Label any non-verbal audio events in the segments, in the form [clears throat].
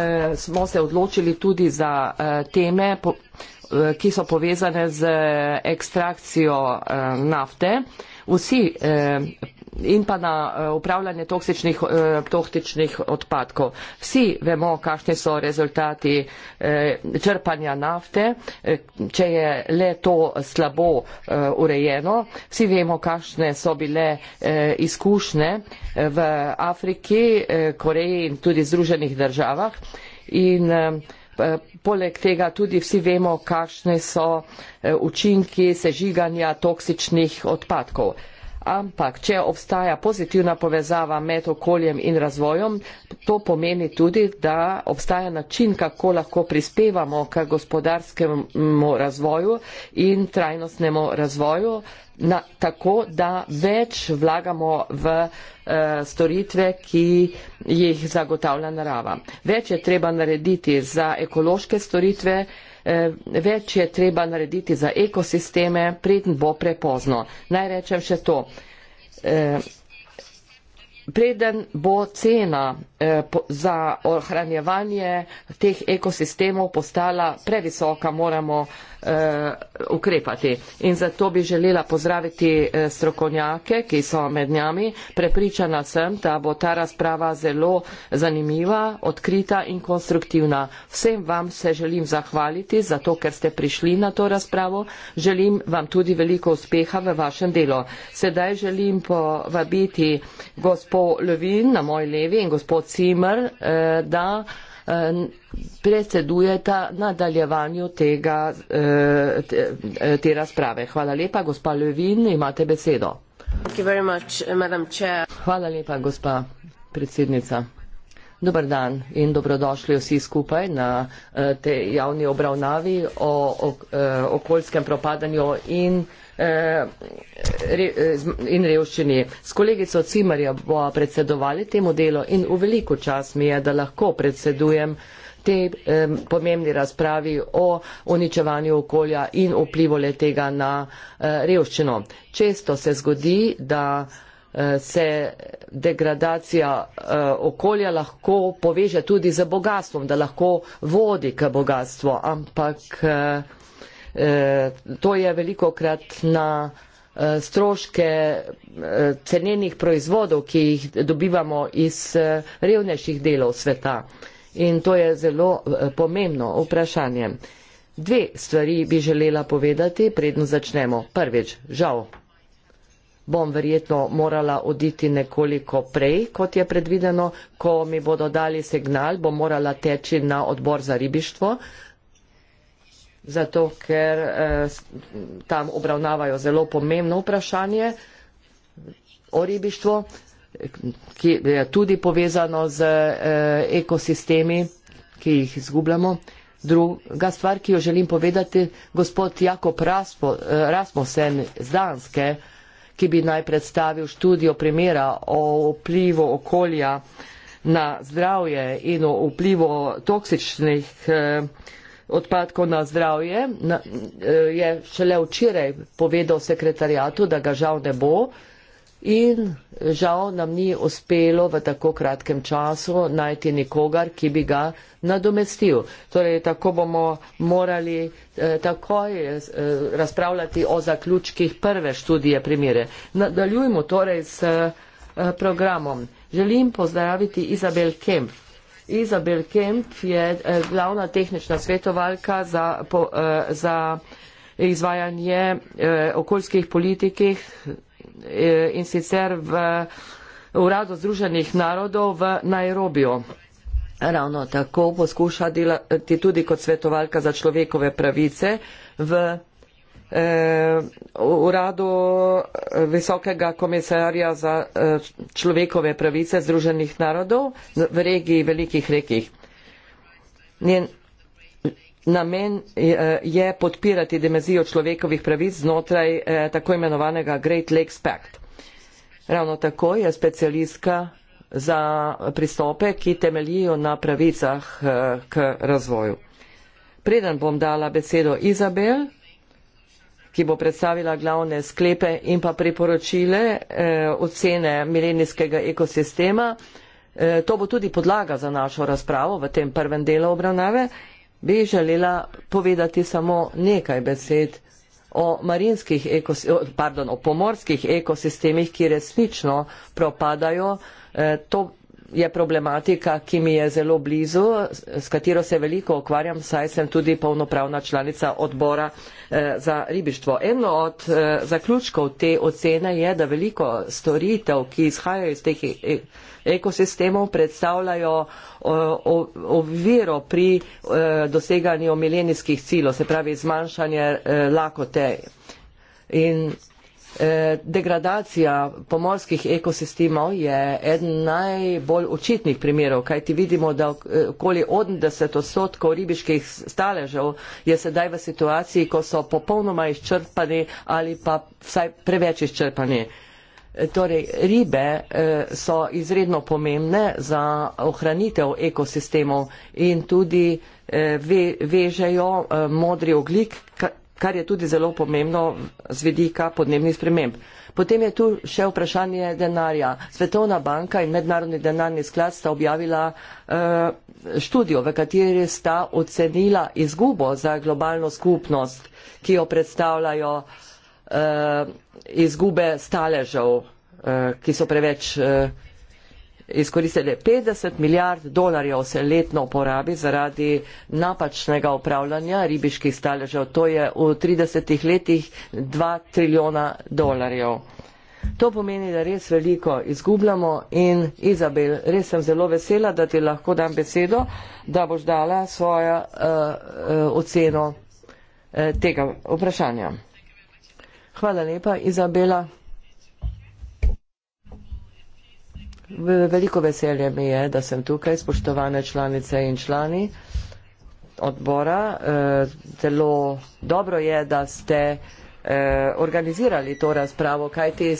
Eh, smo se odločili tudi za eh, teme, eh, ki so povezane z ekstrakcijo nafte. Vsi in pa na eh, upravljanje toksičnih, eh, toktičnih odpadkov. Vsi vemo, kakšni so rezultati eh, črpanja nafte, če je le to slabo urejeno. Vsi vemo, kakšne so bile izkušnje v Afriki, Koreji in tudi Združenih državah. In Poleg tega tudi vsi vemo, kakšne so učinki sežiganja toksičnih odpadkov. Ampak, če obstaja pozitivna povezava med okoljem in razvojem, to pomeni tudi, da obstaja način, kako lahko prispevamo k gospodarskemu razvoju in trajnostnemu razvoju, na, tako da več vlagamo v eh, storitve, ki jih zagotavlja narava. Več je treba narediti za ekološke storitve, eh, Eh, več je treba narediti za ekosisteme, preden bo prepozno. Naj rečem še to. Eh, preden bo cena eh, za ohranjevanje teh ekosistemov postala previsoka, moramo eh, ukrepati. In zato bi želela pozdraviti eh, strokovnjake, ki so med njami. Prepričana sem, da bo ta razprava zelo zanimiva, odkrita in konstruktivna. Vsem vam se želim zahvaliti za to, ker ste prišli na to razpravo. Želim vam tudi veliko uspeha v vašem delu. Sedaj želim povabiti gospod gospod Levin na moj levi in gospod Cimer, eh, da eh, predsedujeta nadaljevanju tega, eh, te, te razprave. Hvala lepa, gospa Levin, imate besedo. Much, Hvala lepa, gospa predsednica. Dobar dan in dobrodošli vsi skupaj na eh, tej javni obravnavi o eh, okoljskem propadanju in, eh, in revščini. S kolegico Cimarja bo predsedovali temu delu in v veliko čas mi je, da lahko predsedujem te eh, pomembni razpravi o uničevanju okolja in vplivole tega na eh, revščino. Često se zgodi, da eh, Eh, se degradacija eh, okolja lahko poveže tudi z bogatstvom, da lahko vodi k bogatstvu, ampak eh, to je veliko krat na stroške cenenih proizvodov, ki jih dobivamo iz revnejših delov sveta. In to je zelo pomembno vprašanje. Dve stvari bi želela povedati, predno začnemo. Prvič, žal, bom verjetno morala oditi nekoliko prej, kot je predvideno, ko mi bodo dali signal, bom morala teči na odbor za ribištvo, zato ker eh, tam obravnavajo zelo pomembno vprašanje o ribištvu, ki je tudi povezano z eh, ekosistemi, ki jih izgubljamo. Druga stvar, ki jo želim povedati, gospod Jakob eh, Rasmussen z Danske, ki bi naj predstavil študijo primera o vplivu okolja na zdravje in o vplivu toksičnih eh, odpadkov na zdravje, eh, je šele včeraj povedal sekretarjatu, da ga žal ne bo, In žal nam ni uspelo v tako kratkem času najti nikogar, ki bi ga nadomestil. Torej, tako bomo morali eh, takoj eh, razpravljati o zaključkih prve študije primere. Nadaljujmo torej s eh, programom. Želim pozdraviti Izabel Kemp. Izabel Kemp je eh, glavna tehnična svetovalka za, po, eh, za izvajanje eh, okoljskih politikih E, in sicer v Uradu Združenih narodov v Nairobiju. Ravno tako poskuša delati tudi kot svetovalka za človekove pravice v eh, Uradu Visokega komisarja za eh, človekove pravice Združenih narodov v regiji velikih rekih. Njen Namen eh, je podpirati dimenzijo človekovih pravic znotraj eh, tako imenovanega Great Lakes Pact. Ravno tako je specialistka za pristope, ki temeljijo na pravicah eh, k razvoju. Preden bom dala besedo Izabel, ki bo predstavila glavne sklepe in pa priporočile ocene milenijskega ekosistema, to bo tudi podlaga za našo razpravo v tem prvem delu obravnave bi želela povedati samo nekaj besed o, ekos, pardon, o pomorskih ekosistemih, ki resnično propadajo. Eh, to je problematika, ki mi je zelo blizu, s katero se veliko okvarjam, saj sem tudi polnopravna članica odbora eh, za ribištvo. Eno od eh, zaključkov te ocene je, da veliko storitev, ki izhajajo iz teh e-, e-, ekosistemov, predstavljajo oviro pri eh, doseganju milenijskih ciljev, se pravi zmanjšanje lakote. In Eh, degradacija pomorskih ekosistemov je eden najbolj očitnih primerov, kaj ti vidimo, da eh, okoli 80 odstotkov ribiških staležev je sedaj v situaciji, ko so popolnoma izčrpani ali pa vsaj preveč izčrpani. Eh, torej, ribe so izredno pomembne za ohranitev ekosistemov in tudi vežejo modri oglik, kar je tudi zelo pomembno z vidika podnebnih sprememb. Potem je tu še vprašanje denarja. Svetovna banka in Mednarodni denarni sklad sta objavila uh, študijo, v kateri sta ocenila izgubo za globalno skupnost, ki jo predstavljajo uh, izgube staležev, uh, ki so preveč. Uh, izkoristili 50 milijard dolarjev se letno porabi zaradi napačnega upravljanja ribiških staležev. To je v 30 letih 2 trilijona dolarjev. To pomeni, da res veliko izgubljamo in Izabel, res sem zelo vesela, da ti lahko dam besedo, da boš dala svojo uh, uh, oceno uh, tega vprašanja. Hvala lepa, Izabela. Veliko veselje mi je, da sem tukaj, spoštovane članice in člani odbora. E, zelo dobro je, da ste e, organizirali to razpravo, kajti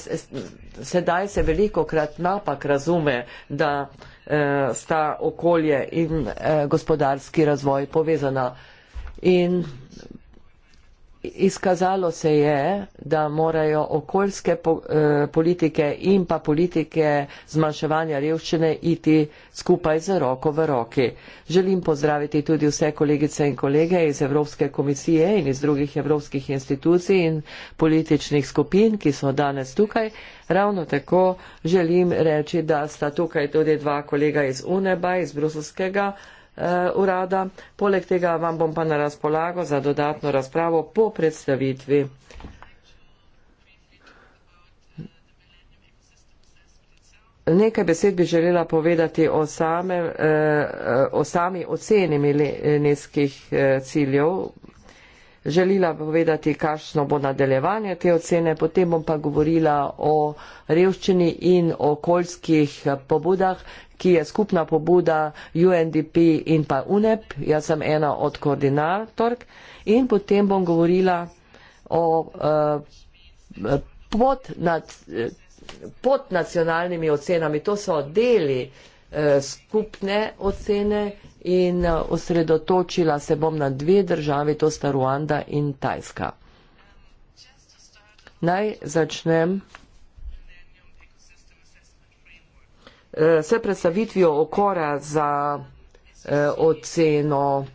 sedaj se veliko krat napak razume, da e, sta okolje in gospodarski razvoj povezana. In izkazalo se je, da morajo okoljske po, eh, politike in pa politike zmanjševanja revščine iti skupaj z roko v roki. Želim pozdraviti tudi vse kolegice in kolege iz Evropske komisije in iz drugih evropskih institucij in političnih skupin, ki so danes tukaj. Ravno tako želim reči, da sta tukaj tudi dva kolega iz UNEBA, iz Bruselskega. Eh, urada. Poleg tega vam bom pa na razpolago za dodatno razpravo po predstavitvi. Nekaj besed bi želela povedati o, same, eh, o sami oceni milenijskih eh, ciljev. Želela bi povedati, kakšno bo nadaljevanje te ocene, potem bom pa govorila o revščini in o okoljskih pobudah, ki je skupna pobuda UNDP in pa UNEP. Jaz sem ena od koordinatork in potem bom govorila o uh, eh, podnacionalnimi pod ocenami. To so deli uh, skupne ocene in uh, osredotočila se bom na dve državi, to sta Ruanda in Tajska. Naj začnem s predstavitvijo okora za eh, oceno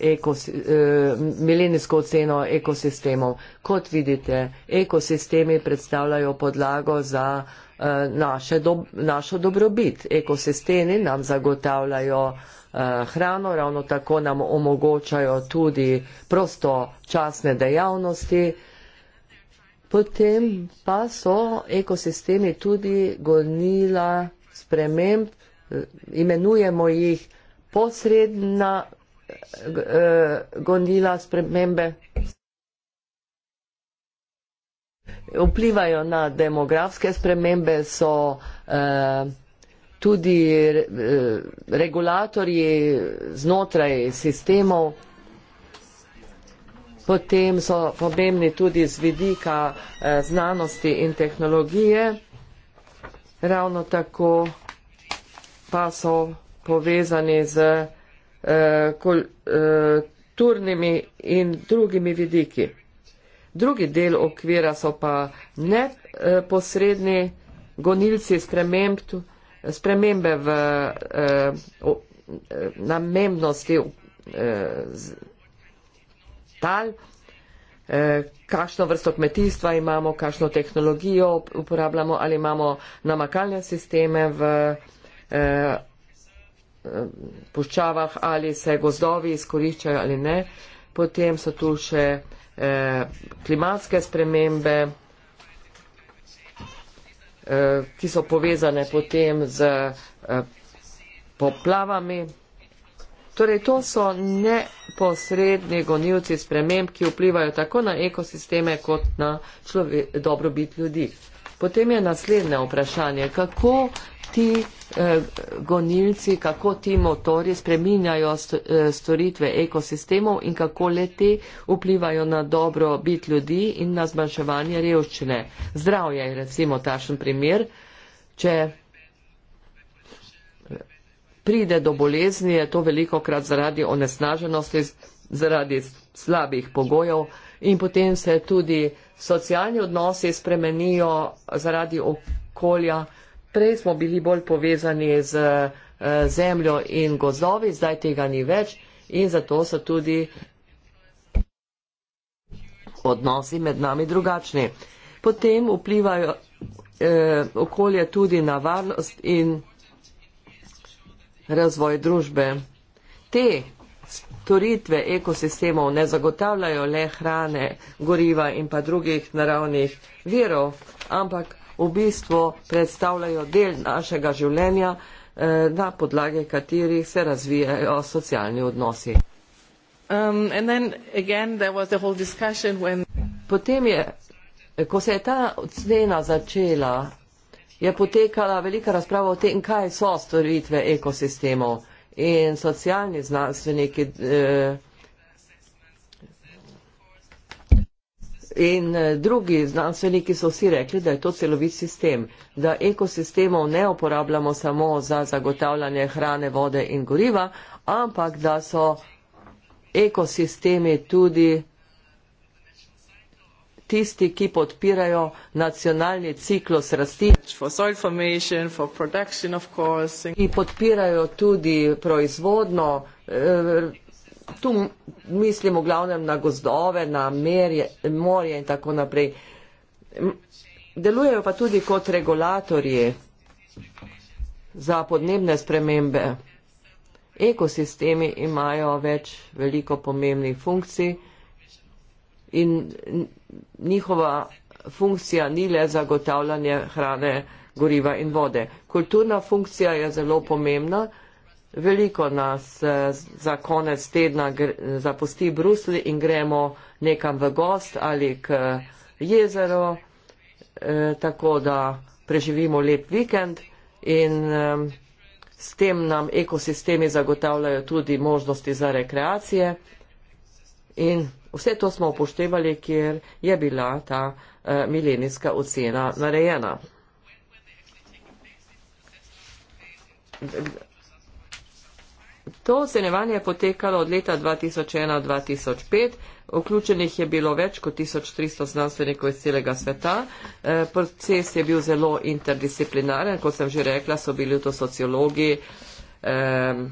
ekos, eh, milenijsko oceno ekosistemov. Kot vidite, ekosistemi predstavljajo podlago za eh, naše, našo dobrobit. Ekosistemi nam zagotavljajo hrano, ravno tako nam omogočajo tudi prostočasne dejavnosti. Potem pa so ekosistemi tudi gonila sprememb, imenujemo jih posredna eh, gonila spremembe. Vplivajo na demografske spremembe, so eh, tudi eh, regulatorji znotraj sistemov potem so pomembni tudi z vidika eh, znanosti in tehnologije, ravno tako pa so povezani z eh, kulturnimi eh, in drugimi vidiki. Drugi del okvira so pa neposredni eh, gonilci sprememb, spremembe v eh, o, namembnosti. Eh, z, tal, eh, kakšno vrsto kmetijstva imamo, kakšno tehnologijo uporabljamo, ali imamo namakalne sisteme v eh, eh, puščavah, ali se gozdovi izkoriščajo ali ne. Potem so tu še klimatske spremembe, ki so povezane potem z poplavami. Torej, to so neposredni gonilci sprememb, ki vplivajo tako na ekosisteme kot na dobrobit ljudi. Potem je naslednje vprašanje, kako ti eh, gonilci, kako ti motori spreminjajo st eh, storitve ekosistemov in kako leti vplivajo na dobro bit ljudi in na zmanjševanje revščine. Zdravje je recimo tašen primer, če pride do bolezni, je to veliko krat zaradi onesnaženosti, zaradi slabih pogojev in potem se tudi socialni odnosi spremenijo zaradi okolja. Prej smo bili bolj povezani z eh, zemljo in gozovi, zdaj tega ni več in zato so tudi odnosi med nami drugačni. Potem vplivajo eh, okolje tudi na varnost in razvoj družbe. Te storitve ekosistemov ne zagotavljajo le hrane, goriva in pa drugih naravnih virov, ampak v bistvu predstavljajo del našega življenja, eh, na podlage katerih se razvijajo socialni odnosi. Um, and then again there was the whole discussion when Potem je, ko se je ta cena začela je potekala velika razprava o tem, kaj so storitve ekosistemov in socialni znanstveniki. Eh, In eh, drugi znanstveniki so vsi rekli, da je to celovit sistem, da ekosistemov ne uporabljamo samo za zagotavljanje hrane, vode in goriva, ampak da so ekosistemi tudi tisti, ki podpirajo nacionalni ciklus rasti, ki podpirajo tudi proizvodno. Eh, tu mislim v glavnem na gozdove, na merje, morje in tako naprej. Delujejo pa tudi kot regulatorji za podnebne spremembe. Ekosistemi imajo več veliko pomembnih funkcij in njihova funkcija ni le zagotavljanje hrane, goriva in vode. Kulturna funkcija je zelo pomembna. Veliko nas eh, za konec tedna zapusti Bruslj in gremo nekam v gost ali k jezeru, eh, tako da preživimo lep vikend in s tem nam ekosistemi zagotavljajo tudi možnosti za rekreacije. In vse to smo upoštevali, kjer je bila ta eh, milenijska ocena narejena. To ocenevanje je potekalo od leta 2001-2005, vključenih je bilo več kot 1300 znanstvenikov iz celega sveta. E, proces je bil zelo interdisciplinaren, kot sem že rekla, so bili to sociologi, eh,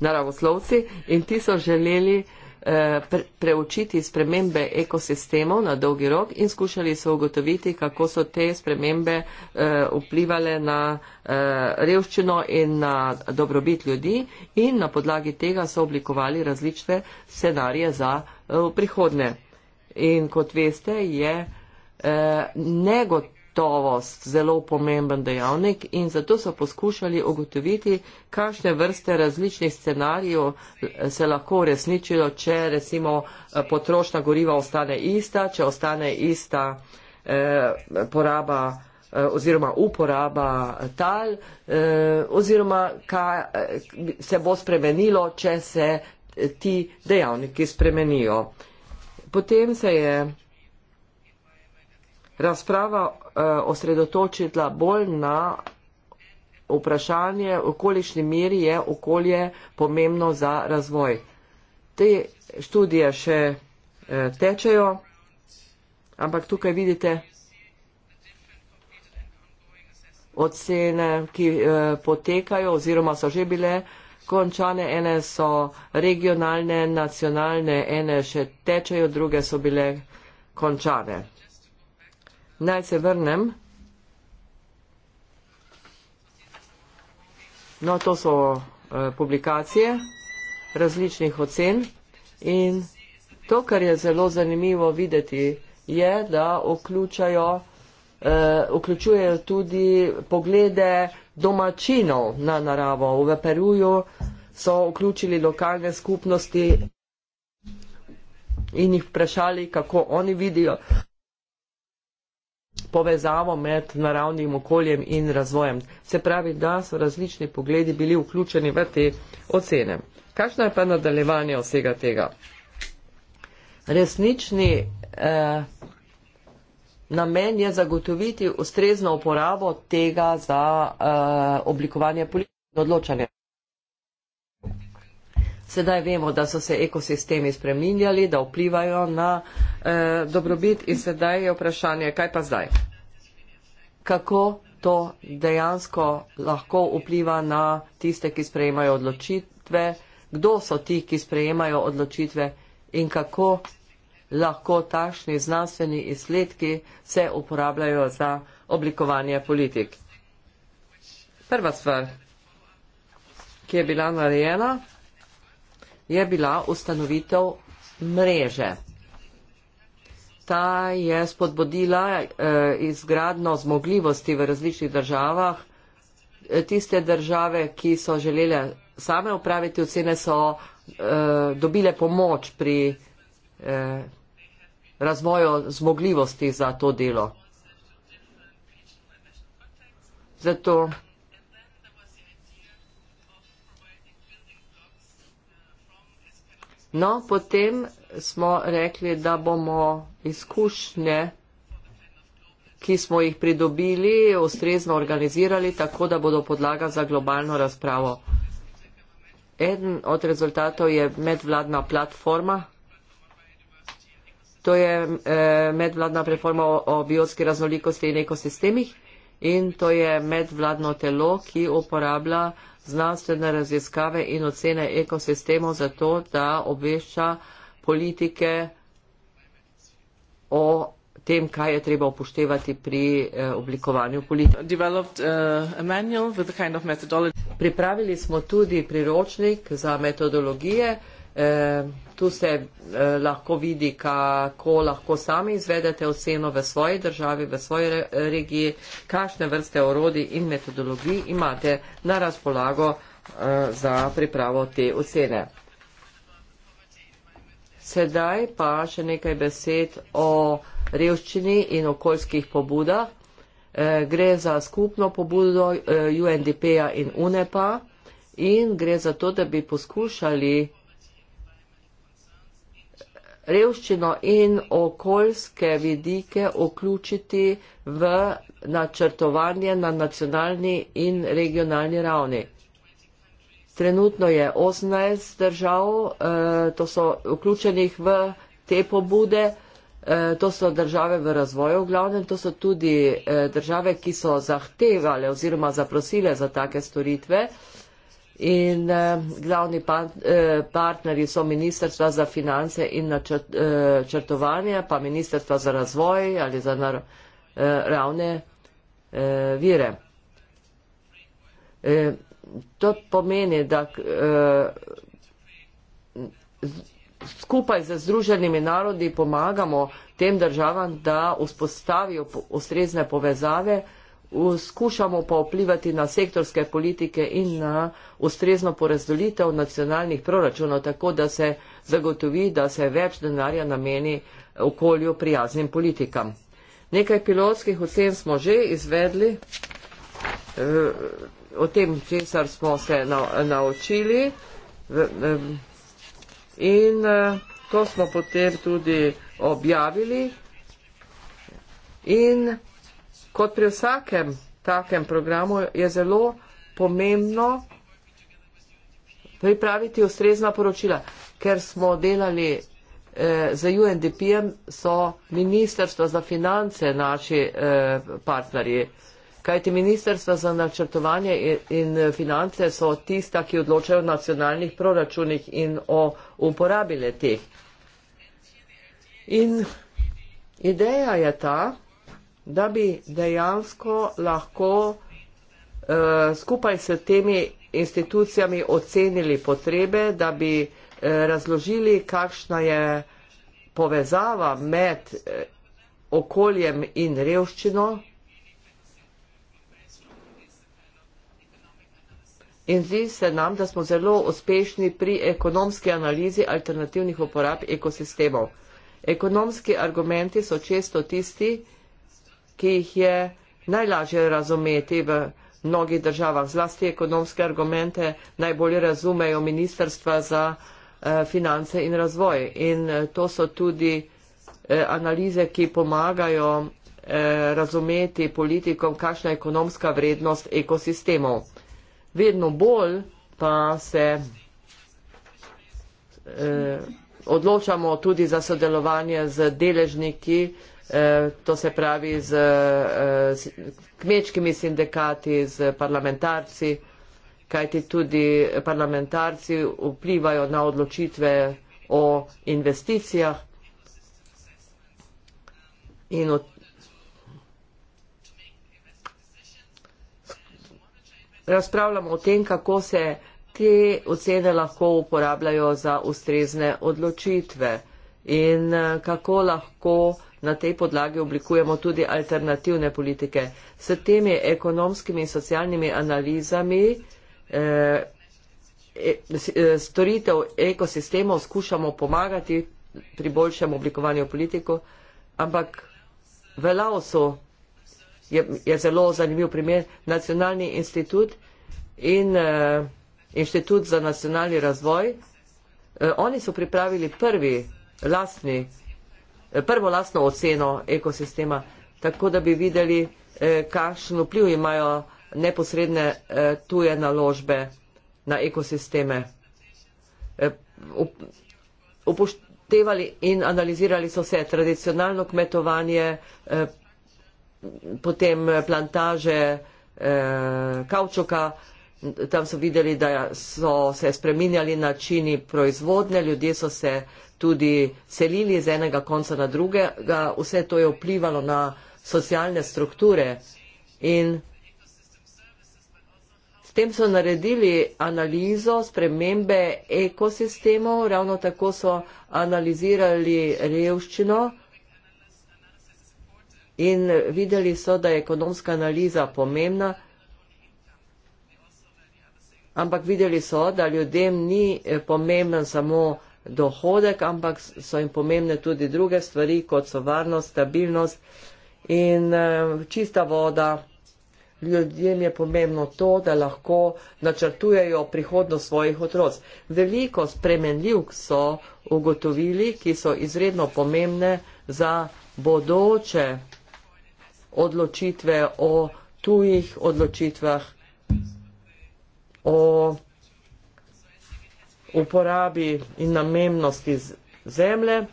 naravoslovci in ti so želeli eh, pre, preučiti spremembe ekosistemov na dolgi rok in skušali so ugotoviti, kako so te spremembe eh, vplivale na eh, revščino in na dobrobit ljudi in na podlagi tega so oblikovali različne scenarije za prihodne. In kot veste, je negotovo kakovost zelo pomemben dejavnik in zato so poskušali ugotoviti, kakšne vrste različnih scenarijev eh, se lahko uresničilo, če recimo eh, potrošna goriva ostane ista, če ostane ista eh, poraba eh, oziroma uporaba tal, oziroma kaj se bo spremenilo, če se ti dejavniki spremenijo. Potem se je razprava uh, osredotočila bolj na vprašanje, v kolišni meri je okolje pomembno za razvoj. Te študije še uh, tečejo, ampak tukaj vidite ocene, ki uh, potekajo oziroma so že bile. Končane ene so regionalne, nacionalne, ene še tečejo, druge so bile končane. Naj se vrnem. No, to so eh, publikacije različnih ocen in to, kar je zelo zanimivo videti, je, da vključajo, eh, vključujejo tudi poglede domačinov na naravo. V Peruju so vključili lokalne skupnosti in jih vprašali, kako oni vidijo povezavo med naravnim okoljem in razvojem. Se pravi, da so različni pogledi bili vključeni v te ocene. Kakšno je pa nadaljevanje vsega tega? Resnični eh, namen je zagotoviti ustrezno uporabo tega za eh, oblikovanje politične odločanja. Sedaj vemo, da so se ekosistemi spreminjali, da vplivajo na eh, dobrobit in sedaj je vprašanje, kaj pa zdaj? Kako to dejansko lahko vpliva na tiste, ki sprejemajo odločitve? Kdo so ti, ki sprejemajo odločitve in kako lahko takšni znanstveni izsledki se uporabljajo za oblikovanje politik? Prva stvar, ki je bila narejena, je bila ustanovitev mreže. Ta je spodbodila eh, izgradno zmogljivosti v različnih državah. Eh, tiste države, ki so želele same upraviti ocene, so eh, dobile pomoč pri eh, razvoju zmogljivosti za to delo. Zato No, potem smo rekli, da bomo izkušnje, ki smo jih pridobili, ustrezno organizirali, tako da bodo podlaga za globalno razpravo. Eden od rezultatov je medvladna platforma. To je eh, medvladna platforma o biotski raznolikosti in ekosistemih in to je medvladno telo, ki uporablja znanstvene raziskave in ocene ekosistemov zato, da obvešča politike o tem, kaj je treba upoštevati pri eh, oblikovanju politik. Eh, Pripravili smo tudi priročnik za metodologije, Ehm, tu se eh, lahko vidi, kako lahko sami izvedete oceno v svoji državi, v svoji regiji, kakšne vrste orodi in metodologij imate na razpolago eh, za pripravo te ocene. Sedaj pa še nekaj besed o revščini in okoljskih pobudah. Eh, gre za skupno pobudo UNDP-ja in UNEP-a in gre za to, da bi poskušali revščino in okoljske vidike vključiti v načrtovanje na nacionalni in regionalni ravni. Trenutno je 18 držav, eh, to so vključenih v te pobude, eh, to so države v razvoju, v glavnem to so tudi eh, države, ki so zahtevale oziroma zaprosile za take storitve. In eh, glavni pa, eh, partnerji so Ministrstva za finance in eh, načrtovanje, pa Ministrstva za razvoj ali za nar, eh, ravne eh, vire. Eh, to pomeni, da eh, skupaj z Združenimi narodi pomagamo tem državam, da vzpostavijo ustrezne povezave eh, skušamo pa vplivati na sektorske politike in na ustrezno porazdelitev nacionalnih proračunov, tako da se zagotovi, da se več denarja nameni okolju prijaznim politikam. Nekaj pilotskih ocen smo že izvedli, eh, o tem, česar smo se naučili in eh, to smo potem tudi objavili. In kot pri vsakem takem programu, je zelo pomembno pripraviti ustrezna poročila. Ker smo delali eh, za UNDP-em, so ministrstva za finance naši eh, partnerji. Kajti ministrstva za načrtovanje in finance so tista, ki odločajo o nacionalnih proračunih in o uporabile teh. In ideja je ta, da bi dejansko lahko eh, skupaj s temi institucijami ocenili potrebe, da bi eh, razložili, kakšna je povezava med eh, okoljem in revščino. In zdi se nam, da smo zelo uspešni pri ekonomski analizi alternativnih uporab ekosistemov. Ekonomski argumenti so često tisti, ki jih je najlažje razumeti v mnogih državah. Zlasti ekonomske argumente najbolje razumejo ministrstva za eh, finance in razvoj. In eh, to so tudi eh, analize, ki pomagajo razumeti politikom, kakšna je ekonomska vrednost ekosistemov. Vedno bolj pa se odločamo tudi za sodelovanje z deležniki, Eh, to se pravi z eh, kmečkimi sindikati, z parlamentarci, kajti tudi parlamentarci vplivajo na odločitve o investicijah. In od... Razpravljamo o tem, kako se te ocene lahko uporabljajo za ustrezne odločitve in eh, kako lahko na tej podlagi oblikujemo tudi alternativne politike. S temi ekonomskimi in socialnimi analizami eh, e, eh, storitev ekosistemov skušamo pomagati pri boljšem oblikovanju politiko, ampak v Laosu je, je zelo zanimiv primer nacionalni institut in eh, inštitut za nacionalni razvoj. Eh, oni so pripravili prvi lastni Eh, prvo lastno oceno ekosistema, tako da bi videli, eh, kakšen vpliv imajo neposredne eh, tuje naložbe na ekosisteme. Upoštevali in analizirali so se tradicionalno kmetovanje, potem plantaže kavčoka, tam so videli, da so se spreminjali načini proizvodne, ljudje so se tudi selili iz enega konca na drugega, vse to je vplivalo na socialne strukture in s tem so naredili analizo spremembe ekosistemov, ravno tako so analizirali revščino in videli so, da je ekonomska analiza pomembna. Ampak videli so, da ljudem ni eh, pomemben samo dohodek, ampak so jim pomembne tudi druge stvari, kot so varnost, stabilnost in eh, čista voda. Ljudem je pomembno to, da lahko načrtujejo prihodnost svojih otroc. Veliko spremenljivk so ugotovili, ki so izredno pomembne za bodoče odločitve o tujih odločitvah o uporabi in namennosti zemlje.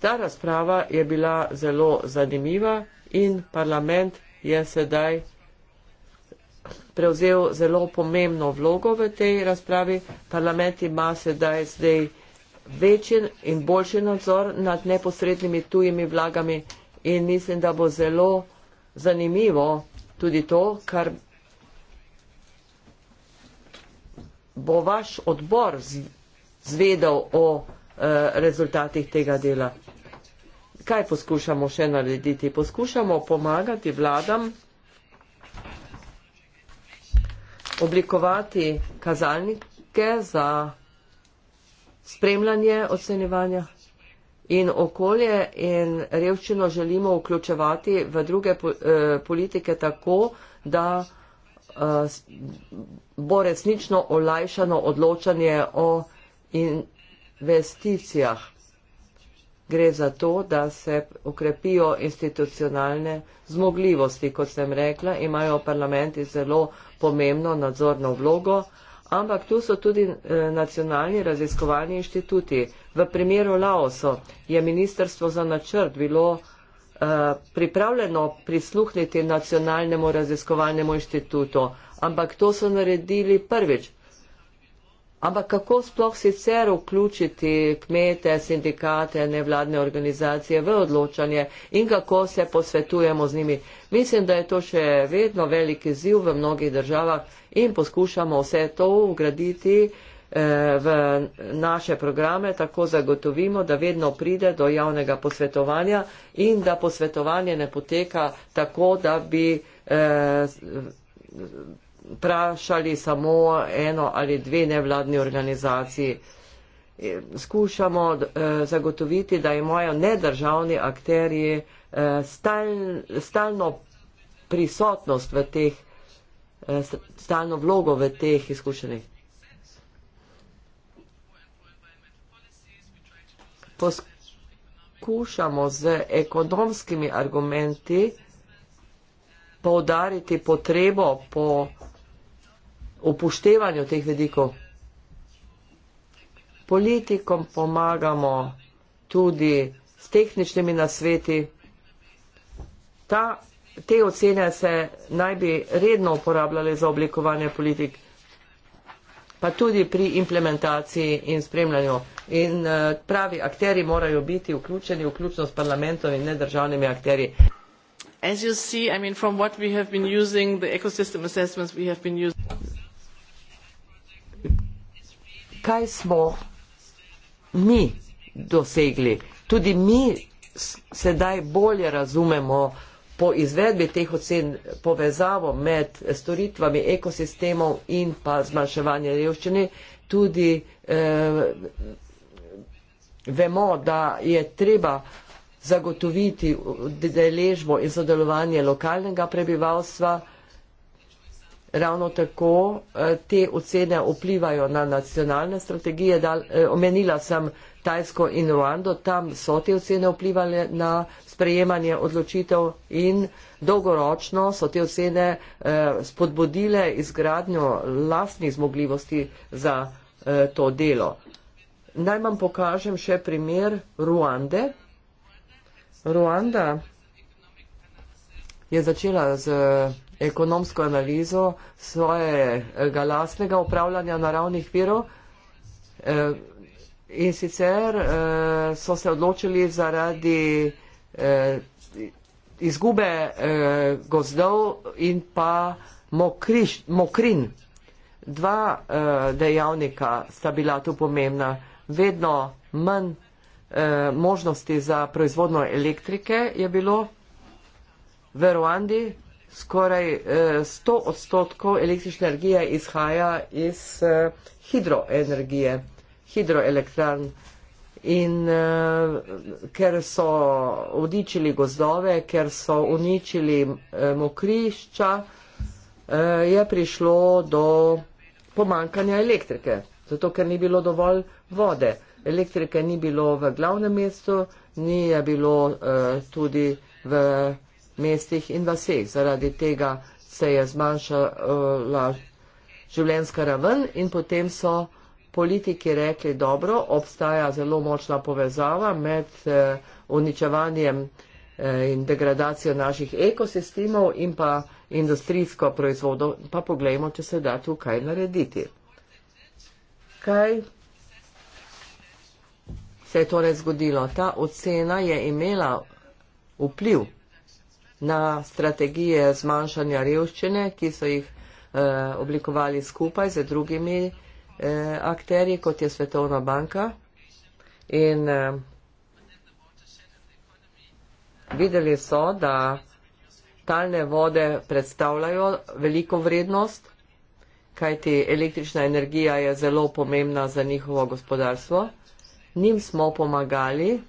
Ta razprava je bila zelo zanimiva in parlament je sedaj prevzel zelo pomembno vlogo v tej razpravi. Parlament ima sedaj zdaj večji in boljši nadzor nad neposrednimi tujimi vlagami in mislim, da bo zelo zanimivo tudi to, kar bo vaš odbor zvedel o e, rezultatih tega dela? Kaj poskušamo še narediti? Poskušamo pomagati vladam oblikovati kazalnike za spremljanje ocenjevanja in okolje in revščino želimo vključevati v druge eh, politike tako, da uh, bo resnično olajšano odločanje o investicijah. Gre za to, da se okrepijo institucionalne zmogljivosti, kot sem rekla, imajo parlamenti zelo pomembno nadzorno vlogo, ampak tu so tudi eh, nacionalni raziskovalni inštituti. V primeru Laoso je Ministrstvo za načrt bilo Eh, pripravljeno prisluhniti nacionalnemu raziskovalnemu inštitutu, ampak to so naredili prvič. Ampak kako sploh sicer vključiti kmete, sindikate, nevladne organizacije v odločanje in kako se posvetujemo z njimi? Mislim, da je to še vedno veliki ziv v mnogih državah in poskušamo vse to ugraditi uh, Eh, v naše programe, tako zagotovimo, da vedno pride do javnega posvetovanja in da posvetovanje ne poteka tako, da bi eh, vprašali samo eno ali dve nevladni organizaciji. Eh, skušamo zagotoviti, da imajo nedržavni akterji stalno prisotnost v teh, stalno vlogo v teh izkušenih poskušamo z ekonomskimi argumenti povdariti potrebo po upoštevanju teh vedikov. Politikom pomagamo tudi s tehničnimi nasveti. Ta, te ocene se naj bi redno uporabljali za oblikovanje politik, pa tudi pri implementaciji in spremljanju in eh, pravi akteri morajo biti vključeni, vključno s parlamentom in nedržavnimi akteri. As you see, I mean, from what we have been using, the ecosystem assessments we have been using. Kaj smo mi dosegli? Tudi mi sedaj bolje razumemo po izvedbi teh ocen povezavo med storitvami ekosistemov in pa zmanjševanje revščine. Tudi eh, vemo, da je treba zagotoviti deležbo in sodelovanje lokalnega prebivalstva. Ravno tako eh, te ocene vplivajo na nacionalne strategije. Eh, omenila sem Tajsko in Ruando, tam so te ocene vplivali na sprejemanje odločitev in dolgoročno so te ocene eh, spodbudile izgradnjo lastnih zmogljivosti za to delo. Naj vam pokažem še primer Ruande. Ruanda je začela z ekonomsko analizo svojega lastnega upravljanja naravnih virov eh, in sicer eh, so se odločili zaradi eh, izgube gozdov in pa mokriš, mokrin. Dva dejavnika sta bila tu pomembna vedno manj eh, možnosti za proizvodno elektrike, je bilo v Ruandi skoraj eh, 100 odstotkov električne energije izhaja iz eh, hidroenergije, hidroelektran. In eh, ker so odičili gozdove, ker so uničili eh, mokrišča, eh, je prišlo do pomankanja elektrike zato ker ni bilo dovolj vode. Elektrike ni bilo v glavnem mestu, ni je bilo eh, tudi v mestih in vaseh. Zaradi tega se je zmanjšala življenska raven in potem so politiki rekli, dobro, obstaja zelo močna povezava med eh, uničevanjem eh, in degradacijo naših ekosistemov in pa industrijsko proizvodo, pa poglejmo, če se da tukaj narediti kaj se je torej zgodilo. Ta ocena je imela vpliv na strategije zmanjšanja revščine, ki so jih eh, oblikovali skupaj z drugimi eh, akterji, kot je Svetovna banka. In eh, videli so, da talne vode predstavljajo veliko vrednost kajti električna energija je zelo pomembna za njihovo gospodarstvo. Njim smo pomagali,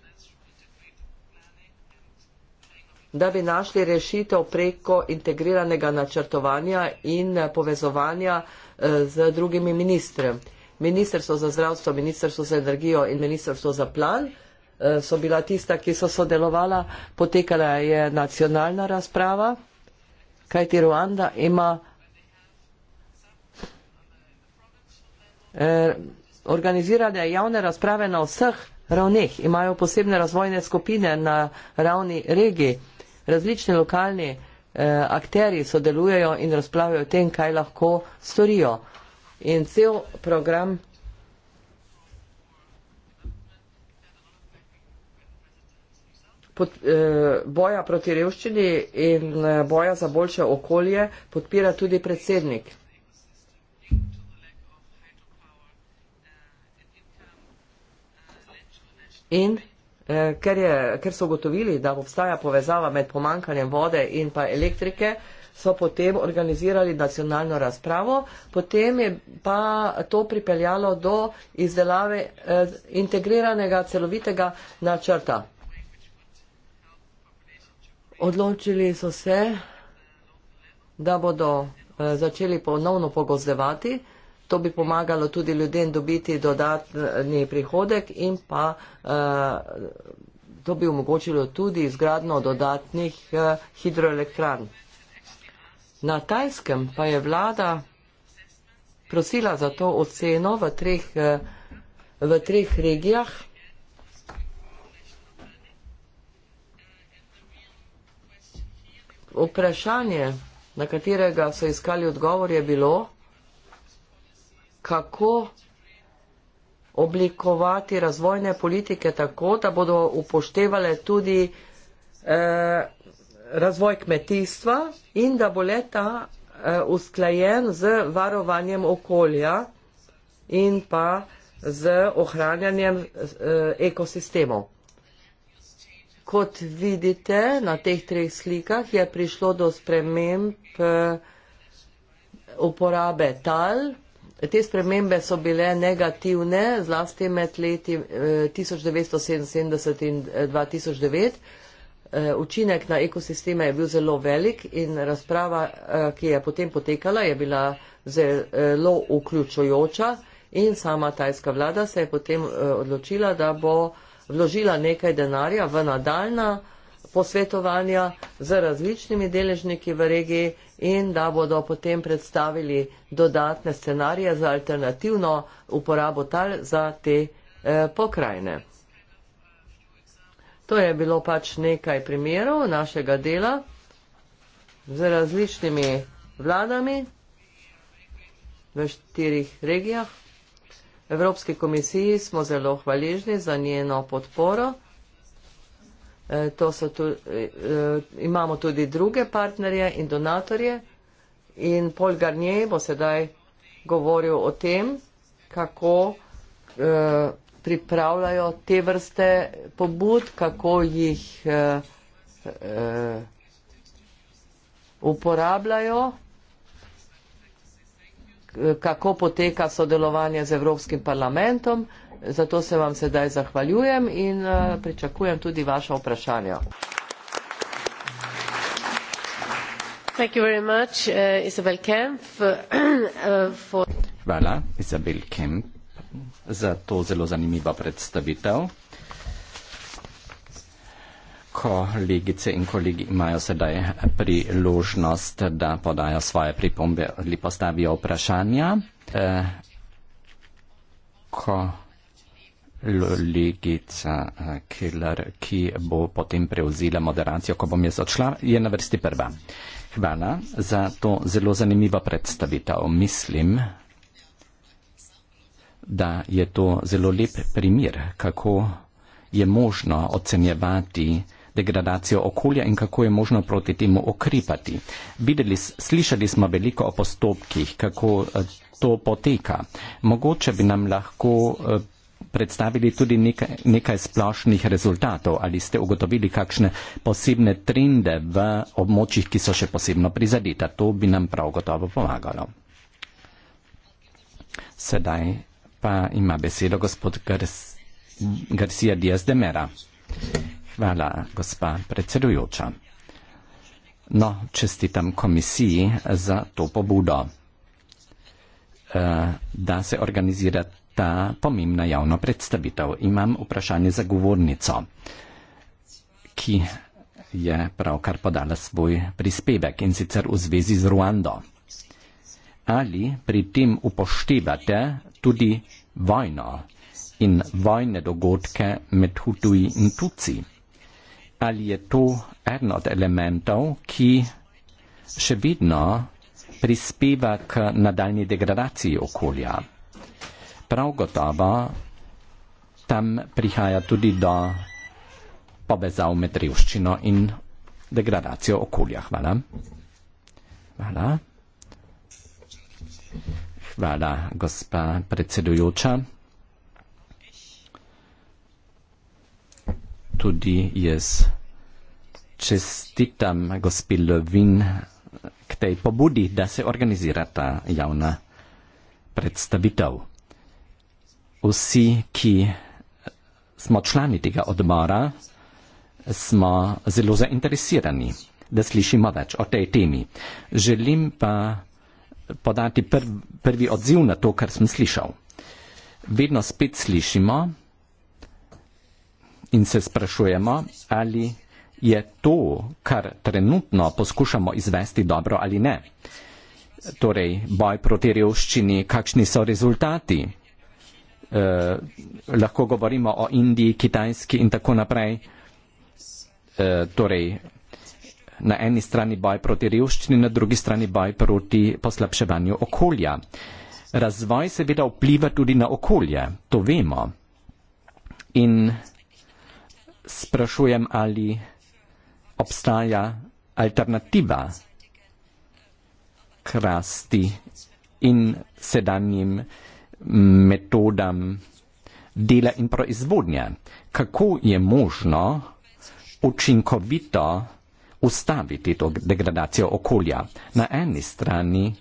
da bi našli rešitev preko integriranega načrtovanja in povezovanja eh, z drugimi ministre. Ministrstvo za zdravstvo, ministrstvo za energijo in ministrstvo za plan eh, so bila tista, ki so sodelovala. Potekala je nacionalna razprava, kajti Ruanda ima Eh, organizirane javne razprave na vseh ravneh, imajo posebne razvojne skupine na ravni regij, različni lokalni eh, akteri sodelujejo in razpravljajo o tem, kaj lahko storijo. In cel program. Pod, eh, boja proti revščini in eh, boja za boljše okolje podpira tudi predsednik. In eh, ker, je, ker so ugotovili, da obstaja povezava med pomankanjem vode in pa elektrike, so potem organizirali nacionalno razpravo, potem je pa to pripeljalo do izdelave eh, integriranega celovitega načrta. Odločili so se, da bodo eh, začeli ponovno pogozdevati. To bi pomagalo tudi ljudem dobiti dodatni prihodek in pa eh, to bi omogočilo tudi izgradno dodatnih eh, hidroelektran. Na Tajskem pa je vlada prosila za to oceno v treh, eh, v treh regijah. Vprašanje, na katerega so iskali odgovor, je bilo, kako oblikovati razvojne politike tako, da bodo upoštevale tudi eh, razvoj kmetijstva in da bo leta eh, usklajen z varovanjem okolja in pa z ohranjanjem eh, ekosistemov. Kot vidite na teh treh slikah je prišlo do sprememb eh, uporabe tal, Te spremembe so bile negativne, zlasti med leti 1977 eh, in 2009. Eh, eh, učinek na ekosisteme je bil zelo velik in razprava, ki je potem potekala, je bila zelo vključujoča in sama tajska vlada se je potem odločila, da bo vložila nekaj denarja v nadaljna posvetovanja z različnimi deležniki v regiji in da bodo potem predstavili dodatne scenarije za alternativno uporabo tal za te eh, pokrajine. To je bilo pač nekaj primerov našega dela z različnimi vladami v štirih regijah. Evropski komisiji smo zelo hvaležni za njeno podporo. Eh, to so tu, eh, imamo tudi druge partnerje in donatorje in Paul Garnier bo sedaj govoril o tem, kako eh, pripravljajo te vrste pobud, kako jih uporabljajo, kako poteka sodelovanje z Evropskim parlamentom. Zato se vam sedaj zahvaljujem in eh, pričakujem tudi vaše vprašanje. Eh, [clears throat] eh, Hvala, Izabel Kemp, za to zelo zanimivo predstavitev. Kolegice in kolegi imajo sedaj priložnost, da podajo svoje pripombe ali postavijo vprašanja. Eh, kolegica Killer, ki bo potem prevzela moderacijo, ko bom jaz odšla, je na vrsti prva. Hvala za to zelo zanimivo predstavitev. Mislim, da je to zelo lep primer, kako je možno ocenjevati degradacijo okolja in kako je možno proti temu okripati. Videli, slišali smo veliko o postopkih, kako eh, to poteka. Mogoče bi nam lahko eh, predstavili tudi nekaj, nekaj splošnih rezultatov. Ali ste ugotovili kakšne posebne trende v območjih, ki so še posebno prizadeta? To bi nam prav gotovo pomagalo. Sedaj pa ima besedo gospod Garcia Diaz de Mera. Hvala, gospa predsedujoča. No, čestitam komisiji za to pobudo, eh, da se organizira ta pomembna javna predstavitev. Imam vprašanje za govornico, ki je pravkar podala svoj prispevek in sicer v zvezi z Ruando. Ali pri tem upoštevate tudi vojno in vojne dogodke med Hutuji in Tuci? Ali je to eden od elementov, ki še vedno prispeva k nadaljni degradaciji okolja? prav gotovo tam prihaja tudi do povezav med revščino in degradacijo okolja. Hvala. Hvala. Hvala, gospa predsedujoča. Tudi jaz čestitam gospi Lovin k tej pobudi, da se organizira ta javna predstavitev vsi, ki smo člani tega odbora, smo zelo zainteresirani, da slišimo več o tej temi. Želim pa podati prv, prvi odziv na to, kar sem slišal. Vedno spet slišimo in se sprašujemo, ali je to, kar trenutno poskušamo izvesti dobro ali ne. Torej, boj proti revščini, kakšni so rezultati eh, lahko govorimo o Indiji, Kitajski in tako naprej. Eh, torej, na eni strani boj proti revščini, na drugi strani boj proti poslabševanju okolja. Razvoj seveda vpliva tudi na okolje, to vemo. In sprašujem, ali obstaja alternativa krasti in sedanjim eh, metodam dela in proizvodnje. Kako je možno učinkovito ustaviti to degradacijo okolja? Na eni strani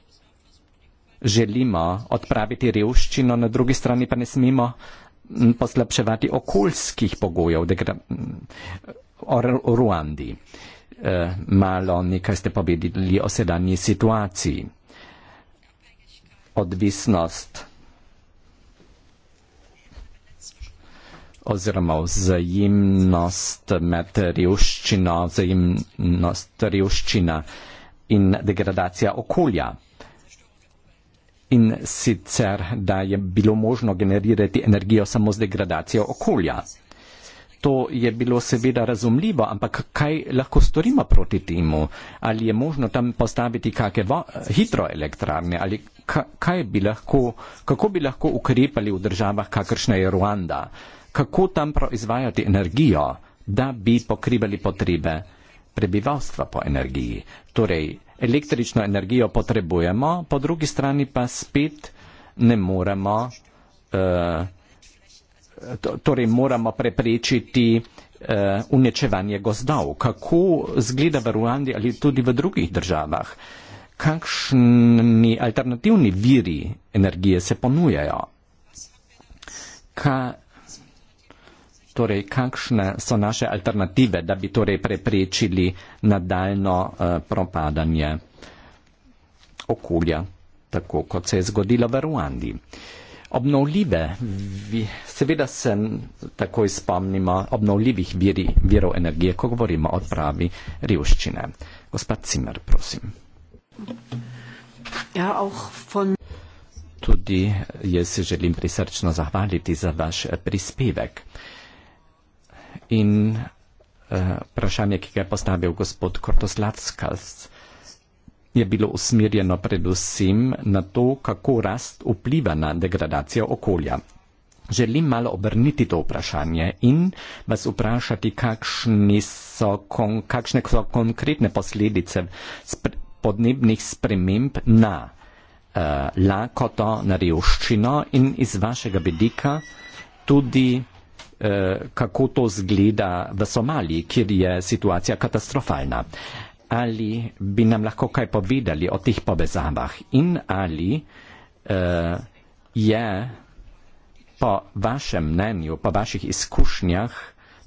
želimo odpraviti revščino, na drugi strani pa ne smemo poslabševati okoljskih pogojev o Ruandi. E, malo nekaj ste povedali o sedanji situaciji. Odvisnost oziroma vzajemnost med revščino, vzajemnost revščina in degradacija okolja. In sicer, da je bilo možno generirati energijo samo z degradacijo okolja. To je bilo seveda razumljivo, ampak kaj lahko storimo proti temu? Ali je možno tam postaviti kakšne hidroelektrarne? Ali kaj bi lahko, kako bi lahko ukrepali v državah, kakršna je Ruanda? kako tam proizvajati energijo, da bi pokrivali potrebe prebivalstva po energiji. Torej, električno energijo potrebujemo, po drugi strani pa spet ne moremo, uh, torej moramo preprečiti uh, uničevanje gozdov. Kako zgleda v Ruandi ali tudi v drugih državah? Kakšni alternativni viri energije se ponujajo? Ka, torej kakšne so naše alternative, da bi torej preprečili nadaljno eh, propadanje okolja, tako kot se je zgodilo v Ruandi. Obnovljive, seveda se takoj spomnimo obnovljivih viri, virov energije, ko govorimo o odpravi revščine. Gospod Cimer, prosim. Ja, auch von... Tudi jaz se želim prisrčno zahvaliti za vaš prispevek in eh, vprašanje, ki ga je postavil gospod Kortoslavskas, je bilo usmerjeno predvsem na to, kako rast vpliva na degradacijo okolja. Želim malo obrniti to vprašanje in vas vprašati, so kon, kakšne so konkretne posledice spre, podnebnih sprememb na uh, lakoto, na revščino in iz vašega vidika tudi Eh, kako to zgleda v Somaliji, kjer je situacija katastrofalna. Ali bi nam lahko kaj povedali o teh povezavah in ali uh, je po vašem mnenju, po vaših izkušnjah,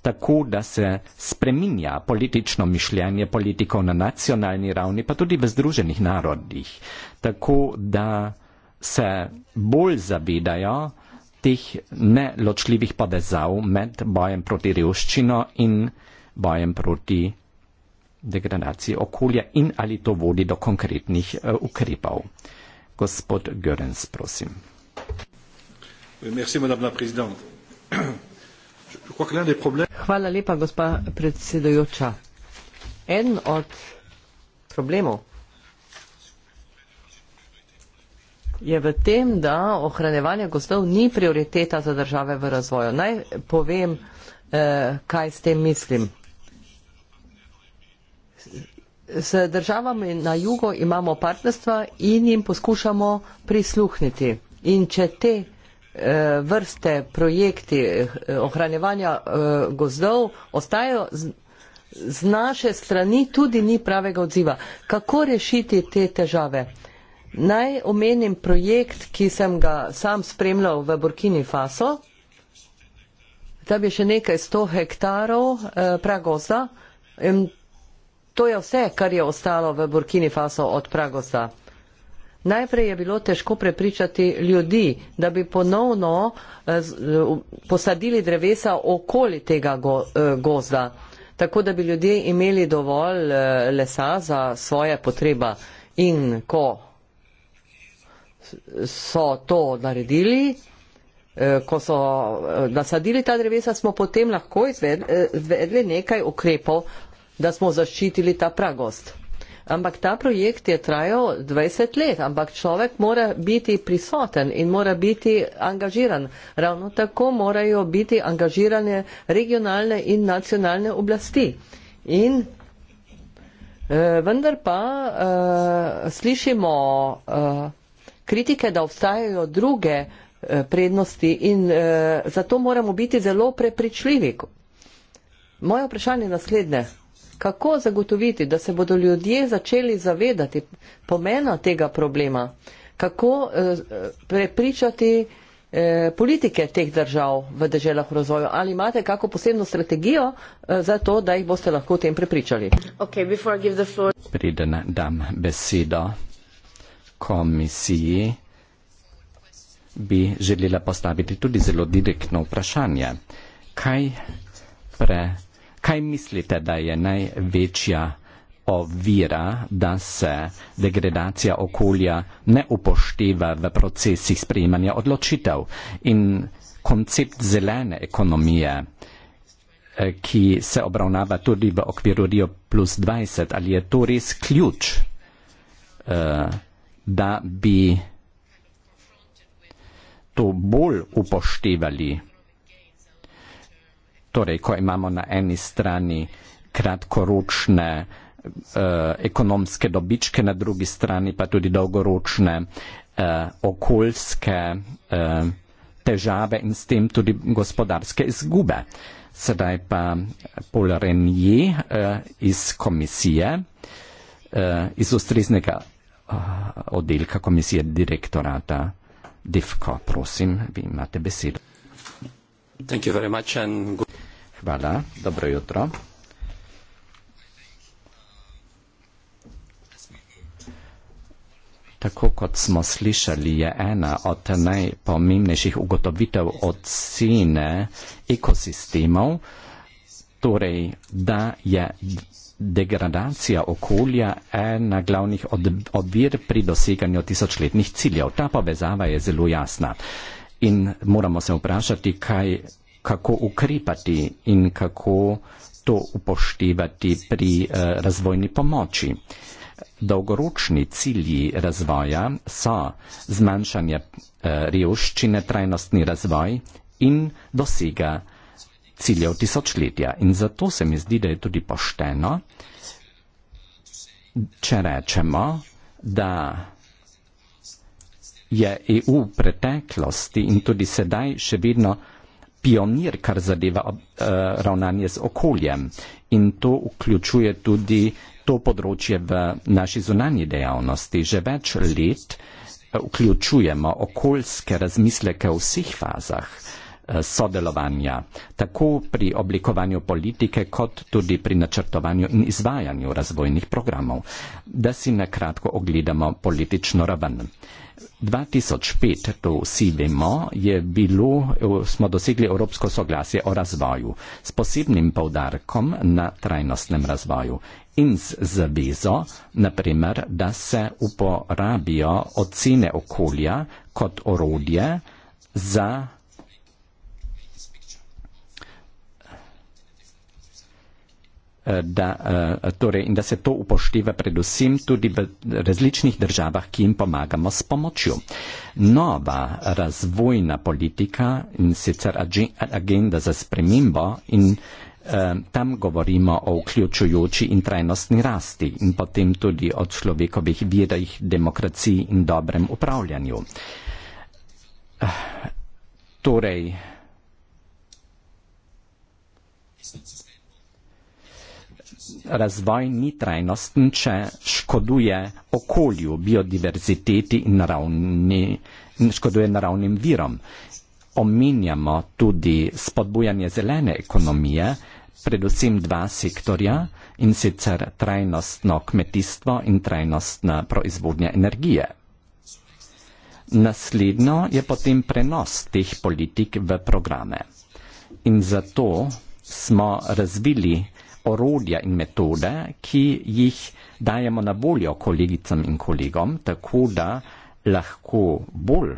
tako, da se spreminja politično mišljenje politikov na nacionalni ravni, pa tudi v združenih narodih, tako da se bolj zavedajo, teh neločljivih povezav med bojem proti revščino in bojem proti degradaciji okolja in ali to vodi do konkretnih uh, ukrepov. Gospod Görens, prosim. Hvala lepa, gospa predsedujoča. En od problemov, je v tem, da ohranjevanje gostov ni prioriteta za države v razvoju. Naj povem, eh, kaj s tem mislim. S državami na jugu imamo partnerstva in jim poskušamo prisluhniti. In če te eh, vrste projekti eh, ohranjevanja eh, gozdov ostajajo, z, z naše strani tudi ni pravega odziva. Kako rešiti te težave? Naj omenim projekt, ki sem ga sam spremljal v Burkini Faso. Tam je še nekaj 100 hektarov eh, pragosta in to je vse, kar je ostalo v Burkini Faso od pragosta. Najprej je bilo težko prepričati ljudi, da bi ponovno eh, eh, posadili drevesa okoli tega eh, gozda, tako da bi ljudje imeli dovolj lesa za svoje potreba. In ko so to naredili, eh, ko so eh, nasadili ta drevesa, smo potem lahko eh, izvedli nekaj ukrepov, da smo zaščitili ta pragost. Ampak ta projekt je trajal 20 let, ampak človek mora biti prisoten in mora biti angažiran. Ravno tako morajo biti angažirane regionalne in nacionalne oblasti. In eh, vendar pa eh, slišimo. Eh, kritike, da obstajajo druge eh, prednosti in eh, zato moramo biti zelo prepričljivi. Moje vprašanje je naslednje. Kako zagotoviti, da se bodo ljudje začeli zavedati pomena tega problema? Kako eh, prepričati politike teh držav v državah v razvoju? Ali imate kako posebno strategijo za to, da jih boste lahko o tem prepričali? Okay, Preden dam besedo komisiji bi želela postaviti tudi zelo direktno vprašanje. Kaj, pre, kaj mislite, da je največja ovira, da se degradacija okolja ne upošteva v procesih sprejemanja odločitev in koncept zelene ekonomije, eh, ki se obravnava tudi v okviru Rio plus 20, ali je to res ključ? Eh, da bi to bolj upoštevali. Torej, ko imamo na eni strani kratkoročne eh, ekonomske dobičke, na drugi strani pa tudi dolgoročne eh, okoljske eh, težave in s tem tudi gospodarske izgube. Sedaj pa Paul Renier eh, iz komisije, eh, iz ustreznega oddelka komisije direktorata DIFKO. Prosim, vi imate besedo. Thank you very much and good... Hvala, dobro jutro. Tako kot smo slišali, je ena od najpomembnejših ugotovitev ocene ekosistemov, torej da je degradacija okolja ena glavnih odvir pri doseganju tisočletnih ciljev. Ta povezava je zelo jasna in moramo se vprašati, kaj, kako ukrepati in kako to upoštevati pri eh, razvojni pomoči. Dolgoročni cilji razvoja so zmanjšanje eh, revščine, trajnostni razvoj in dosega ciljev tisočletja. In zato se mi zdi, da je tudi pošteno, če rečemo, da je EU v preteklosti in tudi sedaj še vedno pionir, kar zadeva uh, ravnanje z okoljem. In to vključuje tudi to področje v naši zunanji dejavnosti. Že več let uh, vključujemo okoljske razmisleke v vseh fazah. Uh, Eh, sodelovanja, tako pri oblikovanju politike, kot tudi pri načrtovanju in izvajanju razvojnih programov. Da si na kratko ogledamo politično raven. 2005, to vsi vemo, je bilo, eh, smo dosegli evropsko soglasje o razvoju s posebnim povdarkom na trajnostnem razvoju in z zavezo, naprimer, da se uporabijo ocene okolja kot orodje za Eh, da, eh, torej, da se to upošteva predvsem tudi v različnih državah, ki jim pomagamo s pomočjo. Nova razvojna politika in sicer agenda za spremembo in eh, tam govorimo o vključujoči in trajnostni rasti in potem tudi o človekovih virih, demokraciji in dobrem upravljanju. Torej, razvoj ni trajnosten, če škoduje okolju, biodiverziteti in naravni, škoduje naravnim virom. Omenjamo tudi spodbujanje zelene ekonomije, predvsem dva sektorja in sicer trajnostno kmetijstvo in trajnostna proizvodnja energije. Naslednjo je potem prenos teh politik v programe. In zato smo razvili orodja in metode, ki jih dajemo na voljo kolegicam in kolegom, tako da lahko bolj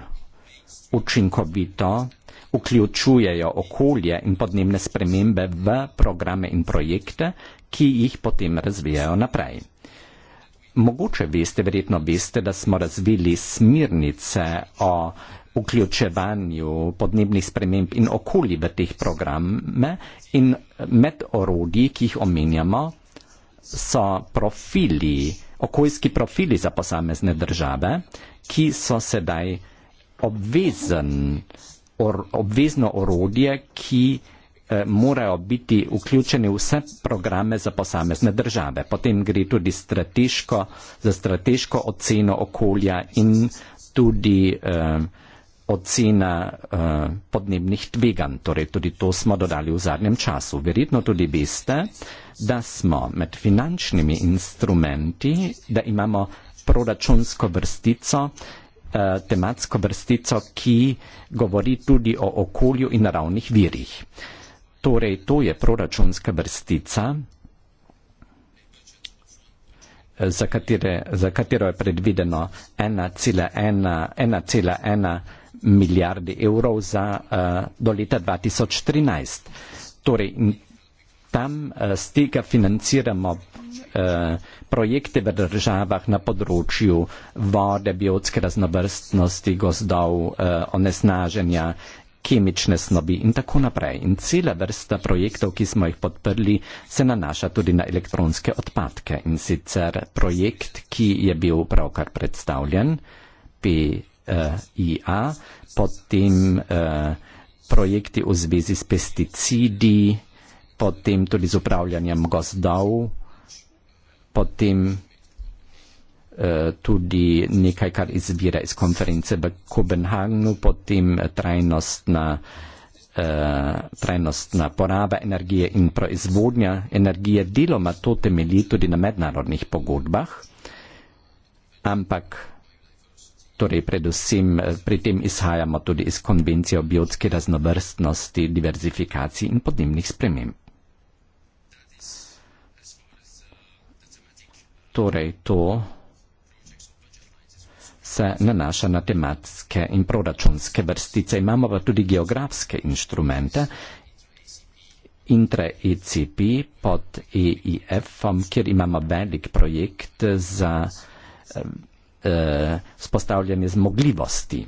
učinkovito vključujejo okolje in podnebne spremembe v programe in projekte, ki jih potem razvijajo naprej. Mogoče veste, verjetno veste, da smo razvili smirnice o vključevanju podnebnih sprememb in okolij v teh programe in med orodji, ki jih omenjamo, so profili, okoljski profili za posamezne države, ki so sedaj obvezen, or, obvezno orodje, ki eh, morajo biti vključeni v vse programe za posamezne države. Potem gre tudi strateško, za strateško oceno okolja in tudi eh, ocena uh, podnebnih tveganj. Torej, tudi to smo dodali v zadnjem času. Verjetno tudi veste, da smo med finančnimi instrumenti, da imamo proračunsko vrstico, uh, tematsko vrstico, ki govori tudi o okolju in naravnih virih. Torej, to je proračunska vrstica, eh, za, katere, za katero je predvideno 1,1 milijardi evrov za eh, do leta 2013. Torej, tam z eh, tega financiramo eh, projekte v državah na področju vode, biotske raznovrstnosti, gozdov, onesnaženja, kemične snobi in tako naprej. In cela vrsta projektov, ki smo jih podprli, se nanaša tudi na elektronske odpadke. In sicer projekt, ki je bil pravkar predstavljen, uh, e IA, potem uh, projekti v zvezi s pesticidi, potem tudi z upravljanjem gozdov, potem e, tudi nekaj, kar izvira iz konference v Kopenhagnu, potem trajnostna, uh, trajnostna poraba energije in proizvodnja energije. Deloma to temelji tudi na mednarodnih pogodbah, ampak torej predvsem eh, pri tem izhajamo tudi iz konvencije o biotski raznovrstnosti, diverzifikaciji in podnebnih sprememb. Torej to se nanaša na tematske in proračunske vrstice. Imamo pa tudi geografske inštrumente intra ECP pod EIF-om, kjer imamo velik projekt za eh, spostavljene eh, zmogljivosti.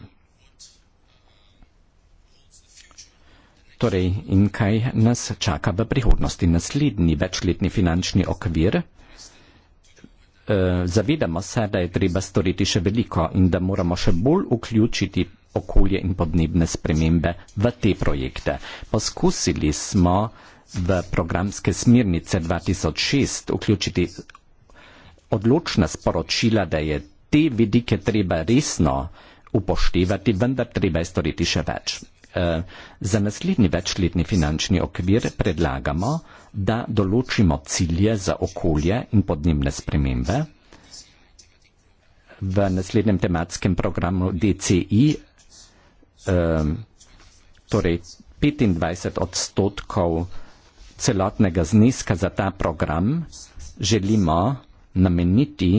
Torej, in kaj nas čaka v prihodnosti? Naslednji večletni finančni okvir. Eh, zavedamo se, da je treba storiti še veliko in da moramo še bolj vključiti okolje in podnebne spremembe v te projekte. Poskusili smo v programske smernice 2006 vključiti odločna sporočila, da je te vidike treba resno upoštevati, vendar treba je storiti še več. Eh, za naslednji večletni finančni okvir predlagamo, da določimo cilje za okolje in podnebne spremembe. V naslednjem tematskem programu DCI, eh, torej 25 odstotkov celotnega zneska za ta program, želimo nameniti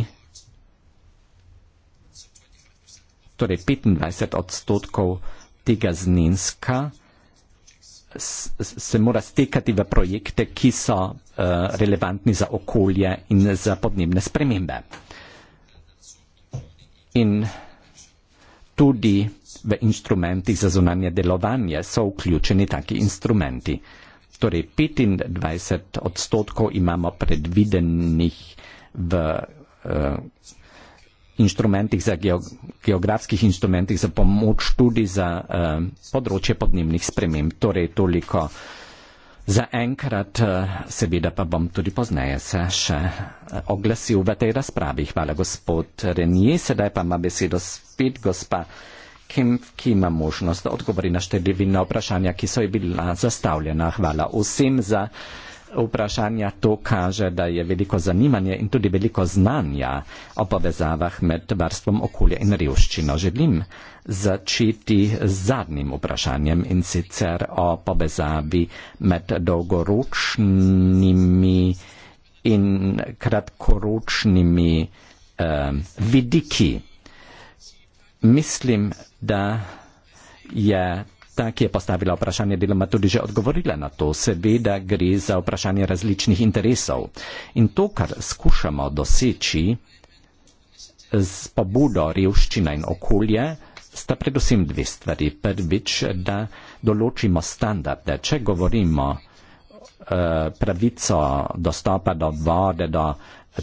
torej 25 odstotkov tega zneska se mora stekati v projekte, ki so eh, relevantni za okolje in za podnebne spremembe. In tudi v instrumentih za zunanje delovanje so vključeni taki instrumenti. Torej 25 odstotkov imamo predvidenih v eh, inštrumentih, za geog geografskih inštrumentih za pomoč tudi za uh, področje podnebnih sprememb. Torej, toliko za enkrat, uh, seveda pa bom tudi pozneje se še uh, oglasil v tej razpravi. Hvala, gospod Renije. Sedaj pa ima besedo spet gospa Kim, ki ima možnost, da odgovori na številne vprašanja, ki so ji bila zastavljena. Hvala vsem za vprašanja to kaže, da je veliko zanimanje in tudi veliko znanja o povezavah med varstvom okolja in revščino. Želim začeti z zadnjim vprašanjem in sicer o povezavi med dolgoročnimi in kratkoročnimi eh, vidiki. Mislim, da je gosta, ki je postavila vprašanje, deloma tudi že odgovorila na to. Seveda gre za vprašanje različnih interesov. In to, kar skušamo doseči z pobudo revščina in okolje, sta predvsem dve stvari. Prvič, da določimo standarde. Če govorimo eh, pravico dostopa do vode, do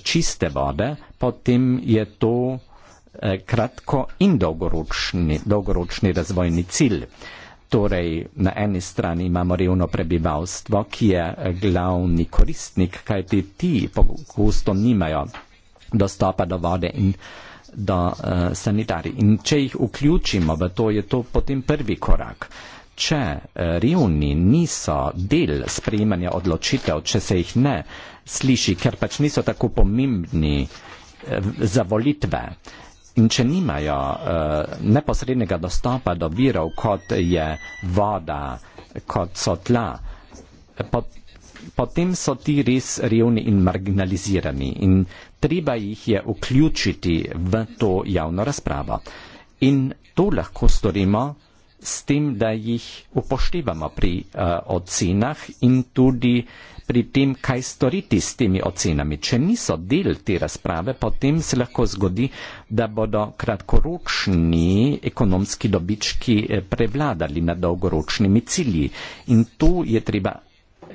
čiste vode, potem je to eh, kratko in dolgoročni, dolgoročni razvojni cilj. Torej, na eni strani imamo revno prebivalstvo, ki je eh, glavni koristnik, kajti ti pogosto nimajo dostopa do vode in do uh, eh, sanitari. In če jih vključimo v to, je to potem prvi korak. Če eh, revni niso del sprejemanja odločitev, če se jih ne sliši, ker pač niso tako pomembni za volitve, uh, In če nimajo uh, neposrednega dostopa do virov, kot je voda, kot so tla, pot, potem so ti res revni in marginalizirani in treba jih je vključiti v to javno razpravo. In to lahko storimo s tem, da jih upoštevamo pri uh, ocenah in tudi uh, pri tem, kaj storiti s temi ocenami. Če niso del te razprave, potem se lahko zgodi, da bodo kratkoročni ekonomski dobički eh, prevladali nad dolgoročnimi cilji. In tu je treba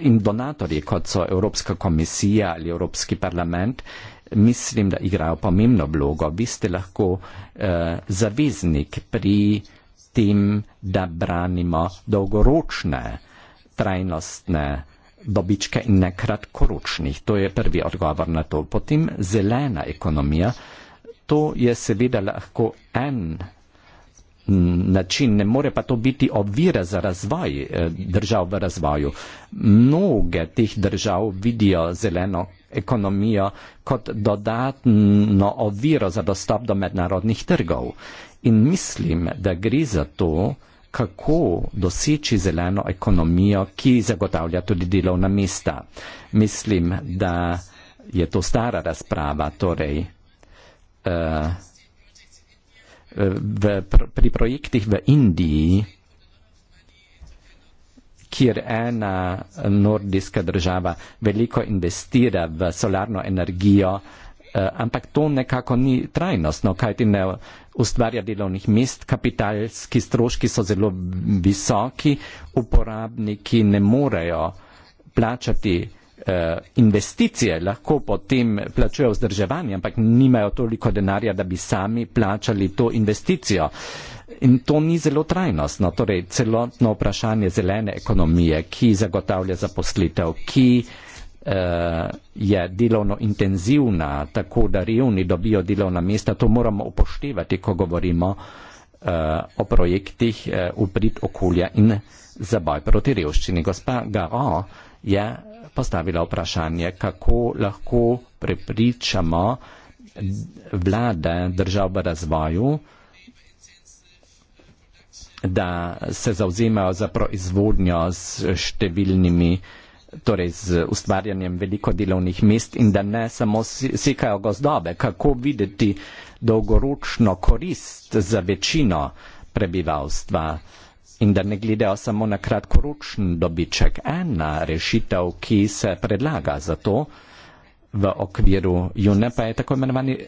in donatorje, kot so Evropska komisija ali Evropski parlament, mislim, da igrajo pomembno vlogo. Vi ste lahko eh, zaveznik pri tem, da branimo dolgoročne trajnostne dobičke nekratkoročnih. To je prvi odgovor na to. Potem zelena ekonomija. To je seveda lahko en način, ne more pa to biti ovira za razvoj eh, držav v razvoju. Mnoge teh držav vidijo zeleno ekonomijo kot dodatno oviro za dostop do mednarodnih trgov. In mislim, da gre za to, kako doseči zeleno ekonomijo, ki zagotavlja tudi delovna mesta. Mislim, da je to stara razprava, torej uh, v, pri projektih v Indiji, kjer ena nordijska država veliko investira v solarno energijo, uh, Eh, ampak to nekako ni trajnostno, kajti ne ustvarja delovnih mest, kapitalski stroški so zelo visoki, uporabniki ne morejo plačati eh, investicije, lahko potem plačujejo vzdrževanje, ampak nimajo toliko denarja, da bi sami plačali to investicijo. In to ni zelo trajnostno, torej celotno vprašanje zelene ekonomije, ki zagotavlja zaposlitev, ki uh, Eh, je delovno intenzivna, tako da revni dobijo delovna mesta, to moramo upoštevati, ko govorimo eh, o projektih eh, v prid okolja in za boj proti revščini. Gospa Garo je postavila vprašanje, kako lahko prepričamo vlade držav v razvoju, da se zauzemajo za proizvodnjo s številnimi uh, torej z ustvarjanjem veliko delovnih mest in da ne samo sekajo gozdove, kako videti dolgoročno korist za večino prebivalstva in da ne gledajo samo na kratkoročen dobiček. Ena rešitev, ki se predlaga za to v okviru june, pa je tako imenovani,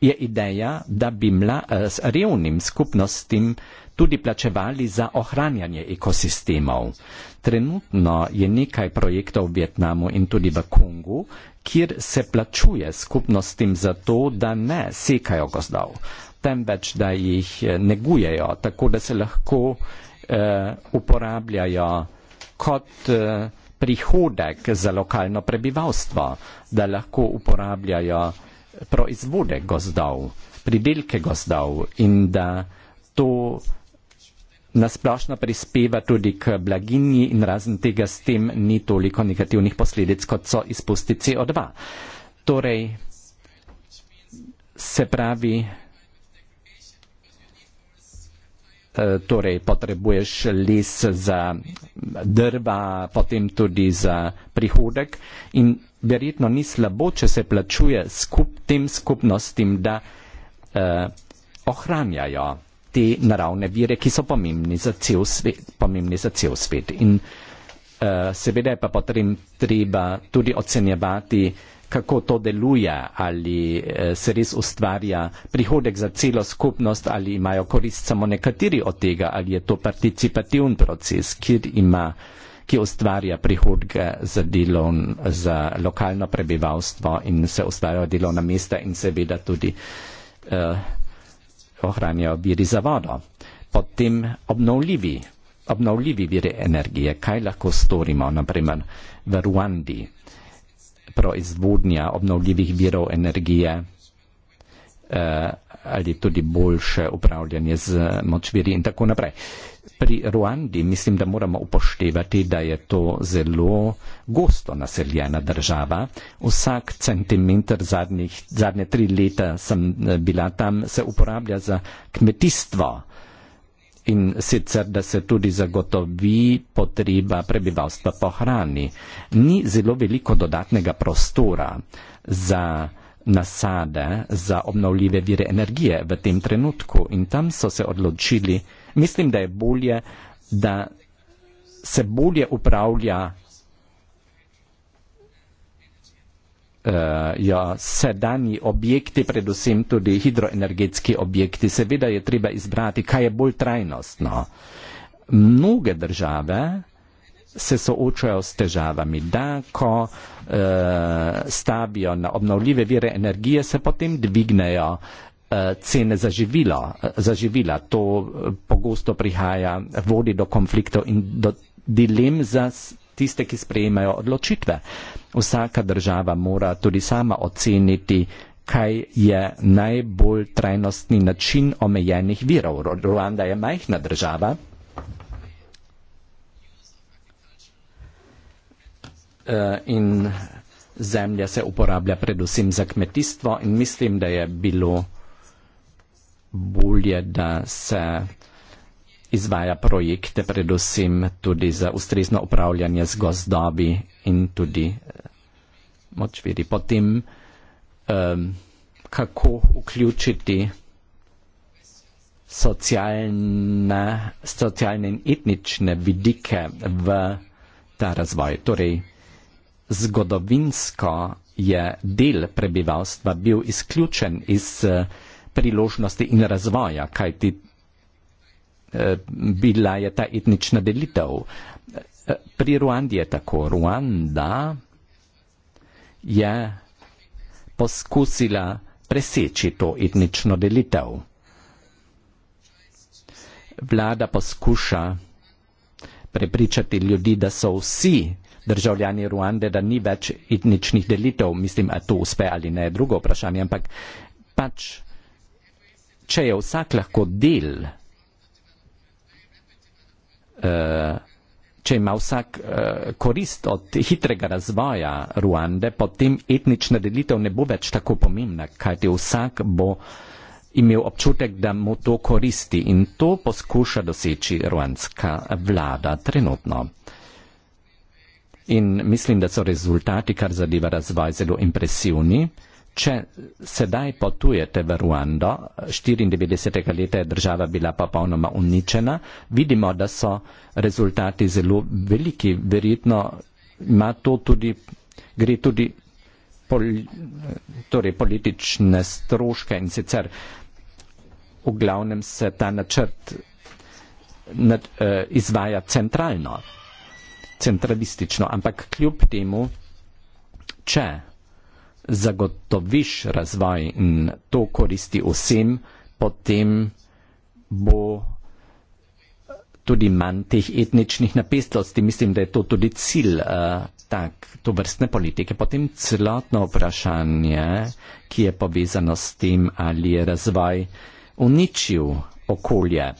je ideja, da bi mla, eh, s revnim skupnostim tudi plačevali za ohranjanje ekosistemov. Trenutno je nekaj projektov v Vietnamu in tudi v Kongu, kjer se plačuje skupnostim za to, da ne sekajo gozdov, temveč da jih eh, negujejo, tako da se lahko eh, uporabljajo kot eh, prihodek za lokalno prebivalstvo, da lahko uporabljajo proizvode gozdov, pridelke gozdov in da to nasplošno prispeva tudi k blaginji in razen tega s tem ni toliko negativnih posledic, kot so izpusti CO2. Torej, se pravi, eh, torej potrebuješ les za drva, potem tudi za prihodek in verjetno ni slabo, če se plačuje skup tem skupnostim, da eh, ohranjajo te naravne vire, ki so pomembni za cel svet. Pomembni za cel svet. In uh, seveda je pa potrem treba tudi ocenjevati, kako to deluje, ali uh, se res ustvarja prihodek za celo skupnost, ali imajo korist samo nekateri od tega, ali je to participativen proces, kjer ima ki ustvarja prihodke za delovn, za lokalno prebivalstvo in se ustvarjajo delovna mesta in seveda tudi uh, ohranijo viri za vodo, potem obnovljivi, obnovljivi viri energije, kaj lahko storimo, naprimer v Ruandi, proizvodnja obnovljivih virov energije eh, ali tudi boljše upravljanje z močviri in tako naprej. Pri Ruandi mislim, da moramo upoštevati, da je to zelo gosto naseljena država. Vsak centimeter zadnjih, zadnje tri leta sem eh, bila tam, se uporablja za kmetijstvo in sicer, da se tudi zagotovi potreba prebivalstva po hrani. Ni zelo veliko dodatnega prostora za nasade, za obnovljive vire energije v tem trenutku in tam so se odločili, mislim, da je bolje, da se bolje upravlja Uh, ja, sedanji objekti, predvsem tudi hidroenergetski objekti, seveda je treba izbrati, kaj je bolj trajnostno. Mnoge države se soočajo s težavami, da ko uh, stavijo na obnovljive vire energije, se potem dvignejo uh, Eh, cene za, živilo, eh, za živila. To eh, pogosto prihaja, vodi do konfliktov in do dilem za tiste, ki sprejemajo odločitve. Vsaka država mora tudi sama oceniti, kaj je najbolj trajnostni način omejenih virov. Ruanda je majhna država. In zemlja se uporablja predvsem za kmetijstvo in mislim, da je bilo bolje, da se izvaja projekte, predvsem tudi za ustrezno upravljanje z gozdobi in tudi eh, moč vidi potem, um, kako vključiti socialne, socialne in etnične vidike v ta razvoj. Torej, zgodovinsko je del prebivalstva bil izključen iz uh, priložnosti in razvoja, kajti eh, bila je ta etnična delitev. Eh, pri Ruandi je tako. Ruanda je poskusila preseči to etnično delitev. Vlada poskuša prepričati ljudi, da so vsi državljani Ruande, da ni več etničnih delitev. Mislim, da to uspe ali ne, je drugo vprašanje, ampak pač če je vsak lahko del, eh, če ima vsak eh, korist od hitrega razvoja Ruande, potem etnična delitev ne bo več tako pomembna, kajti vsak bo imel občutek, da mu to koristi in to poskuša doseči ruandska vlada trenutno. In mislim, da so rezultati, kar zadeva razvoj, zelo impresivni. Če sedaj potujete v Ruando, 94. leta je država bila popolnoma uničena, vidimo, da so rezultati zelo veliki, verjetno ima to tudi, gre tudi pol, torej politične stroške in sicer v glavnem se ta načrt nad, eh, izvaja centralno, centralistično, ampak kljub temu, če zagotoviš razvoj in to koristi vsem, potem bo tudi manj teh etničnih napistosti. Mislim, da je to tudi cilj uh, tak, to vrstne politike. Potem celotno vprašanje, ki je povezano s tem, ali je razvoj uničil okolje,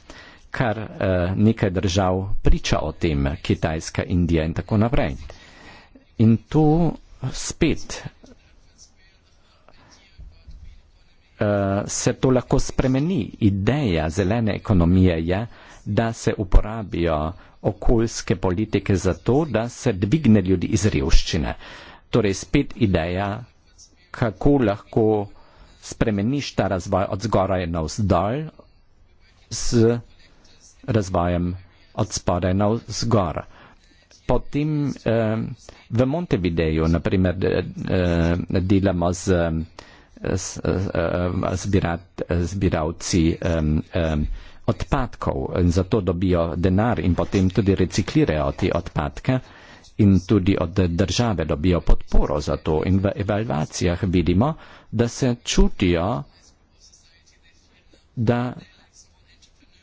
kar uh, nekaj držav priča o tem, Kitajska, Indija in tako naprej. In tu spet uh, se to lahko spremeni. Ideja zelene ekonomije je, da se uporabijo okoljske politike za to, da se dvigne ljudi iz revščine. Torej spet ideja, kako lahko spremeniš ta razvoj od zgoraj na vzdolj z razvojem od spodaj na vzgor. Potem eh, v Montevideju, naprimer, eh, eh, delamo z eh, zbiralci odpadkov in zato dobijo denar in potem tudi reciklirajo te odpadke in tudi od države dobijo podporo za to. In v evalvacijah vidimo, da se čutijo, da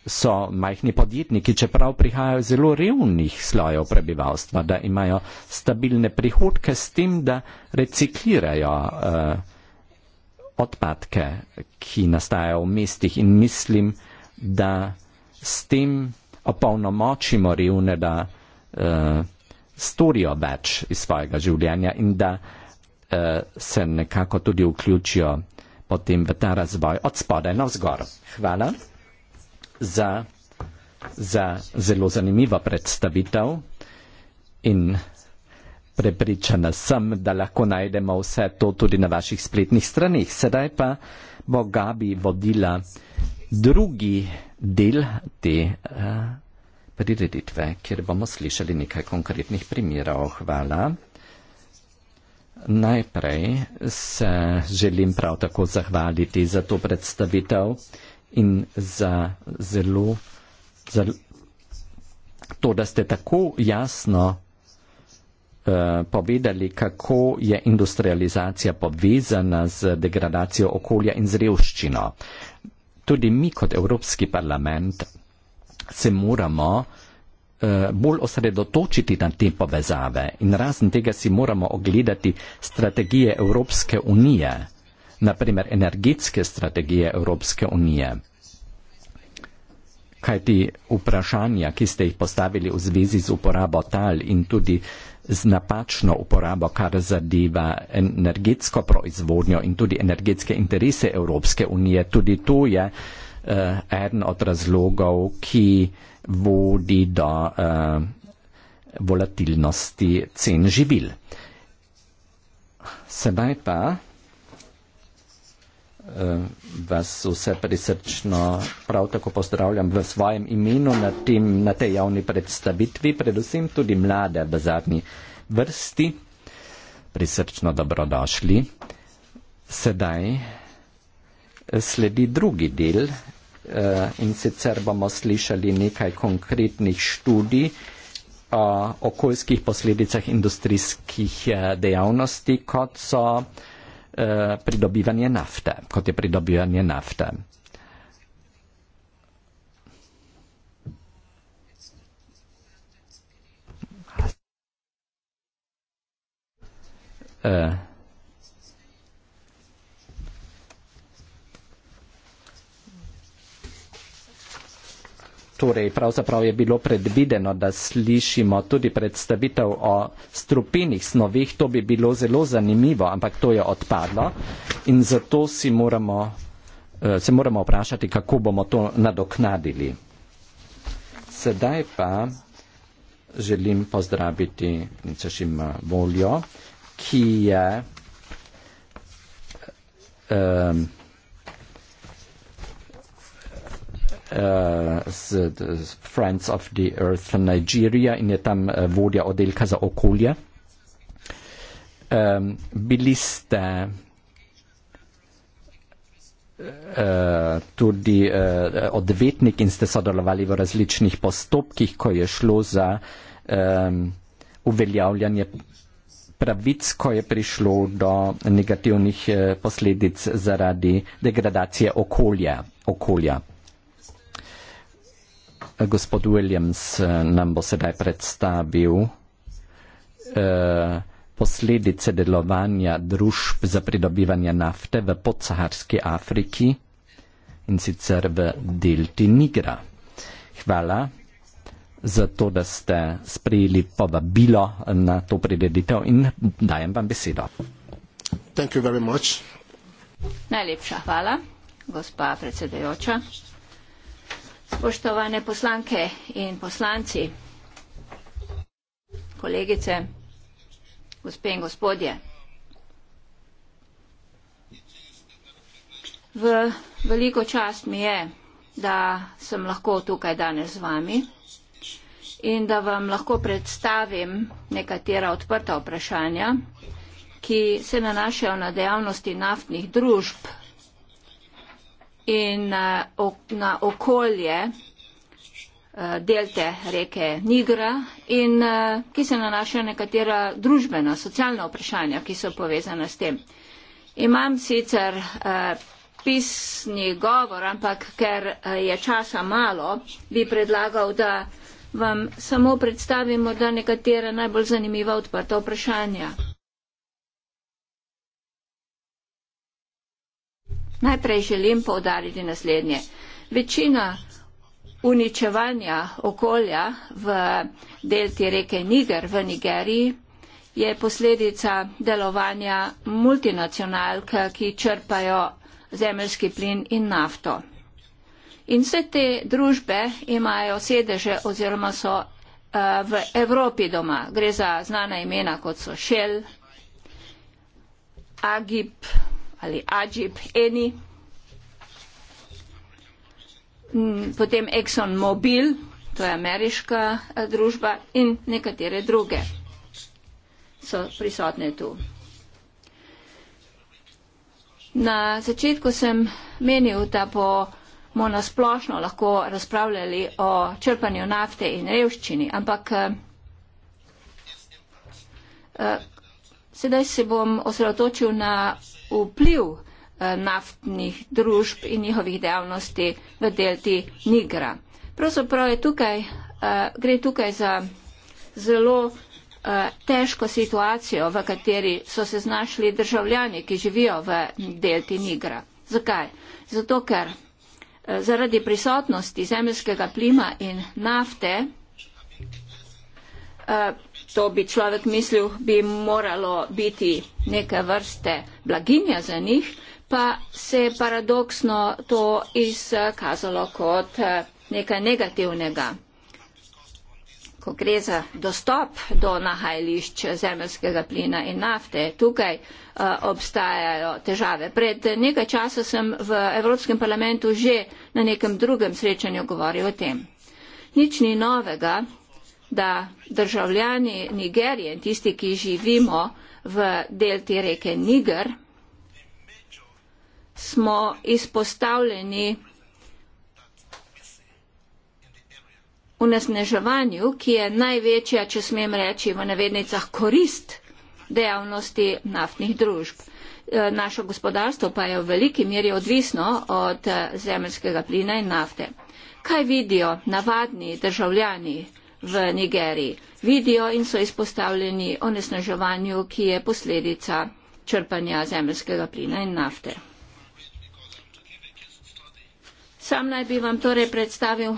so majhni podjetniki, čeprav prihajajo zelo revnih slojev prebivalstva, da imajo stabilne prihodke s tem, da reciklirajo uh, odpadke, ki nastajajo v mestih in mislim, da s tem opolnomočimo revne, da uh, storijo več iz svojega življenja in da uh, se nekako tudi vključijo potem v ta razvoj od spodaj na vzgor. Hvala za, za zelo zanimivo predstavitev in Prepričana sem, da lahko najdemo vse to tudi na vaših spletnih stranih. Sedaj pa bo Gabi vodila drugi del te uh, prireditve, kjer bomo slišali nekaj konkretnih primerov. Hvala. Najprej se želim prav tako zahvaliti za to predstavitev in za zelo, za to, da ste tako jasno Eh, povedali, kako je industrializacija povezana z degradacijo okolja in z revščino. Tudi mi kot Evropski parlament se moramo eh, bolj osredotočiti na te povezave in razen tega si moramo ogledati strategije Evropske unije, naprimer energetske strategije Evropske unije. Kaj ti vprašanja, ki ste jih postavili v zvezi z uporabo tal in tudi uh, z napačno uporabo, kar zadeva energetsko proizvodnjo in tudi energetske interese Evropske unije. Tudi to je uh, eden od razlogov, ki vodi do uh, volatilnosti cen živil. Sedaj pa Eh, vas vse prisrčno prav tako pozdravljam v svojem imenu na, tem, na tej javni predstavitvi, predvsem tudi mlade v zadnji vrsti. Prisrčno dobrodošli. Sedaj eh, sledi drugi del eh, in sicer bomo slišali nekaj konkretnih študij o okoljskih posledicah industrijskih dejavnosti, kot so Eh, pridobivanje nafte, kot je pridobivanje nafte. Uh. torej pravzaprav je bilo predvideno, da slišimo tudi predstavitev o strupinih snovih, to bi bilo zelo zanimivo, ampak to je odpadlo in zato si moramo, eh, se moramo vprašati, kako bomo to nadoknadili. Sedaj pa želim pozdraviti Cešim Voljo, ki je um, uh, z, z Friends of the Earth Nigeria in je tam uh, vodja oddelka za okolje. Um, bili ste uh, tudi uh, odvetnik in ste sodelovali v različnih postopkih, ko je šlo za um, uveljavljanje pravic, ko je prišlo do negativnih uh, posledic zaradi degradacije okolja. okolja gospod Williams eh, nam bo sedaj predstavil eh, posledice delovanja družb za pridobivanje nafte v podsaharski Afriki in sicer v delti Nigra. Hvala za to, da ste sprejeli povabilo na to prededitev in dajem vam besedo. Thank you very much. Najlepša hvala, gospa predsedajoča. Spoštovane poslanke in poslanci, kolegice, gospe in gospodje. V veliko čast mi je, da sem lahko tukaj danes z vami in da vam lahko predstavim nekatera odprta vprašanja, ki se nanašajo na dejavnosti naftnih družb in eh, na okolje eh, delte reke Nigra in eh, ki se nanaša nekatera družbena, socialna vprašanja, ki so povezana s tem. Imam sicer pisni govor, ampak ker je časa malo, bi predlagal, da vam samo predstavimo, da nekatera najbolj zanimiva odprta vprašanja. Najprej želim povdariti naslednje. Večina uničevanja okolja v delti reke Niger v Nigeriji je posledica delovanja multinacionalk, ki črpajo zemljski plin in nafto. In vse te družbe imajo sedeže oziroma so uh, v Evropi doma. Gre za znana imena, kot so Shell, Agip, ali Ađib, Eni, mm, potem ExxonMobil, to je ameriška eh, družba in nekatere druge so prisotne tu. Na začetku sem menil, da bomo nasplošno lahko razpravljali o črpanju nafte in revščini, ampak eh, eh sedaj se bom osredotočil na vpliv eh, naftnih družb in njihovih dejavnosti v delti Nigra. Pravzaprav je tukaj, eh, gre tukaj za zelo eh, težko situacijo, v kateri so se znašli državljani, ki živijo v delti Nigra. Zakaj? Zato, ker zaradi prisotnosti zemljskega plima in nafte to bi človek mislil, bi moralo biti neke vrste blaginja za njih, pa se je paradoksno to izkazalo kot eh, nekaj negativnega. Ko gre za dostop do nahajališč zemljskega plina in nafte, tukaj uh, obstajajo težave. Pred nekaj časa sem v Evropskem parlamentu že na nekem drugem srečanju govoril o tem. Nič ni novega, da državljani Nigerije in tisti, ki živimo v delti reke Niger, smo izpostavljeni unesneževanju, ki je največja, če smem reči, v navednicah korist dejavnosti naftnih družb. E, naše gospodarstvo pa je v veliki meri odvisno od e, zemljskega plina in nafte. Kaj vidijo navadni državljani v Nigeriji. Vidijo in so izpostavljeni onesnaževanju, ki je posledica črpanja zemljskega plina in nafte. Sam naj bi vam torej predstavil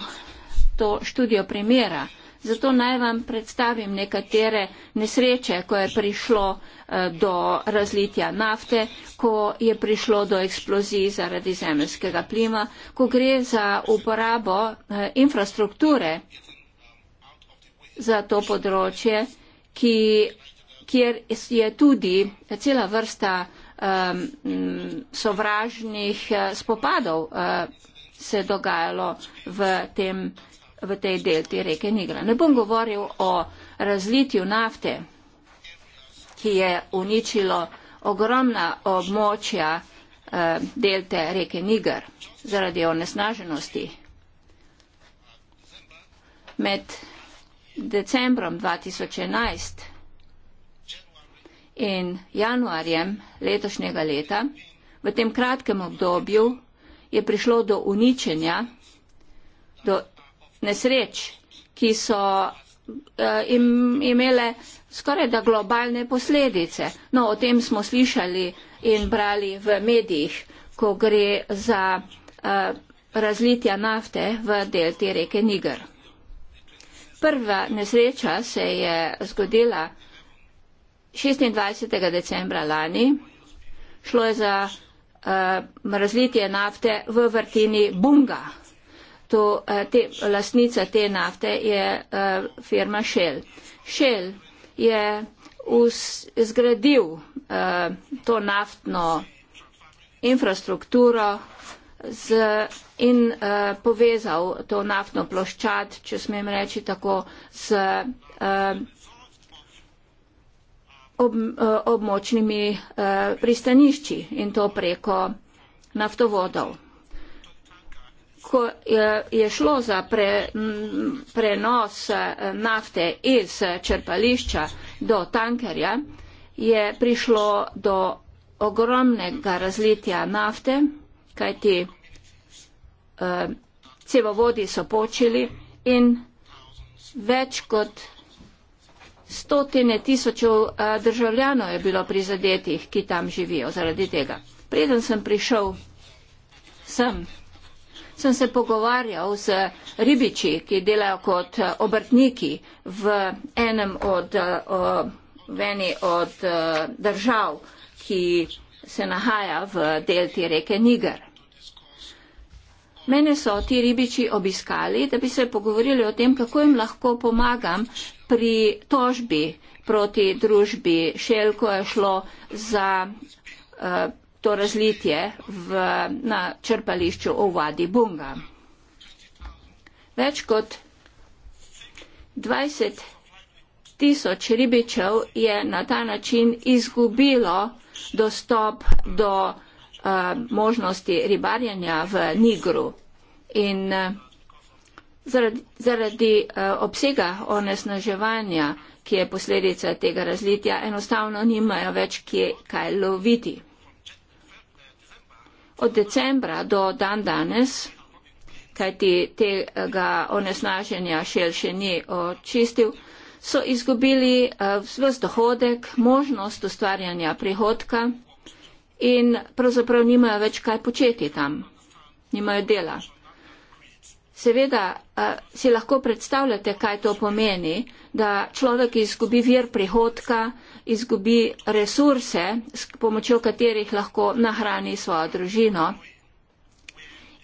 to študijo primera. Zato naj vam predstavim nekatere nesreče, ko je prišlo eh, do razlitja nafte, ko je prišlo do eksploziji zaradi zemljskega plima, ko gre za uporabo eh, infrastrukture, za to področje, ki, kjer je tudi cela vrsta um, sovražnih eh, spopadov uh, se dogajalo v, tem, v tej delti reke Nigra. Ne bom govoril o razlitju nafte, ki je uničilo ogromna območja uh, eh, delte reke Niger zaradi onesnaženosti. Med decembrom 2011 in januarjem letošnjega leta, v tem kratkem obdobju, je prišlo do uničenja, do nesreč, ki so eh, imele skoraj da globalne posledice. No, o tem smo slišali in brali v medijih, ko gre za uh, razlitja nafte v delti reke Niger. Prva nesreča se je zgodila 26. decembra lani. Šlo je za uh, eh, mrazlitje nafte v vrtini Bunga. To, eh, te, lasnica te nafte je uh, firma Shell. Shell je us, zgradil uh, to naftno infrastrukturo, z, in uh, povezal to naftno ploščad, če smem reči tako, s uh, ob, uh, območnimi uh, pristanišči in to preko naftovodov. Ko je šlo za pre, prenos nafte iz črpališča do tankerja, je prišlo do ogromnega razlitja nafte kajti uh, cevovodi so počili in več kot stotine tisočev uh, državljanov je bilo prizadetih, ki tam živijo zaradi tega. Preden sem prišel sem, sem se pogovarjal z ribiči, ki delajo kot eh, obrtniki v enem od, o, v eni od uh, držav, ki se nahaja v delti reke Niger. Mene so ti ribiči obiskali, da bi se pogovorili o tem, kako jim lahko pomagam pri tožbi proti družbi Shell, ko je šlo za uh, to razlitje v, na črpališču v Vadi Bunga. Več kot 20 tisoč ribičev je na ta način izgubilo dostop do uh, možnosti ribarjenja v Nigru. In uh, zaradi, zaradi uh, obsega onesnaževanja, ki je posledica tega razlitja, enostavno nimajo več kje kaj loviti. Od decembra do dan danes, kajti tega onesnaženja šel še ni očistil, uh, so izgubili eh, vse dohodek, možnost ustvarjanja prihodka in pravzaprav nimajo več kaj početi tam, nimajo dela. Seveda eh, si lahko predstavljate, kaj to pomeni, da človek izgubi vir prihodka, izgubi resurse, s pomočjo katerih lahko nahrani svojo družino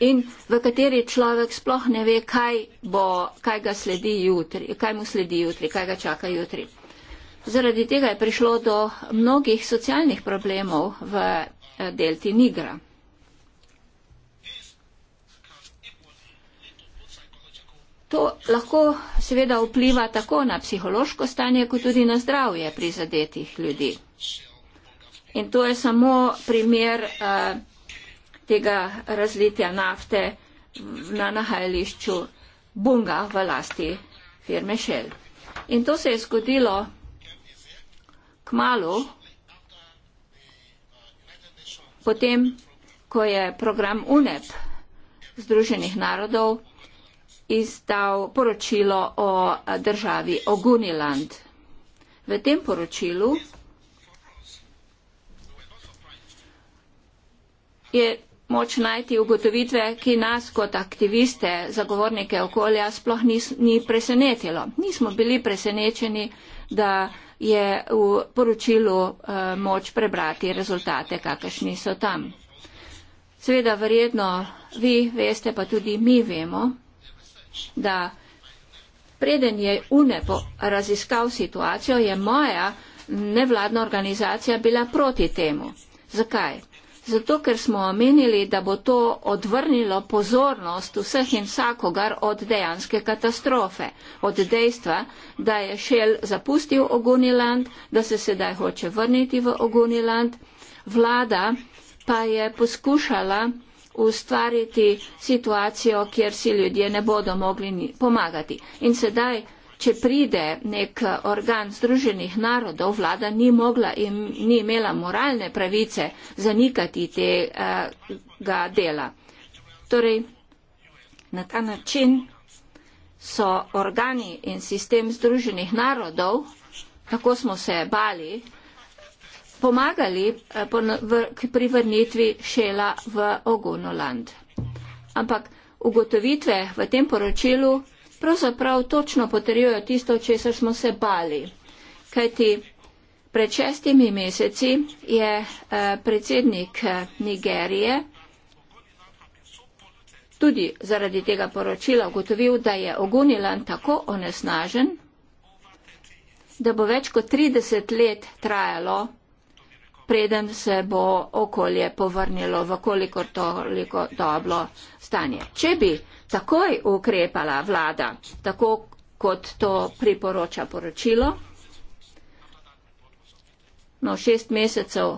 in v kateri človek sploh ne ve, kaj, bo, kaj, sledi jutri, kaj mu sledi jutri, kaj ga čaka jutri. Zaradi tega je prišlo do mnogih socialnih problemov v eh, delti Nigra. To lahko seveda vpliva tako na psihološko stanje, kot tudi na zdravje prizadetih ljudi. In to je samo primer. Uh, tega razlitja nafte na nahajališču Bunga v lasti firme Shell. In to se je zgodilo kmalo potem, ko je program UNEP Združenih narodov izdal poročilo o državi Oguniland. V tem poročilu je moč najti ugotovitve, ki nas kot aktiviste, zagovornike okolja sploh ni, ni presenetilo. Nismo bili presenečeni, da je v poročilu eh, moč prebrati rezultate, kakršni so tam. Seveda, verjetno vi veste, pa tudi mi vemo, da preden je UNEPO raziskal situacijo, je moja nevladna organizacija bila proti temu. Zakaj? Zato, ker smo omenili, da bo to odvrnilo pozornost vseh in vsakogar od dejanske katastrofe, od dejstva, da je Šel zapustil Oguniland, da se sedaj hoče vrniti v Oguniland, vlada pa je poskušala ustvariti situacijo, kjer si ljudje ne bodo mogli pomagati. In sedaj če pride nek organ Združenih narodov, vlada ni mogla in ni imela moralne pravice zanikati tega dela. Torej, na ta način so organi in sistem Združenih narodov, tako smo se bali, pomagali eh, k privrnitvi šela v Ogunoland. Ampak ugotovitve v tem poročilu pravzaprav točno potrjujejo tisto, česar smo se bali. Kajti pred šestimi meseci je eh, predsednik eh, Nigerije tudi zaradi tega poročila ugotovil, da je Ogunilan tako onesnažen, da bo več kot 30 let trajalo, preden se bo okolje povrnilo v kolikor toliko dobro stanje. Če bi takoj ukrepala vlada, tako kot to priporoča poročilo. No, šest mesecev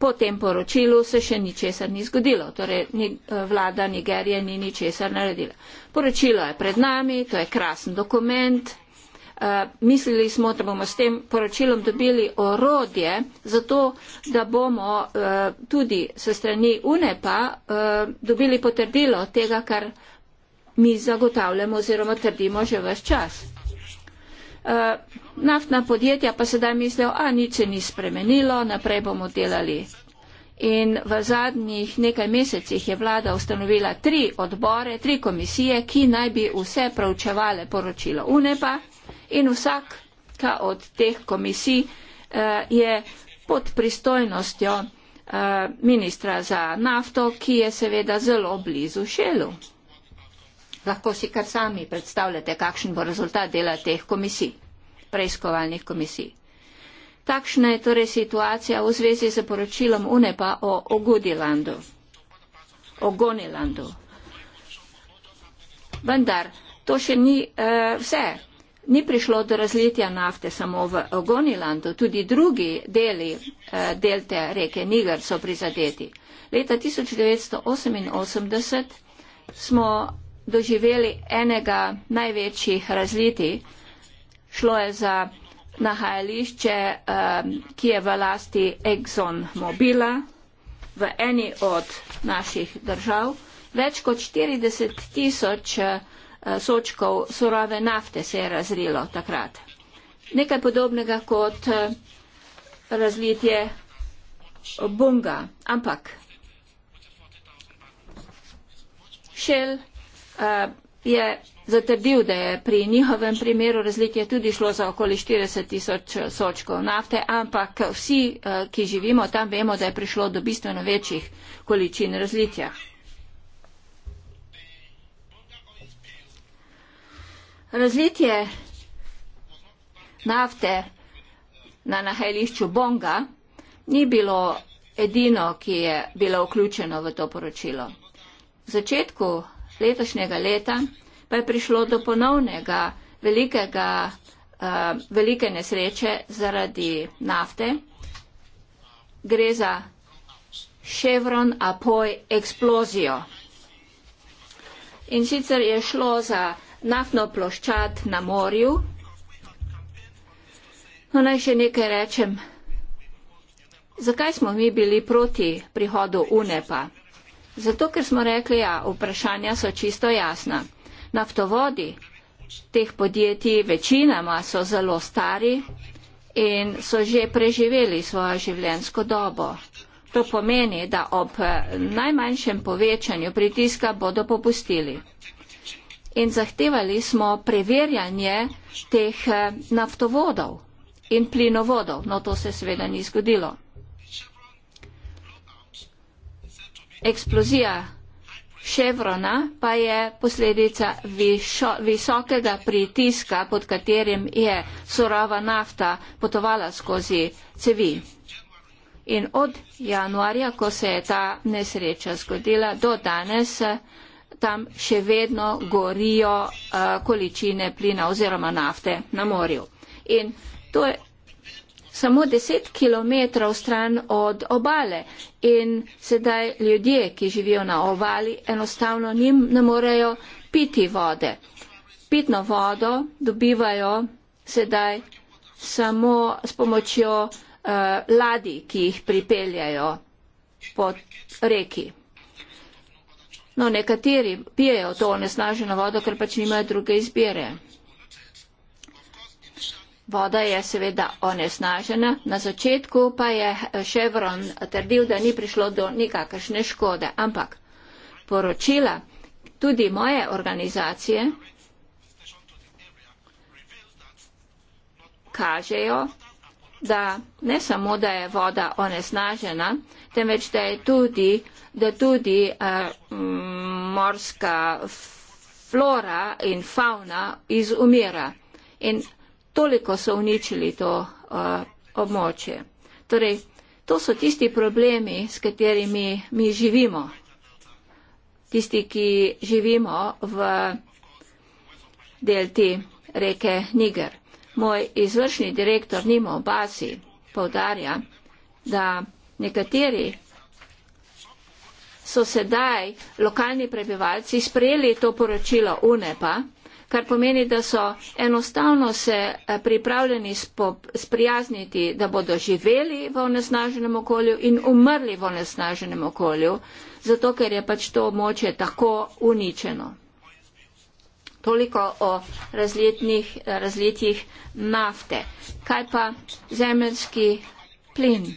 po tem poročilu se še ničesar ni zgodilo, torej ni, eh, vlada Nigerije ni ničesar naredila. Poročilo je pred nami, to je krasen dokument. Uh, mislili smo, da bomo s tem poročilom dobili orodje, zato da bomo uh, tudi se strani UNEPA uh, dobili potrdilo tega, kar uh, mi zagotavljamo oziroma trdimo že vse čas. Uh, naftna podjetja pa sedaj mislijo, a nič se ni spremenilo, naprej bomo delali. In v zadnjih nekaj mesecih je vlada ustanovila tri odbore, tri komisije, ki naj bi vse pravčevale poročilo UNEPA in vsaka od teh komisij uh, je pod pristojnostjo uh, ministra za nafto, ki je seveda zelo blizu šelu. Lahko si kar sami predstavljate, kakšen bo rezultat dela teh komisij, preiskovalnih komisij. Takšna je torej situacija v zvezi z poročilom UNEPA o Ogudilandu, o Gonilandu. Vendar to še ni e, vse. Ni prišlo do razlitja nafte samo v Ogonilandu, tudi drugi deli e, eh, delte reke Niger so prizadeti. Leta 1988 smo doživeli enega največjih razliti. Šlo je za nahajališče, eh, ki je v lasti Exxon Mobila v eni od naših držav. Več kot 40 tisoč eh, sočkov surove nafte se je razrilo takrat. Nekaj podobnega kot eh, razlitje bunga, ampak Shell Eh, je zatrdil, da je pri njihovem primeru razlike tudi šlo za okoli 40 tisoč eh, sočkov nafte, ampak vsi, eh, ki živimo tam, vemo, da je prišlo do bistveno večjih količin razlitja. Razlitje nafte na nahajališču Bonga ni bilo edino, ki je bilo vključeno v to poročilo. V začetku letošnjega leta pa je prišlo do ponovnega velikega, uh, velike nesreče zaradi nafte. Gre za Chevron Apoy eksplozijo. In sicer je šlo za naftno ploščad na morju. No, naj še nekaj rečem. Zakaj smo mi bili proti prihodu UNEPA? Zato, ker smo rekli, ja, vprašanja so čisto jasna. Naftovodi teh podjetij večinama so zelo stari in so že preživeli svojo življenjsko dobo. To pomeni, da ob najmanjšem povečanju pritiska bodo popustili. In zahtevali smo preverjanje teh eh, naftovodov in plinovodov. No, to se seveda ni zgodilo. Eksplozija Chevrona pa je posledica višo, visokega pritiska, pod katerim je surova nafta potovala skozi cevi. In od januarja, ko se je ta nesreča zgodila, do danes eh, tam še vedno gorijo uh, količine plina oziroma nafte na morju. In to je, samo deset kilometrov stran od obale in sedaj ljudje, ki živijo na ovali, enostavno njim ne morejo piti vode. Pitno vodo dobivajo sedaj samo s pomočjo uh, eh, ladi, ki jih pripeljajo po reki. No, nekateri pijejo to onesnaženo vodo, ker pač nimajo druge izbire voda je seveda onesnažena. Na začetku pa je eh, Chevron trdil, da ni prišlo do nikakršne škode. Ampak poročila tudi moje organizacije kažejo, da ne samo, da je voda onesnažena, temveč da je tudi, da tudi uh, morska flora in fauna izumira. In toliko so uničili to uh, območje. Torej, to so tisti problemi, s katerimi mi živimo. Tisti, ki živimo v delti reke Niger. Moj izvršni direktor Nimo Basi povdarja, da nekateri so sedaj lokalni prebivalci sprejeli to poročilo UNEPA, kar pomeni, da so enostavno se eh, pripravljeni sprijazniti, da bodo živeli v onesnaženem okolju in umrli v onesnaženem okolju, zato ker je pač to območje tako uničeno. Toliko o razlitjih eh, nafte. Kaj pa zemeljski plin?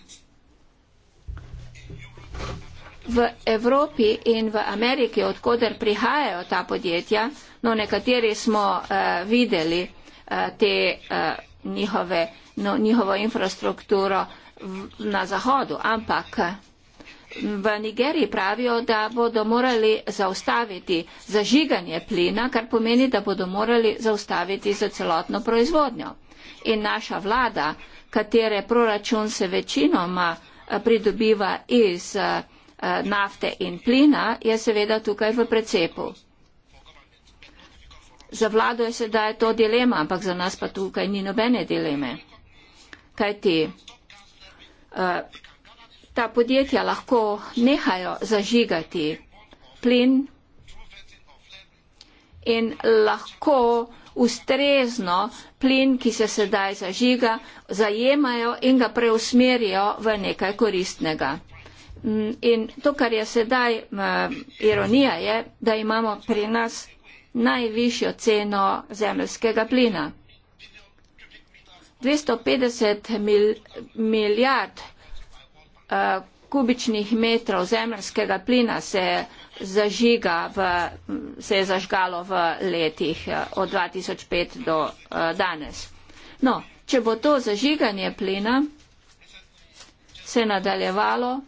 V Evropi in v Ameriki, odkuder prihajajo ta podjetja, No, nekateri smo uh, videli uh, te uh, njihove, no, njihovo infrastrukturo v, na zahodu, ampak v Nigeriji pravijo, da bodo morali zaustaviti zažiganje plina, kar pomeni, da bodo morali zaustaviti za celotno proizvodnjo. In naša vlada, katere proračun se večinoma pridobiva iz nafte in plina, je seveda tukaj v precepu. Za vlado je sedaj to dilema, ampak za nas pa tukaj ni nobene dileme. Kaj ti? Uh, eh, ta podjetja lahko nehajo zažigati plin in lahko ustrezno plin, ki se sedaj zažiga, zajemajo in ga preusmerijo v nekaj koristnega. Mm, in to, kar je sedaj, uh, ironija je, da imamo pri nas najvišjo ceno zemljskega plina. 250 mil, milijard uh, kubičnih metrov zemljskega plina se zažiga, v, se je zažgalo v letih uh, od 2005 do uh, danes. No, če bo to zažiganje plina se nadaljevalo,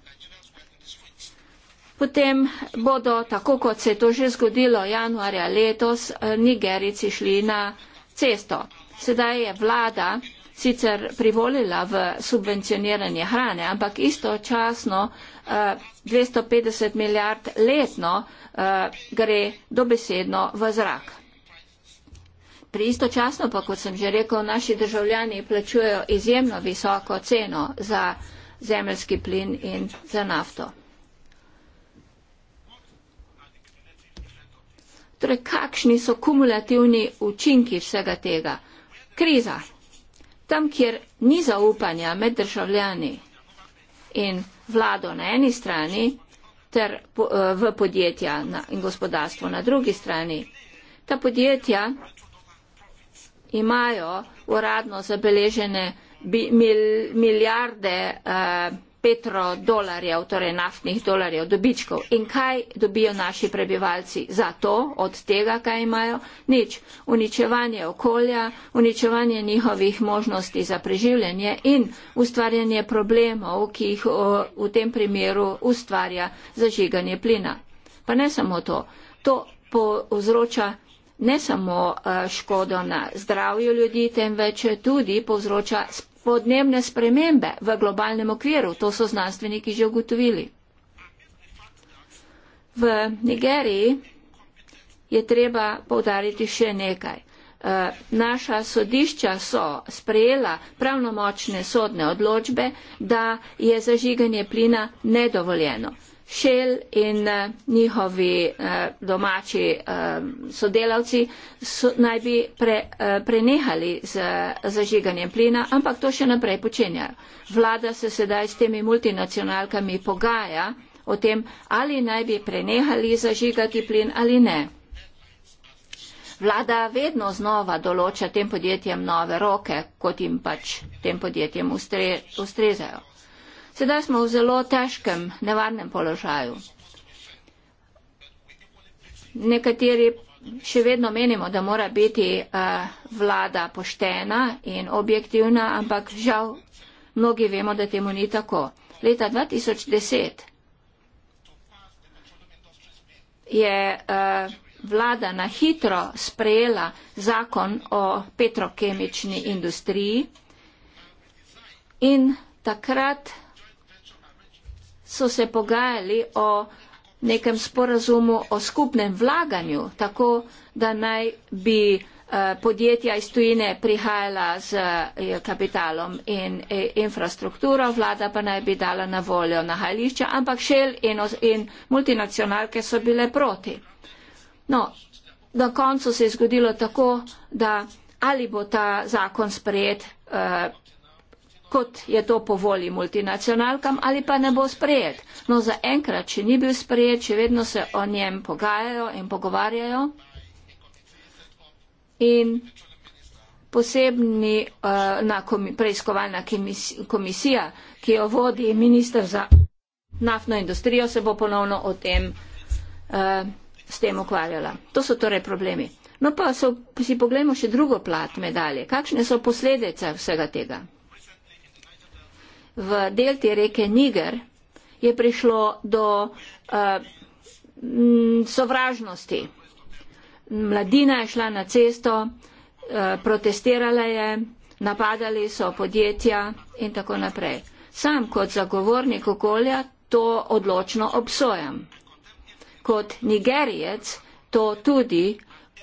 Potem bodo, tako kot se je to že zgodilo januarja letos, eh, Nigerici šli na cesto. Sedaj je vlada sicer privolila v subvencioniranje hrane, ampak istočasno 250 eh, milijard letno eh, gre dobesedno v zrak. Pri istočasno pa, kot sem že rekel, naši državljani plačujejo izjemno visoko ceno za zemljski plin in za nafto. Torej, kakšni so kumulativni učinki vsega tega? Kriza. Tam, kjer ni zaupanja med državljani in vlado na eni strani, ter eh, v podjetja in gospodarstvo na drugi strani. Ta podjetja imajo uradno zabeležene milijarde. Eh, petrodolarjev, torej naftnih dolarjev dobičkov. In kaj dobijo naši prebivalci za to, od tega, kaj imajo? Nič. Uničevanje okolja, uničevanje njihovih možnosti za preživljanje in ustvarjanje problemov, ki jih v tem primeru ustvarja zažiganje plina. Pa ne samo to. To povzroča ne samo eh, škodo na zdravju ljudi, temveč tudi povzroča podnebne spremembe v globalnem okviru. To so znanstveniki že ugotovili. V Nigeriji je treba povdariti še nekaj. Eh, naša sodišča so sprejela pravnomočne sodne odločbe, da je zažiganje plina nedovoljeno. Šel in eh, njihovi eh, domači eh, sodelavci so, naj bi pre, prenehali z zažiganjem plina, ampak to še naprej počenjajo. Vlada se sedaj s temi multinacionalkami pogaja o tem, ali naj bi prenehali zažigati plin ali ne. Vlada vedno znova določa tem podjetjem nove roke, kot jim pač tem podjetjem ustre, ustrezajo. Sedaj smo v zelo težkem, nevarnem položaju. Nekateri še vedno menimo, da mora biti uh, vlada poštena in objektivna, ampak žal mnogi vemo, da temu ni tako. Leta 2010 je uh, vlada na hitro sprejela zakon o petrokemični industriji in takrat so se pogajali o nekem sporazumu o skupnem vlaganju, tako da naj bi eh, podjetja iz tujine prihajala z eh, kapitalom in eh, infrastrukturo, vlada pa naj bi dala na voljo nahajališča, ampak šel in, in multinacionalke so bile proti. No, na koncu se je zgodilo tako, da ali bo ta zakon sprejet kot je to po volji multinacionalkam ali pa ne bo sprejet. No za enkrat, če ni bil sprejet, če vedno se o njem pogajajo in pogovarjajo. In posebni uh, komi preiskovalna komisija, ki jo vodi ministr za naftno industrijo, se bo ponovno o tem uh, s tem ukvarjala. To so torej problemi. No pa so, si pogledamo še drugo plat medalje. Kakšne so posledice vsega tega? v delti reke Niger je prišlo do uh, m, sovražnosti. Mladina je šla na cesto, uh, protestirala je, napadali so podjetja in tako naprej. Sam kot zagovornik okolja to odločno obsojam. Kot nigerijec to tudi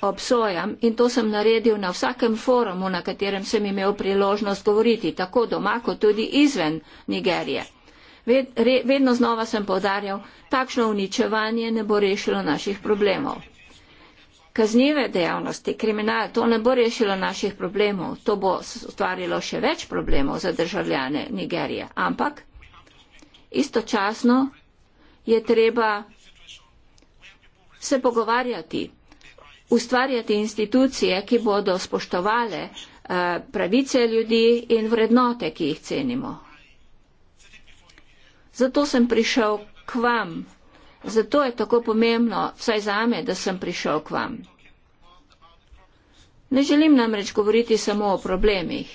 obsojam in to sem naredil na vsakem forumu, na katerem sem imel priložnost govoriti, tako doma kot tudi izven Nigerije. Ved, re, vedno znova sem povdarjal, takšno uničevanje ne bo rešilo naših problemov. Kaznive dejavnosti, kriminal, to ne bo rešilo naših problemov, to bo ustvarilo še več problemov za državljane Nigerije. Ampak istočasno je treba se pogovarjati ustvarjati institucije, ki bodo spoštovale eh, pravice ljudi in vrednote, ki jih cenimo. Zato sem prišel k vam. Zato je tako pomembno, vsaj za me, da sem prišel k vam. Ne želim namreč govoriti samo o problemih.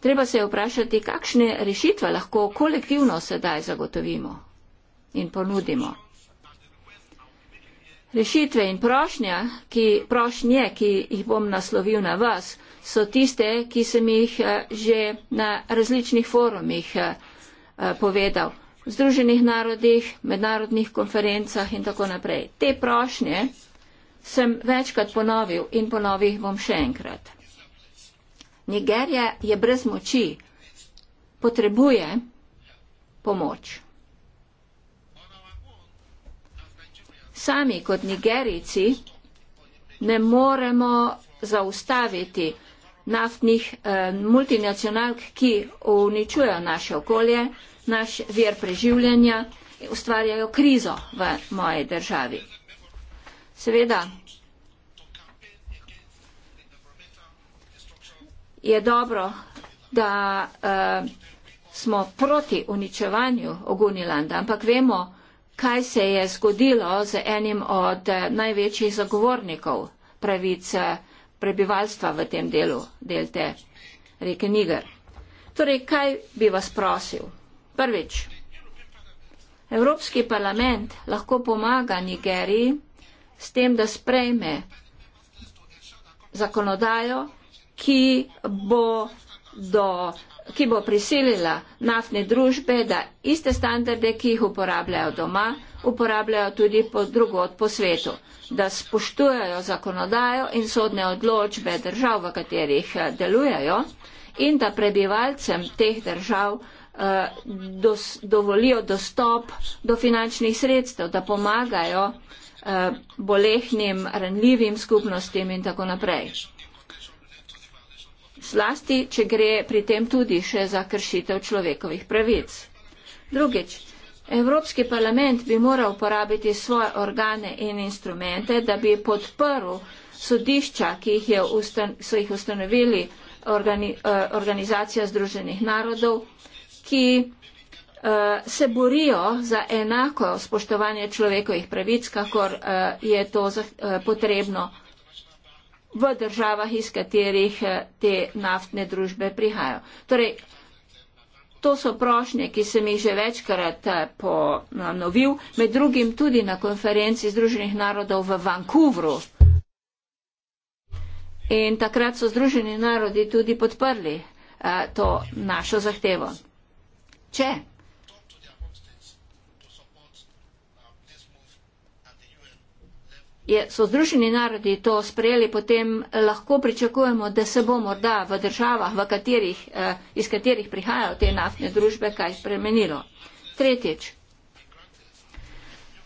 Treba se je vprašati, kakšne rešitve lahko kolektivno sedaj zagotovimo in ponudimo. Rešitve in prošnja, ki, prošnje, ki jih bom naslovil na vas, so tiste, ki sem jih eh, že na različnih forumih eh, eh, povedal. V Združenih narodih, mednarodnih konferencah in tako naprej. Te prošnje sem večkrat ponovil in ponovil bom še enkrat. Nigerija je brez moči, potrebuje pomoč. sami kot nigerici ne moremo zaustaviti naftnih eh, multinacionalk, ki uničujejo naše okolje, naš vir preživljanja in ustvarjajo krizo v moji državi. Seveda je dobro, da eh, smo proti uničevanju Ogunilanda, ampak vemo, kaj se je zgodilo z enim od eh, največjih zagovornikov pravic eh, prebivalstva v tem delu delte reke Niger. Torej, kaj bi vas prosil? Prvič, Evropski parlament lahko pomaga Nigeriji s tem, da sprejme zakonodajo, ki bo do ki bo prisilila naftne družbe, da iste standarde, ki jih uporabljajo doma, uporabljajo tudi po drugod po svetu, da spoštujajo zakonodajo in sodne odločbe držav, v katerih eh, delujejo in da prebivalcem teh držav eh, dos, dovolijo dostop do finančnih sredstev, da pomagajo eh, bolehnim, ranljivim skupnostim in tako naprej zlasti, če gre pri tem tudi še za kršitev človekovih pravic. Drugič, Evropski parlament bi moral uporabiti svoje organe in instrumente, da bi podprl sodišča, ki jih ustan, so jih ustanovili organi, eh, organizacija Združenih narodov, ki eh, se borijo za enako spoštovanje človekovih pravic, kakor eh, je to eh, potrebno v državah, iz katerih eh, te naftne družbe prihajajo. Torej, to so prošnje, ki sem jih že večkrat eh, ponovil, med drugim tudi na konferenci Združenih narodov v Vancouvru. In takrat so Združeni narodi tudi podprli eh, to našo zahtevo. Če je, so Združeni narodi to sprejeli, potem eh, lahko pričakujemo, da se bo morda v državah, v katerih, eh, iz katerih prihajajo te naftne družbe, kaj spremenilo. Tretjič.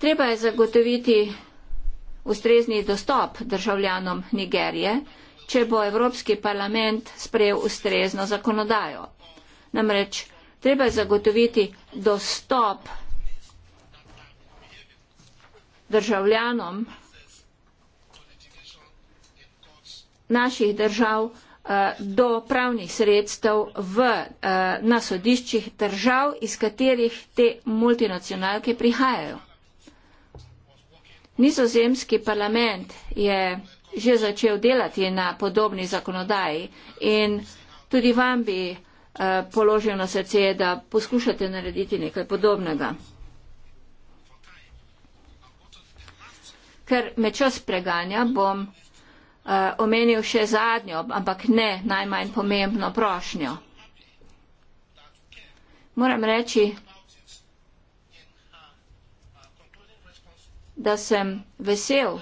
Treba je zagotoviti ustrezni dostop državljanom Nigerije, če bo Evropski parlament sprejel ustrezno zakonodajo. Namreč, treba je zagotoviti dostop državljanom naših držav eh, do pravnih sredstev v, eh, na sodiščih držav, iz katerih te multinacionalke prihajajo. Nizozemski parlament je že začel delati na podobni zakonodaji in tudi vam bi eh, položil na srce, da poskušate narediti nekaj podobnega. Ker me čas preganja, bom Eh, omenil še zadnjo, ampak ne najmanj pomembno prošnjo. Moram reči, da sem vesel,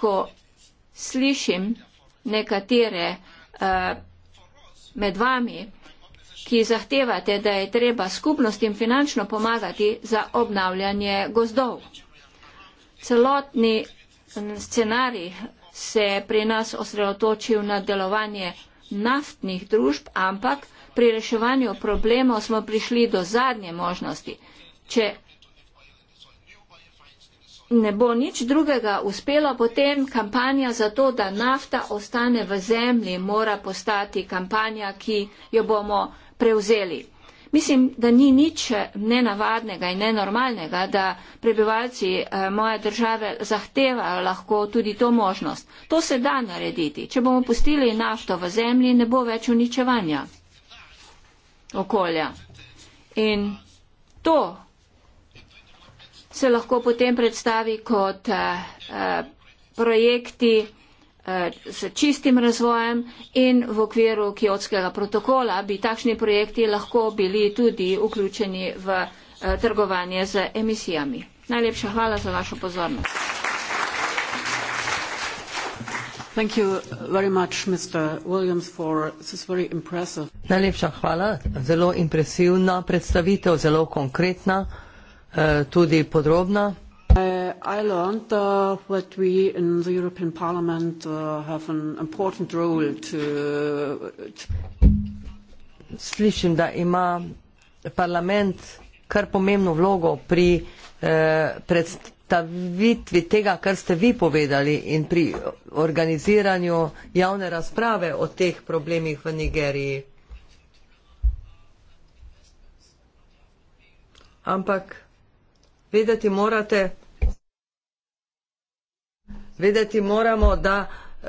ko slišim nekatere uh, med vami, ki zahtevate, da je treba skupnostim finančno pomagati za obnavljanje gozdov. Celotni scenarij se je pri nas osredotočil na delovanje naftnih družb, ampak pri reševanju problemov smo prišli do zadnje možnosti. Če ne bo nič drugega uspelo, potem kampanja za to, da nafta ostane v zemlji, mora postati kampanja, ki jo bomo prevzeli. Mislim, da ni nič nenavadnega in nenormalnega, da prebivalci eh, moje države zahtevajo lahko tudi to možnost. To se da narediti. Če bomo pustili nafto v zemlji, ne bo več uničevanja okolja. In to se lahko potem predstavi kot eh, eh projekti, s čistim razvojem in v okviru kiotskega protokola bi takšni projekti lahko bili tudi vključeni v eh, trgovanje z emisijami. Najlepša hvala za vašo pozornost. Najlepša hvala, zelo impresivna predstavitev, zelo konkretna, eh, tudi podrobna. Uh, I learned uh, that we in the European Parliament uh, have an important role to, to slišim, da ima parlament kar pomembno vlogo pri eh, predstavitvi tega, kar ste vi povedali in pri organiziranju javne razprave o teh problemih v Nigeriji. Ampak vedeti morate, vedeti moramo, da uh,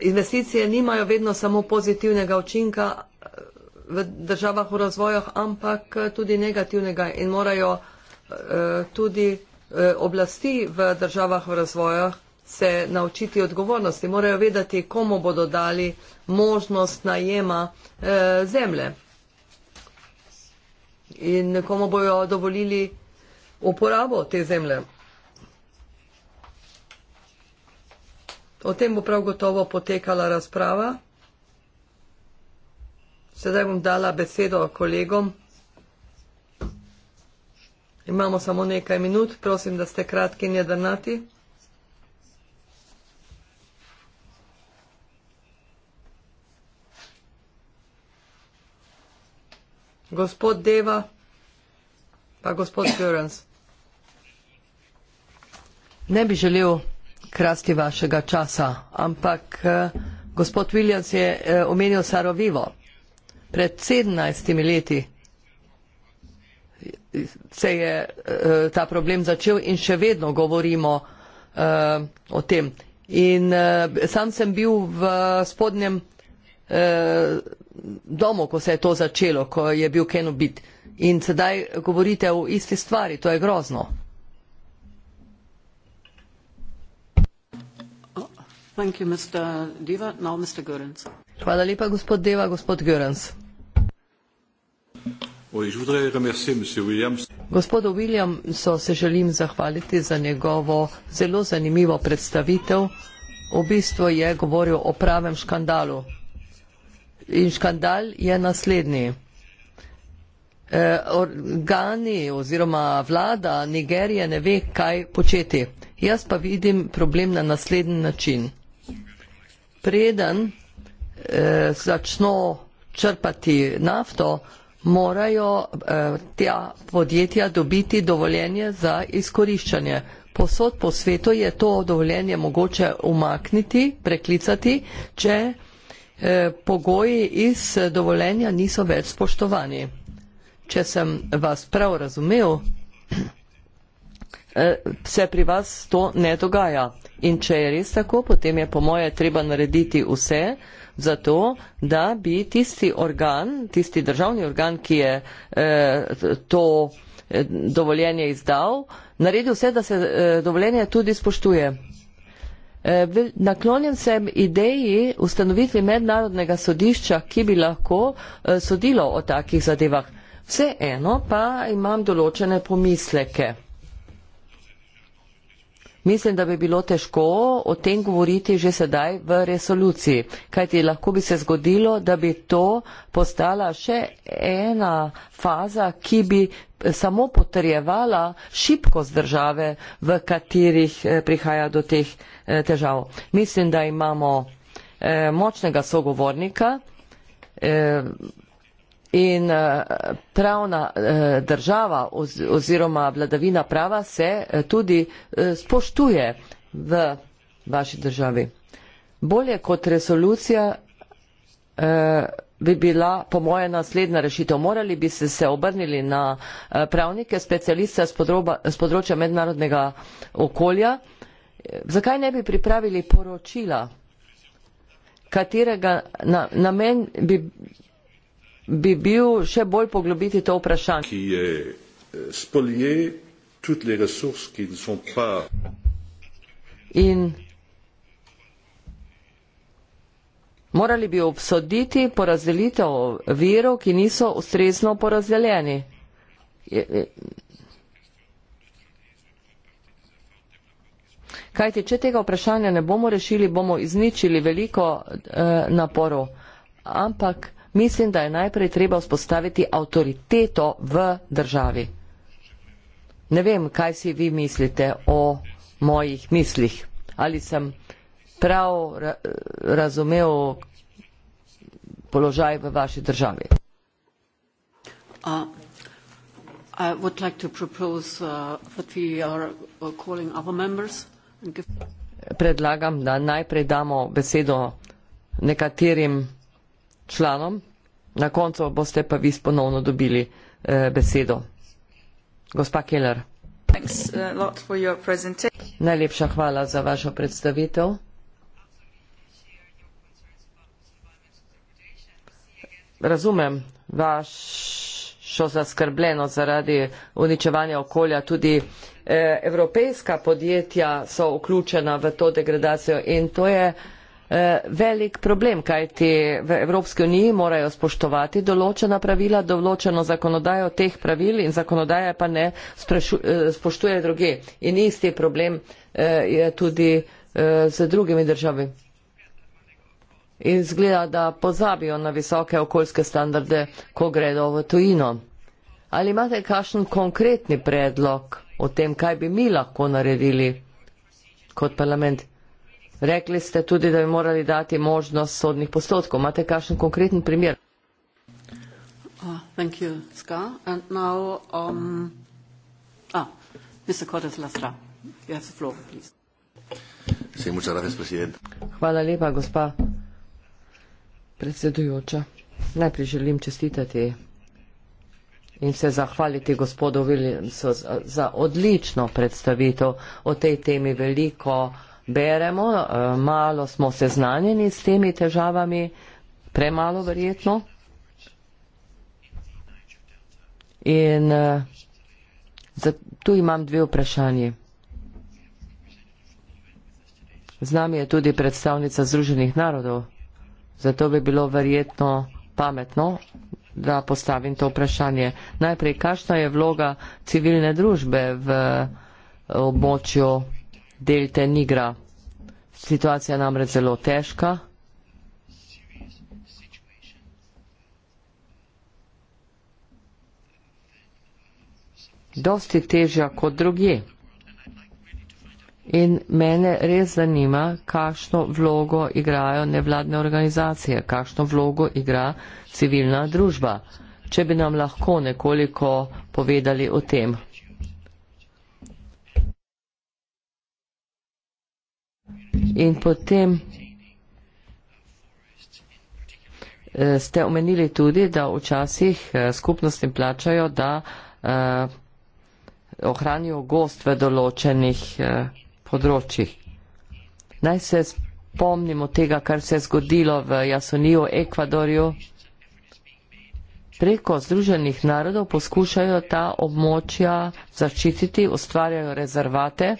investicije nimajo vedno samo pozitivnega učinka eh, v državah v razvojah, ampak eh, tudi negativnega in morajo uh, tudi uh, oblasti v državah v razvojah se naučiti odgovornosti, morajo vedeti, komu bodo dali možnost najema eh, zemlje in komu bojo dovolili uporabo te zemlje. O tem bo prav gotovo potekala razprava. Sedaj bom dala besedo kolegom. Imamo samo nekaj minut, prosim, da ste kratki in jedrnati. Gospod Deva, pa gospod Görens. Ne bi želel krasti vašega časa. Ampak eh, gospod Williams je eh, omenil Sarovivo. Pred sedemnajstimi leti se je eh, ta problem začel in še vedno govorimo o tem. In sam sem bil v spodnjem domu, ko se je to začelo, ko je bil Kenobit. In sedaj govorite o isti stvari, to je grozno. Gospodu Williamsu se želim zahvaliti za njegovo zelo zanimivo predstavitev. V bistvu je govoril o pravem škandalu. In škandal je naslednji. E, organi oziroma vlada Nigerije ne ve, kaj početi. Jaz pa vidim problem na naslednji način preden eh, začno črpati nafto, morajo eh, ta podjetja dobiti dovoljenje za izkoriščanje. Posod po svetu je to dovoljenje mogoče umakniti, preklicati, če eh, pogoji iz dovoljenja niso več spoštovani. Če sem vas prav razumel, eh, se pri vas to ne dogaja. In če je res tako, potem je po moje treba narediti vse za to, da bi tisti organ, tisti državni organ, ki je eh, to eh, dovoljenje izdal, naredil vse, da se eh, dovoljenje tudi spoštuje. Eh, naklonjen sem ideji ustanovitvi mednarodnega sodišča, ki bi lahko eh, sodilo o takih zadevah. Vseeno pa imam določene pomisleke. Mislim, da bi bilo težko o tem govoriti že sedaj v resoluciji, kajti lahko bi se zgodilo, da bi to postala še ena faza, ki bi samo potrjevala šibkost države, v katerih eh, prihaja do teh eh, težav. Mislim, da imamo eh, močnega sogovornika. In eh, pravna eh, država oziroma vladavina prava se eh, tudi spoštuje v vaši državi. Bolje kot resolucija bi bila po moje naslednja rešitev. Morali bi se se obrnili na pravnike, specialiste z področja mednarodnega okolja. Zakaj ne bi pripravili poročila, katerega namen bi bi bil še bolj poglobiti to vprašanje. Eh, In morali bi obsoditi porazdelitev virov, ki niso ustrezno porazdeljeni. Kajti, če tega vprašanja ne bomo rešili, bomo izničili veliko eh, naporov. Ampak mislim, da je najprej treba vzpostaviti avtoriteto v državi. Ne vem, kaj si vi mislite o mojih mislih. Ali sem prav ra razumel položaj v vaši državi? Uh. I would like to propose uh, that we are uh, calling other members and give Predlagam, da najprej damo besedo nekaterim članom. Na koncu boste pa vi ponovno dobili eh, besedo. Gospa Keller. Najlepša hvala za vašo predstavitev. Razumem vašo zaskrbljeno zaradi uničevanja okolja. Tudi eh, evropejska podjetja so vključena v to degradacijo in to je eh, Eh, velik problem, kajti v Evropski uniji morajo spoštovati določena pravila, določeno zakonodajo teh pravil in zakonodaja pa ne eh, spoštuje druge. In isti problem eh, je tudi z drugimi državami. In zgleda, da pozabijo na visoke okoljske standarde, ko gredo v tujino. Ali imate kakšen konkretni predlog o tem, kaj bi mi lahko naredili kot parlament? Rekli ste tudi, da bi morali dati možnost sodnih postotkov. Imate kakšen konkreten primer? Uh, thank you, Ska. And now, um, ah, Mr. Cortez Lastra, you have the floor, please. Sí, muchas gracias, presidente. Hvala lepa, gospa predsedujoča. Najprej želim čestitati in se zahvaliti gospodu Williamsu za, za odlično predstavitev o tej temi veliko beremo, eh, malo smo seznanjeni s temi težavami, premalo verjetno. In eh, tu imam dve vprašanje. Z nami je tudi predstavnica Združenih narodov, zato bi bilo verjetno pametno, da postavim to vprašanje. Najprej, kakšna je vloga civilne družbe v eh, območju Delte Nigra. Situacija namreč zelo težka. Dosti težja kot drugi. In mene res zanima, kakšno vlogo igrajo nevladne organizacije, kakšno vlogo igra civilna družba. Če bi nam lahko nekoliko povedali o tem. In potem eh, ste omenili tudi, da včasih eh, skupnostim plačajo, da eh, ohranijo gost v določenih področjih. Naj se spomnimo tega, kar se je zgodilo v Jasoniju, Ekvadorju. Preko Združenih narodov poskušajo ta območja zaščititi, ustvarjajo rezervate.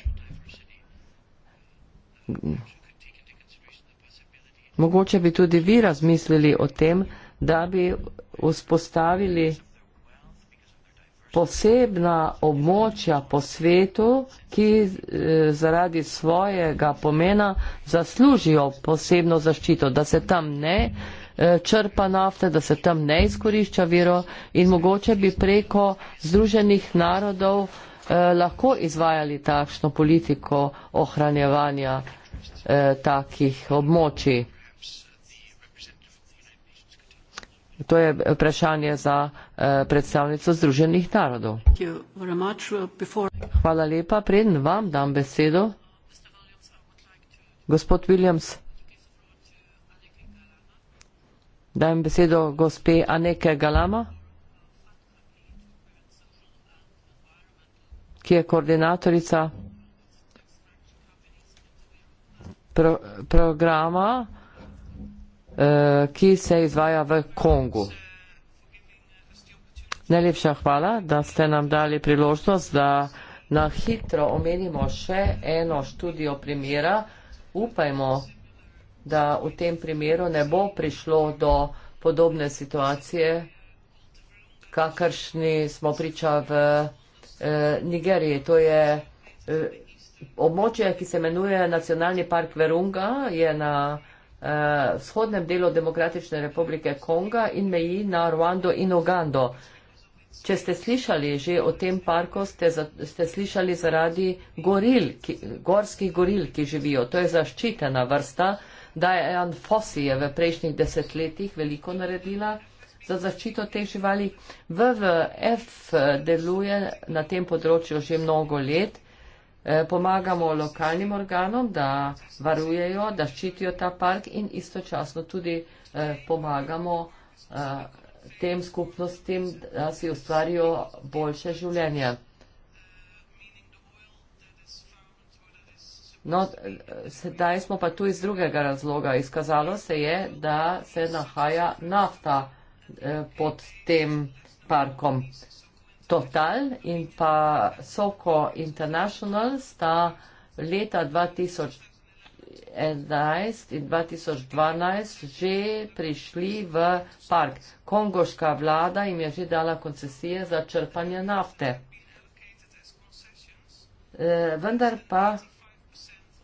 Mogoče bi tudi vi razmislili o tem, da bi vzpostavili posebna območja po svetu, ki eh, zaradi svojega pomena zaslužijo posebno zaščito, da se tam ne eh, črpa nafte, da se tam ne izkorišča viro in mogoče bi preko Združenih narodov Eh, lahko izvajali takšno politiko ohranjevanja eh, takih območij. To je vprašanje za eh, predstavnico Združenih narodov. Hvala lepa, preden vam dam besedo. Gospod Williams, dajem besedo gospe Aneke Galama. ki je koordinatorica pro, programa, eh, ki se izvaja v Kongu. Najlepša hvala, da ste nam dali priložnost, da na hitro omenimo še eno študijo primera. Upajmo, da v tem primeru ne bo prišlo do podobne situacije, kakršni smo priča v eh, Nigeriji. To je eh, območje, ki se imenuje Nacionalni park Verunga, je na eh, vzhodnem delu Demokratične republike Konga in meji na Ruando in Ugando. Če ste slišali že o tem parku, ste, za, ste slišali zaradi goril, ki, gorskih goril, ki živijo. To je zaščitena vrsta. Da je Anfosi je v prejšnjih desetletjih veliko naredila, za zaščito teh živali. WWF deluje na tem področju že mnogo let. Eh, pomagamo lokalnim organom, da varujejo, da ščitijo ta park in istočasno tudi eh, pomagamo eh, tem skupnostim, da si ustvarijo boljše življenje. No, sedaj smo pa tu iz drugega razloga. Izkazalo se je, da se nahaja nafta. Eh, pod tem parkom. Total in pa Soko International sta leta 2011 in 2012 že prišli v park. Kongoška vlada jim je že dala koncesije za črpanje nafte. Eh, vendar pa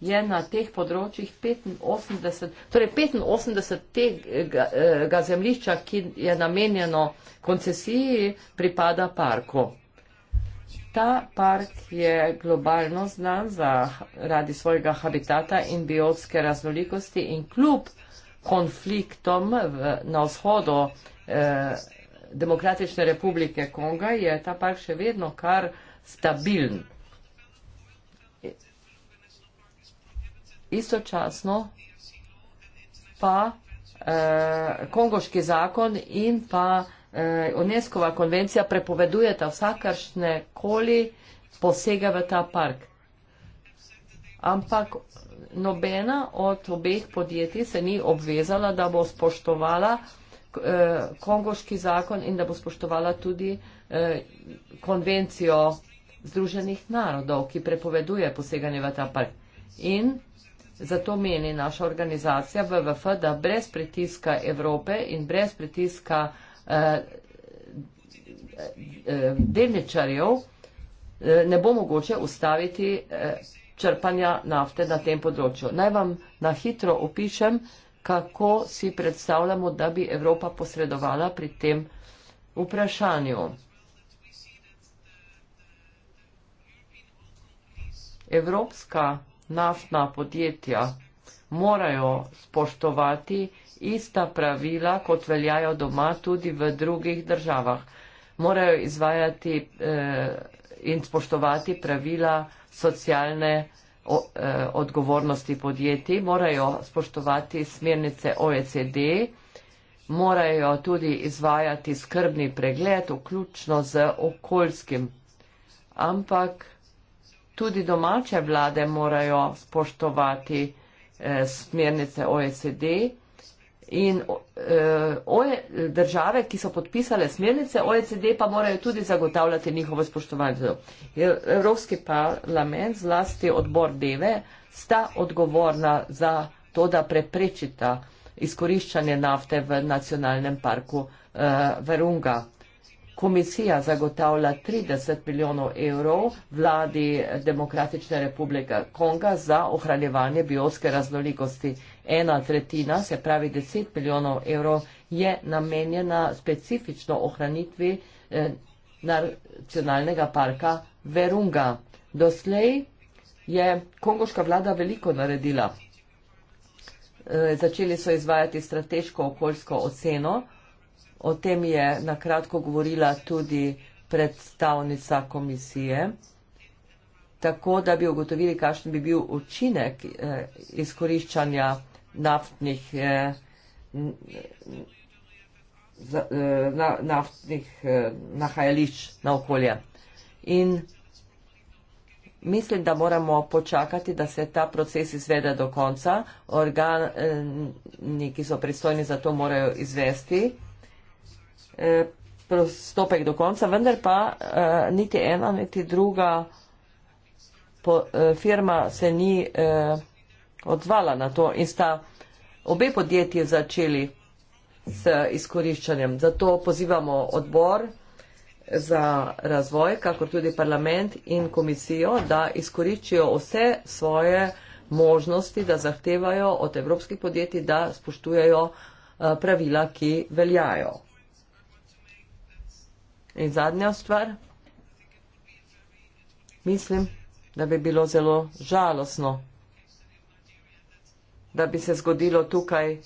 je na teh področjih 85, torej 85 tega eh, eh, ga zemljišča, ki je namenjeno koncesiji, pripada parku. Ta park je globalno znan zaradi svojega habitata in biotske raznolikosti in kljub konfliktom v, na vzhodu eh, Demokratične republike Konga je ta park še vedno kar stabilen. istočasno pa eh, kongoški zakon in pa eh, UNESCO-va konvencija prepovedujeta vsakršne koli posega v ta park. Ampak nobena od obeh podjetij se ni obvezala, da bo spoštovala eh, kongoški zakon in da bo spoštovala tudi eh, konvencijo Združenih narodov, ki prepoveduje poseganje v ta park. In Zato meni naša organizacija WWF, da brez pritiska Evrope in brez pritiska eh, eh, delničarjev eh, ne bo mogoče ustaviti eh, črpanja nafte na tem področju. Naj vam na hitro opišem, kako si predstavljamo, da bi Evropa posredovala pri tem vprašanju. Evropska naftna podjetja morajo spoštovati ista pravila, kot veljajo doma tudi v drugih državah. Morajo izvajati eh, in spoštovati pravila socialne o, eh, odgovornosti podjetij, morajo spoštovati smernice OECD, morajo tudi izvajati skrbni pregled, vključno z okoljskim. Ampak tudi domače vlade morajo spoštovati eh, smernice OECD in eh, OE, države, ki so podpisale smernice OECD, pa morajo tudi zagotavljati njihovo spoštovanje. Evropski parlament, zlasti odbor DEVE, sta odgovorna za to, da preprečita izkoriščanje nafte v nacionalnem parku eh, Verunga. Komisija zagotavlja 30 milijonov evrov vladi Demokratične republike Konga za ohranjevanje biotske raznolikosti. Ena tretjina, se pravi 10 milijonov evrov, je namenjena specifično ohranitvi eh, nacionalnega parka Verunga. Doslej je kongoška vlada veliko naredila. Eh, začeli so izvajati strateško okoljsko oceno O tem je nakratko govorila tudi predstavnica komisije, tako da bi ugotovili, kakšen bi bil učinek eh, izkoriščanja naftnih, eh, za, eh, na, naftnih eh, nahajališč na okolje. In mislim, da moramo počakati, da se ta proces izvede do konca. Organi, eh, ki so pristojni za to, morajo izvesti prostopek do konca, vendar pa eh, niti ena, niti druga po, eh, firma se ni eh, odzvala na to in sta obe podjetji začeli s izkoriščanjem. Zato pozivamo odbor za razvoj, kakor tudi parlament in komisijo, da izkoriščijo vse svoje možnosti, da zahtevajo od evropskih podjetij, da spoštujejo eh, pravila, ki veljajo. In zadnja stvar, mislim, da bi bilo zelo žalostno, da bi se zgodilo tukaj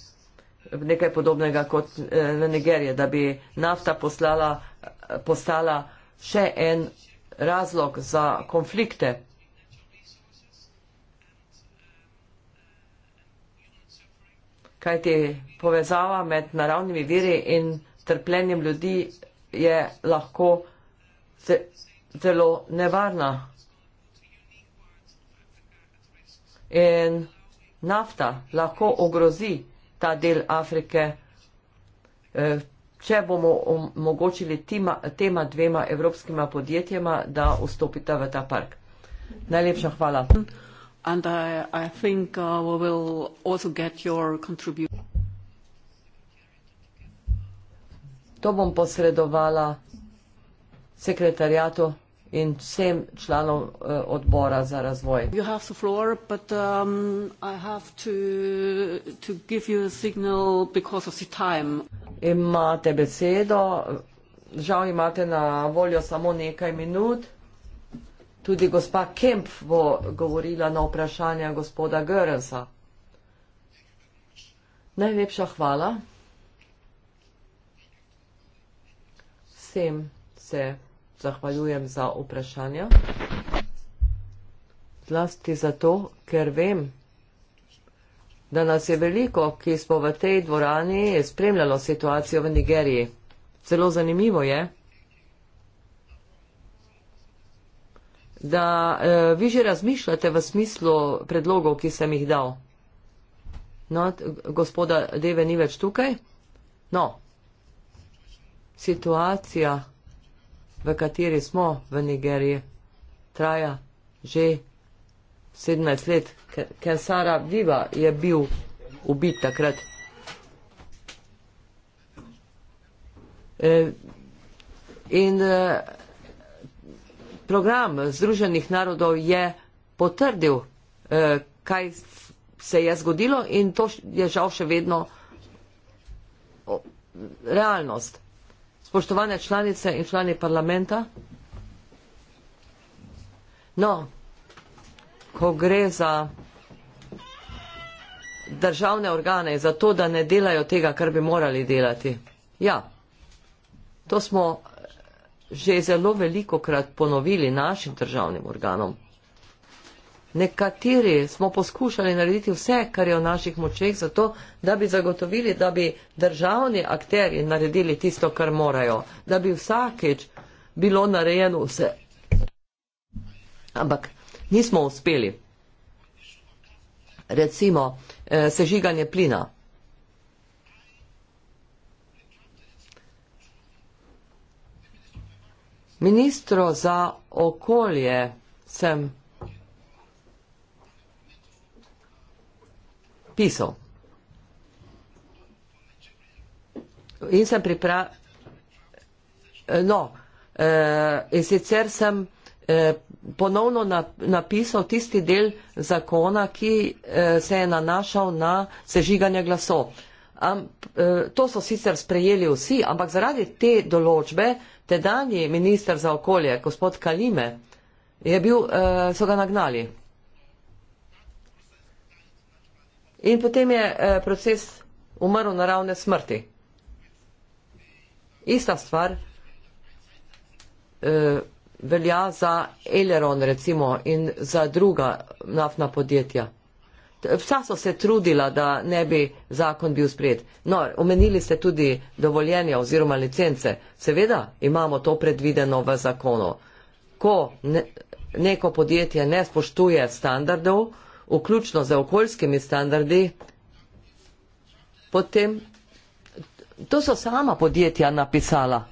nekaj podobnega kot v eh, Nigeriji, da bi nafta poslala, postala še en razlog za konflikte. Kajti povezava med naravnimi viri in trpljenjem ljudi je lahko ze, zelo nevarna. In nafta lahko ogrozi ta del Afrike, eh, če bomo omogočili tima, tema dvema evropskima podjetjema, da vstopita v ta park. Najlepša hvala. And I, I think uh, we will also get your contribution. To bom posredovala sekretarjatu in vsem članom eh, odbora za razvoj. Floor, but, um, to, to imate besedo, žal imate na voljo samo nekaj minut. Tudi gospa Kemp bo govorila na vprašanja gospoda Görensa. Najlepša hvala. vsem se zahvaljujem za vprašanja. Zlasti zato, ker vem, da nas je veliko, ki smo v tej dvorani, spremljalo situacijo v Nigeriji. Celo zanimivo je, da e, vi že razmišljate v smislu predlogov, ki sem jih dal. No, gospoda Deve ni več tukaj. No, situacija, v kateri smo v Nigeriji, traja že 17 let, ker, ker Sara Viva je bil ubit takrat. E, in e, program Združenih narodov je potrdil, e, kaj se je zgodilo in to je žal še vedno realnost spoštovane članice in člani parlamenta. No, ko gre za državne organe, za to, da ne delajo tega, kar bi morali delati. Ja, to smo že zelo veliko krat ponovili našim državnim organom. Nekateri smo poskušali narediti vse, kar je v naših močeh, zato da bi zagotovili, da bi državni akteri naredili tisto, kar morajo, da bi vsakeč bilo narejeno vse. Ampak nismo uspeli. Recimo eh, sežiganje plina. Ministro za okolje sem. pisal. In sem pripravil. No, eh, in sicer sem eh, ponovno na, napisal tisti del zakona, ki eh, se je nanašal na sežiganje glasov. Am, eh, to so sicer sprejeli vsi, ampak zaradi te določbe, te danji minister za okolje, gospod Kalime, bil, eh, so ga nagnali. In potem je eh, proces umrl naravne smrti. Ista stvar eh, velja za Eleron recimo in za druga naftna podjetja. Vsa so se trudila, da ne bi zakon bil sprejet. No, omenili ste tudi dovoljenja oziroma licence. Seveda imamo to predvideno v zakonu. Ko ne, neko podjetje ne spoštuje standardov, eh, vključno z okoljskimi standardi, potem to so sama podjetja napisala.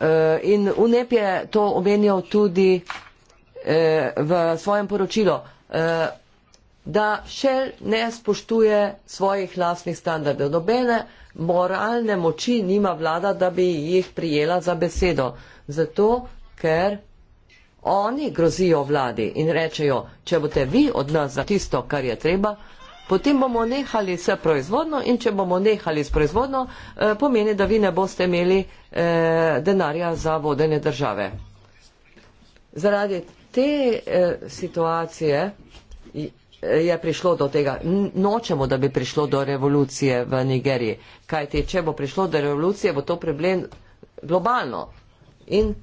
Eh, in UNEP je to omenjal tudi eh, v svojem poročilu, eh, da šel ne spoštuje svojih lastnih standardov. Nobene moralne moči nima vlada, da bi jih prijela za besedo. Zato, ker Oni grozijo vladi in rečejo, če boste vi od nas za tisto, kar je treba, potem bomo nehali s proizvodno in če bomo nehali s proizvodno, eh, pomeni, da vi ne boste imeli eh, denarja za vodene države. Zaradi te eh, situacije je eh, prišlo do tega. Nočemo, da bi prišlo do revolucije v Nigeriji, kajti če bo prišlo do revolucije, bo to problem globalno. In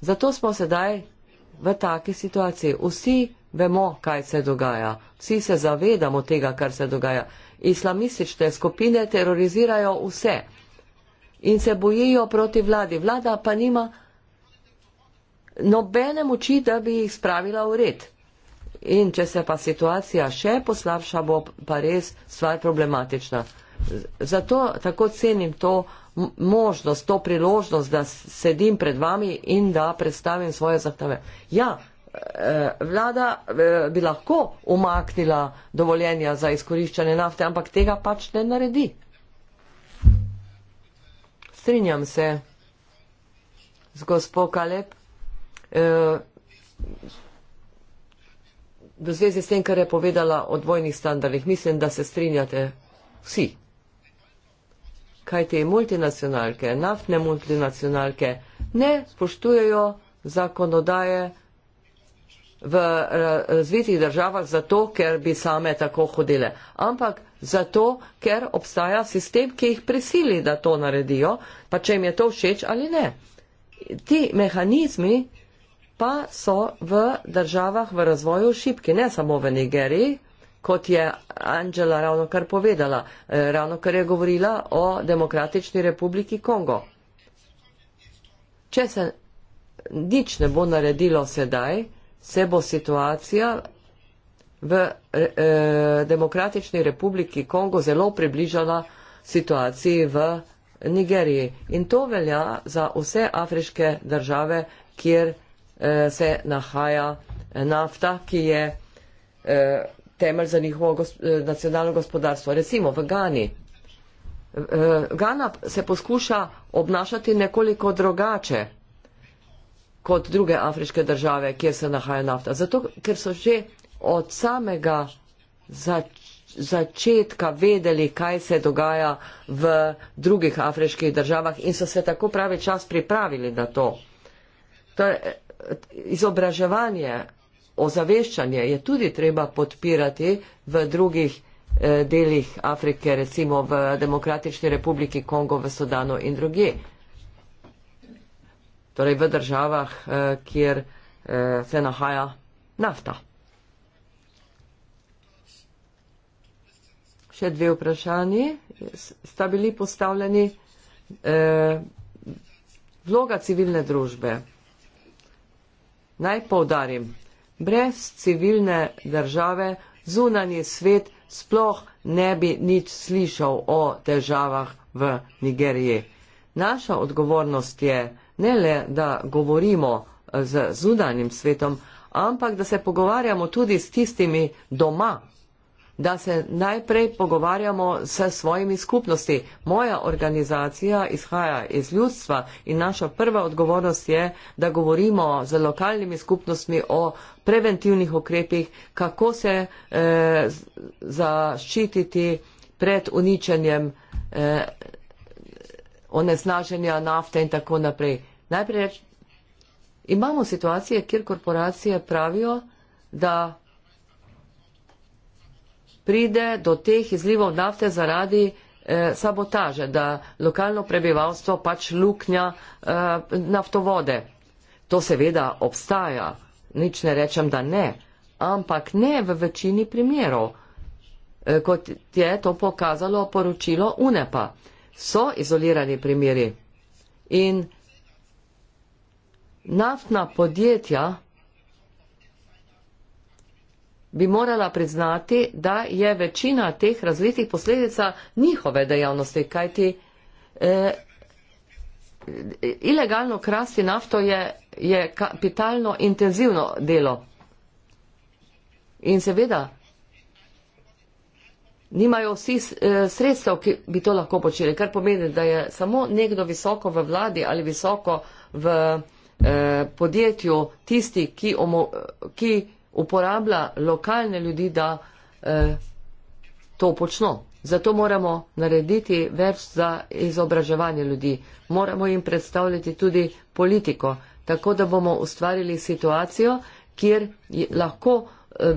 zato smo sedaj v taki situaciji. Vsi vemo, kaj se dogaja, vsi se zavedamo tega, kar se dogaja. Islamistične skupine terorizirajo vse in se bojijo proti vladi. Vlada pa nima nobene moči, da bi jih spravila v red. In če se pa situacija še poslabša, bo pa res stvar problematična. Zato tako cenim to možnost, to priložnost, da sedim pred vami in da predstavim svoje zahteve. Ja, e, vlada e, bi lahko umaknila dovoljenja za izkoriščanje nafte, ampak tega pač ne naredi. Strinjam se z gospod Kaleb. E, v zvezi s tem, kar je povedala o dvojnih standardih, mislim, da se strinjate vsi kaj te multinacionalke, naftne multinacionalke ne spoštujejo zakonodaje v eh, razvitih državah zato, ker bi same tako hodile, ampak zato, ker obstaja sistem, ki jih prisili, da to naredijo, pa če jim je to všeč ali ne. Ti mehanizmi pa so v državah v razvoju šipki, ne samo v Nigeriji, kot je Angela ravno kar povedala, eh, ravno kar je govorila o Demokratični republiki Kongo. Če se nič ne bo naredilo sedaj, se bo situacija v eh, eh, Demokratični republiki Kongo zelo približala situaciji v Nigeriji. In to velja za vse afriške države, kjer eh, se nahaja nafta, ki je. Eh, temelj za njihovo gos eh, nacionalno gospodarstvo. Recimo v Gani. Eh, Gana se poskuša obnašati nekoliko drugače kot druge afriške države, kjer se nahaja nafta. Zato, ker so že od samega zač začetka vedeli, kaj se dogaja v drugih afriških državah in so se tako pravi čas pripravili na to. to eh, izobraževanje ozaveščanje je tudi treba podpirati v drugih eh, delih Afrike, recimo v Demokratični republiki Kongo, v Sudanu in druge. Torej v državah, eh, kjer eh, se nahaja nafta. Še dve vprašanji sta bili postavljeni. Vloga civilne družbe. Naj povdarim, Brez civilne države zunanji svet sploh ne bi nič slišal o težavah v Nigeriji. Naša odgovornost je ne le, da govorimo eh, z zunanjim svetom, ampak da se pogovarjamo tudi s tistimi doma da se najprej pogovarjamo s svojimi skupnosti. Moja organizacija izhaja iz ljudstva in naša prva odgovornost je, da govorimo z lokalnimi skupnostmi o preventivnih ukrepih, kako se eh, zaščititi pred uničenjem eh, onesnaženja nafte in tako naprej. Najprej reč, imamo situacije, kjer korporacije pravijo, da pride do teh izlivov nafte zaradi eh, sabotaže, da lokalno prebivalstvo pač luknja eh, naftovode. To seveda obstaja, nič ne rečem, da ne, ampak ne v večini primerov, eh, kot je to pokazalo poročilo UNEPA. So izolirani primeri in naftna podjetja bi morala priznati, da je večina teh razlitih posledica njihove dejavnosti, kajti eh, ilegalno krasti nafto je, je kapitalno intenzivno delo. In seveda, nimajo vsi eh, sredstev, ki bi to lahko počeli, kar pomeni, da je samo nekdo visoko v vladi ali visoko v eh, podjetju tisti, ki. Omo, ki uporablja lokalne ljudi, da eh, to počno. Zato moramo narediti več za izobraževanje ljudi. Moramo jim predstavljati tudi politiko, tako da bomo ustvarili situacijo, kjer lahko eh,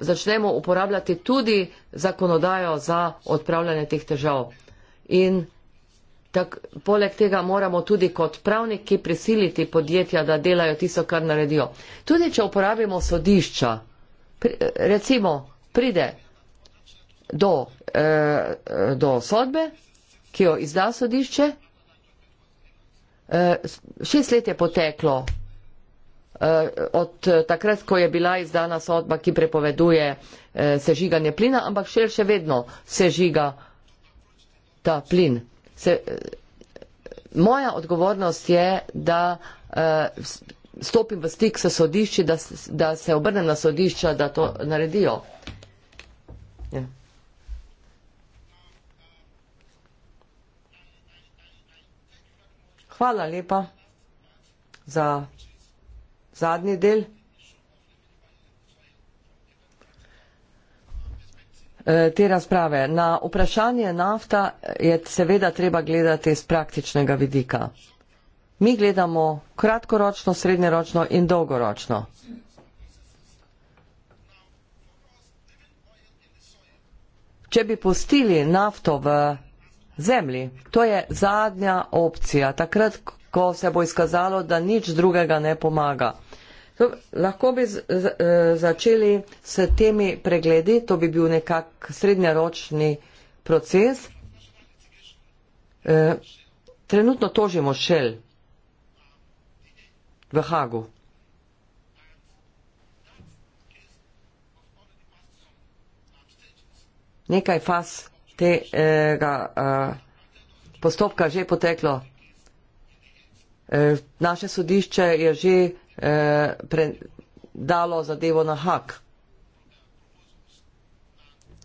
začnemo uporabljati tudi zakonodajo za odpravljanje teh težav. In tak poleg tega moramo tudi kot pravniki prisiliti podjetja, da delajo tisto, kar naredijo. Tudi če uporabimo sodišča, pri, recimo pride do, eh, do sodbe, ki jo izda sodišče, eh, šest let je poteklo eh, od takrat, ko je bila izdana sodba, ki prepoveduje eh, sežiganje plina, ampak še, še vedno sežiga ta plin se, moja odgovornost je, da uh, stopim v stik s sodišči, da, da se obrnem na sodišča, da to naredijo. Ja. Hvala lepa za zadnji del. Eh, te razprave. Na vprašanje nafta je seveda treba gledati z praktičnega vidika. Mi gledamo kratkoročno, srednjeročno in dolgoročno. Če bi pustili nafto v zemlji, to je zadnja opcija, takrat, ko se bo izkazalo, da nič drugega ne pomaga. No, lahko bi z, z, eh, začeli s temi pregledi, to bi bil nekak srednjeročni proces. E, trenutno tožimo šel v Hagu. Nekaj faz tega e, postopka že poteklo. E, naše sodišče je že eh, dalo zadevo na hak.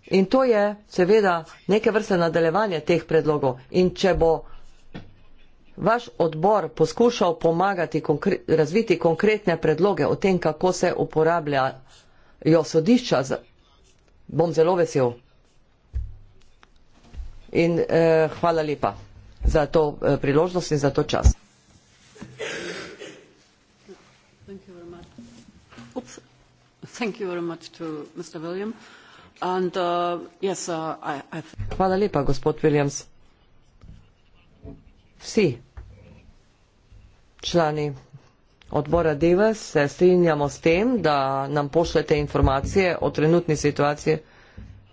In to je seveda neke vrste nadaljevanje teh predlogov. In če bo vaš odbor poskušal pomagati konkre razviti konkretne predloge o tem, kako se uporabljajo sodišča, bom zelo vesel. In eh, hvala lepa za to eh, priložnost in za to čas. Oops. Thank you very much to Mr. William. And uh, yes, uh, I, I Hvala lepa, gospod Williams. Vsi člani odbora DEVA se strinjamo s tem, da nam pošljete informacije o trenutni situaciji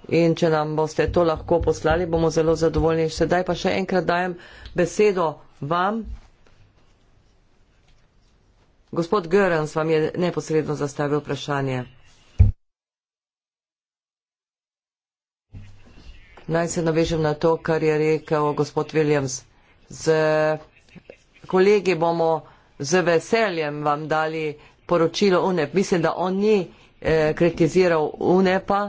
in če nam boste to lahko poslali, bomo zelo zadovoljni. Sedaj pa še enkrat dajem besedo vam, Gospod Görans vam je neposredno zastavil vprašanje. Naj se navežem na to, kar je rekel gospod Williams. Z kolegi bomo z veseljem vam dali poročilo UNEP. Mislim, da on ni eh, kritiziral UNEPA,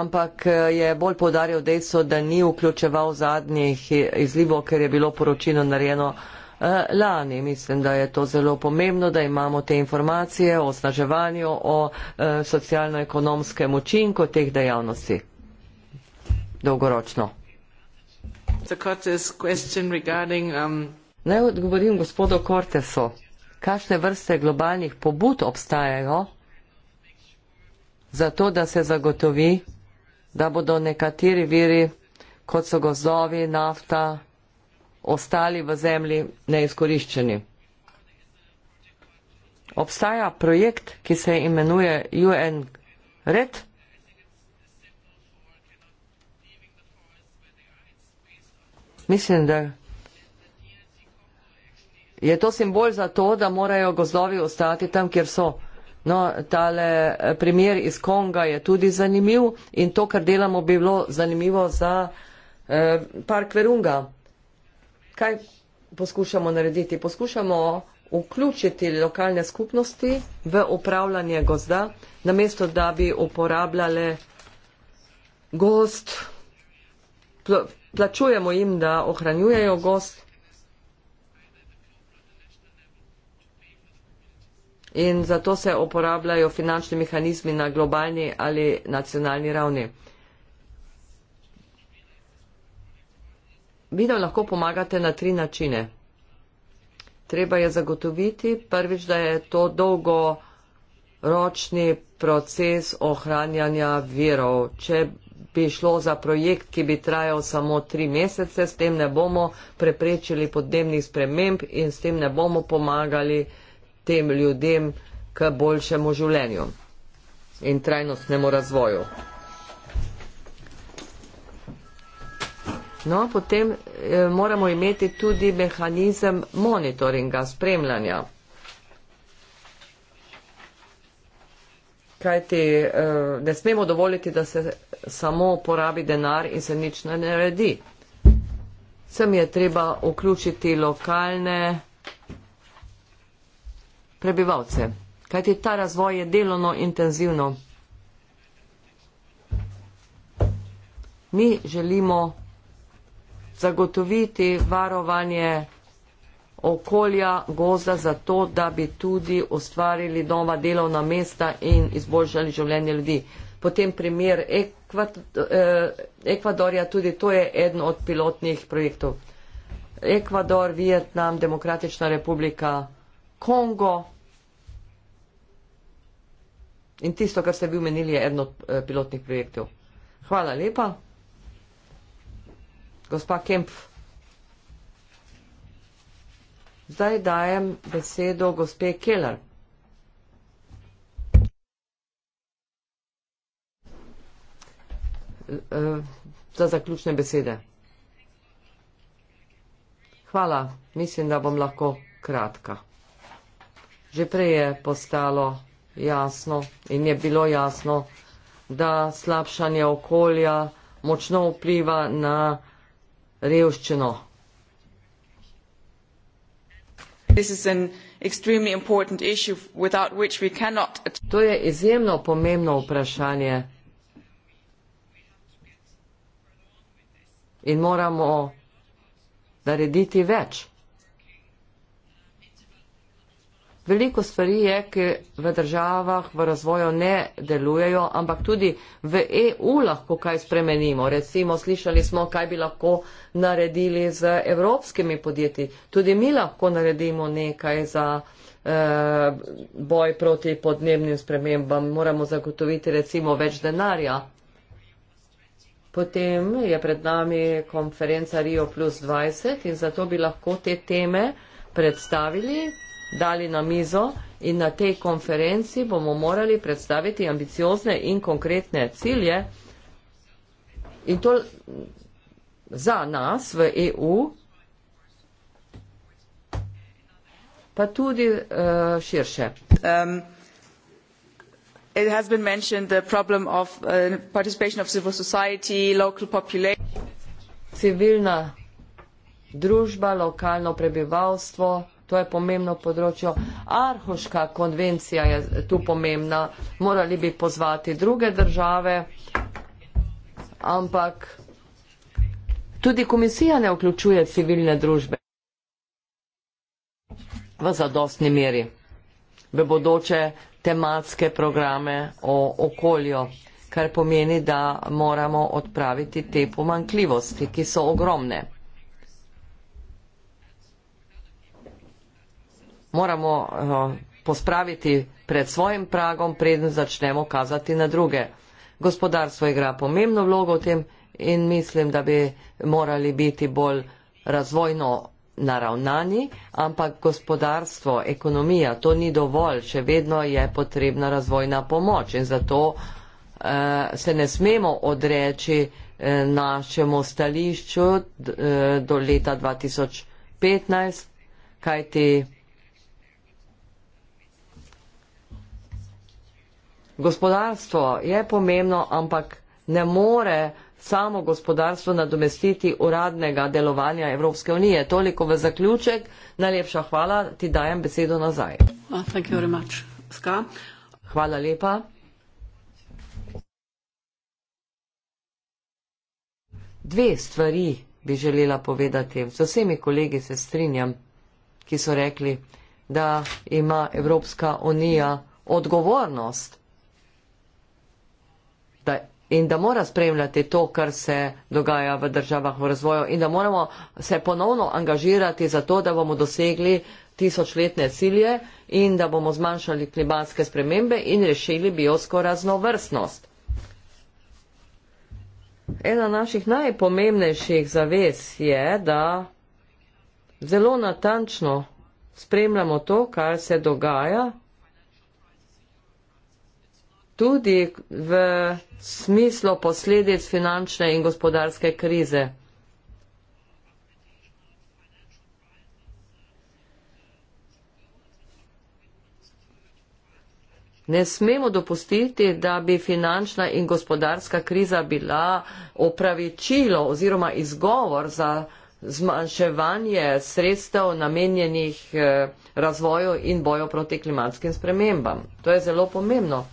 ampak eh, je bolj podaril dejstvo, da ni vključeval zadnjih eh, izlivov, ker je bilo poročilo narejeno eh, Eh, lani. Mislim, da je to zelo pomembno, da imamo te informacije o osnaževanju, o eh, socialno-ekonomskem učinku teh dejavnosti dolgoročno. Um, Naj odgovorim gospodu Kortesu, kakšne vrste globalnih pobud obstajajo za to, da se zagotovi, da bodo nekateri viri, kot so gozdovi, nafta, ostali v zemlji neizkoriščeni. Obstaja projekt, ki se imenuje UN Red. Mislim, da je to simbol za to, da morajo gozdovi ostati tam, kjer so. No, tale eh, primer iz Konga je tudi zanimiv in to, kar delamo, bi bilo zanimivo za eh, park Verunga kaj poskušamo narediti? Poskušamo vključiti lokalne skupnosti v upravljanje gozda, namesto da bi uporabljale gost, plačujemo jim, da ohranjujejo gost. In zato se uporabljajo finančni mehanizmi na globalni ali nacionalni ravni. Vi nam lahko pomagate na tri načine. Treba je zagotoviti, prvič, da je to dolgoročni proces ohranjanja virov. Če bi šlo za projekt, ki bi trajal samo tri mesece, s tem ne bomo preprečili podnebnih sprememb in s tem ne bomo pomagali tem ljudem k boljšemu življenju in trajnostnemu razvoju. logično, potem e, moramo imeti tudi mehanizem monitoringa, spremljanja. Kajti e, ne smemo dovoliti, da se samo porabi denar in se nič ne naredi. Sem je treba vključiti lokalne prebivalce. Kajti ta razvoj je delovno intenzivno. Mi želimo zagotoviti varovanje okolja, gozda za to, da bi tudi ustvarili nova delovna mesta in izboljšali življenje ljudi. Potem primer eh, Ekvadorja, tudi to je eden od pilotnih projektov. Ekvador, Vietnam, Demokratična republika, Kongo in tisto, kar ste vi omenili, je eden od eh, pilotnih projektov. Hvala lepa. Gospa Kemp. Zdaj dajem besedo gospe Keller. E, za zaključne besede. Hvala, mislim, da bom lahko kratka. Že prej je postalo jasno in je bilo jasno, da slabšanje okolja močno vpliva na revščino. To je izjemno pomembno vprašanje in moramo narediti več. Veliko stvari je, ki v državah v razvoju ne delujejo, ampak tudi v EU lahko kaj spremenimo. Recimo slišali smo, kaj bi lahko naredili z evropskimi podjetji. Tudi mi lahko naredimo nekaj za eh, boj proti podnebnim spremembam. Moramo zagotoviti recimo več denarja. Potem je pred nami konferenca Rio plus 20 in zato bi lahko te teme predstavili dali na mizo in na tej konferenci bomo morali predstaviti ambiciozne in konkretne cilje in to za nas v EU, pa tudi uh, širše. Um. Uh, Civilna družba, lokalno prebivalstvo, To je pomembno področje. Arhoška konvencija je tu pomembna. Morali bi pozvati druge države, ampak tudi komisija ne vključuje civilne družbe v zadostni meri v bodoče tematske programe o okolju, kar pomeni, da moramo odpraviti te pomankljivosti, ki so ogromne. moramo uh, pospraviti pred svojim pragom, preden začnemo kazati na druge. Gospodarstvo igra pomembno vlogo v tem in mislim, da bi morali biti bolj razvojno naravnani, ampak gospodarstvo, ekonomija, to ni dovolj, še vedno je potrebna razvojna pomoč in zato eh, se ne smemo odreči eh, našemu stališču eh, do leta 2015, kajti gospodarstvo je pomembno, ampak ne more samo gospodarstvo nadomestiti uradnega delovanja Evropske unije. Toliko v zaključek. Najlepša hvala, ti dajem besedo nazaj. Hvala lepa. Dve stvari bi želela povedati. Z vsemi kolegi se strinjam, ki so rekli, da ima Evropska unija odgovornost da, in da mora spremljati to, kar se dogaja v državah v razvoju in da moramo se ponovno angažirati za to, da bomo dosegli tisočletne cilje in da bomo zmanjšali klimatske spremembe in rešili biosko raznovrstnost. Ena naših najpomembnejših zavez je, da zelo natančno spremljamo to, kar se dogaja tudi v smislu posledic finančne in gospodarske krize. Ne smemo dopustiti, da bi finančna in gospodarska kriza bila opravičilo oziroma izgovor za zmanjševanje sredstev namenjenih eh, razvoju in boju proti klimatskim spremembam. To je zelo pomembno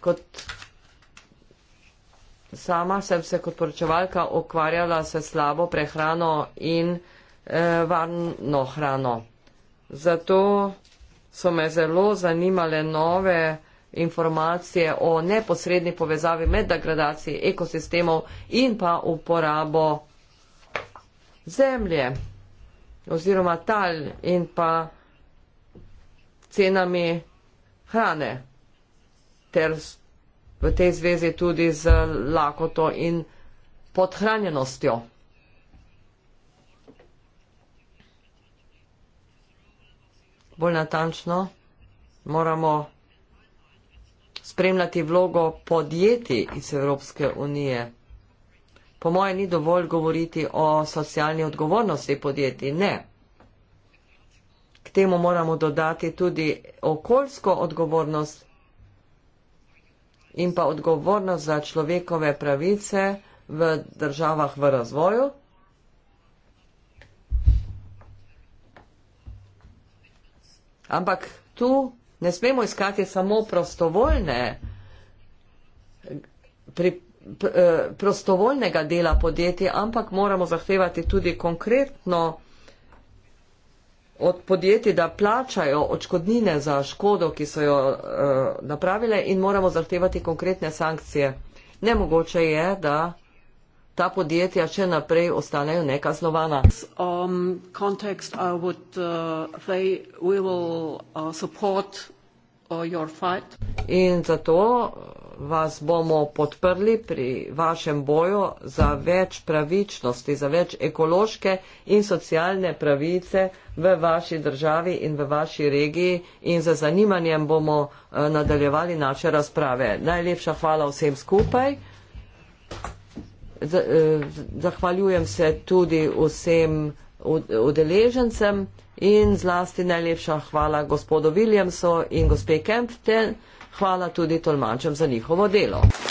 kot sama sem se kot poročevalka ukvarjala s slabo prehrano in eh, varno hrano. Zato so me zelo zanimale nove informacije o neposredni povezavi med degradacijo ekosistemov in pa uporabo zemlje oziroma tal in pa cenami hrane ter v tej zvezi tudi z lakoto in podhranjenostjo. Bolj natančno moramo spremljati vlogo podjetij iz Evropske unije. Po moje ni dovolj govoriti o socialni odgovornosti podjetij, ne. K temu moramo dodati tudi okoljsko odgovornost in pa odgovornost za človekove pravice v državah v razvoju. Ampak tu ne smemo iskati samo prostovoljne, pri, pr, eh, prostovoljnega dela podjetja, ampak moramo zahtevati tudi konkretno od podjetij, da plačajo očkodnine za škodo, ki so jo uh, napravile in moramo zahtevati konkretne sankcije. Nemogoče je, da ta podjetja še naprej ostanejo nekaznovana. Um, uh, uh, uh, in zato. Uh, vas bomo podprli pri vašem boju za več pravičnosti, za več ekološke in socialne pravice v vaši državi in v vaši regiji in za zanimanjem bomo eh, nadaljevali naše razprave. Najlepša hvala vsem skupaj. Eh, zahvaljujem se tudi vsem udeležencem in zlasti najlepša hvala gospodu Williamsu in gospe Kempten. Hvala tudi tolmačem za njihovo delo.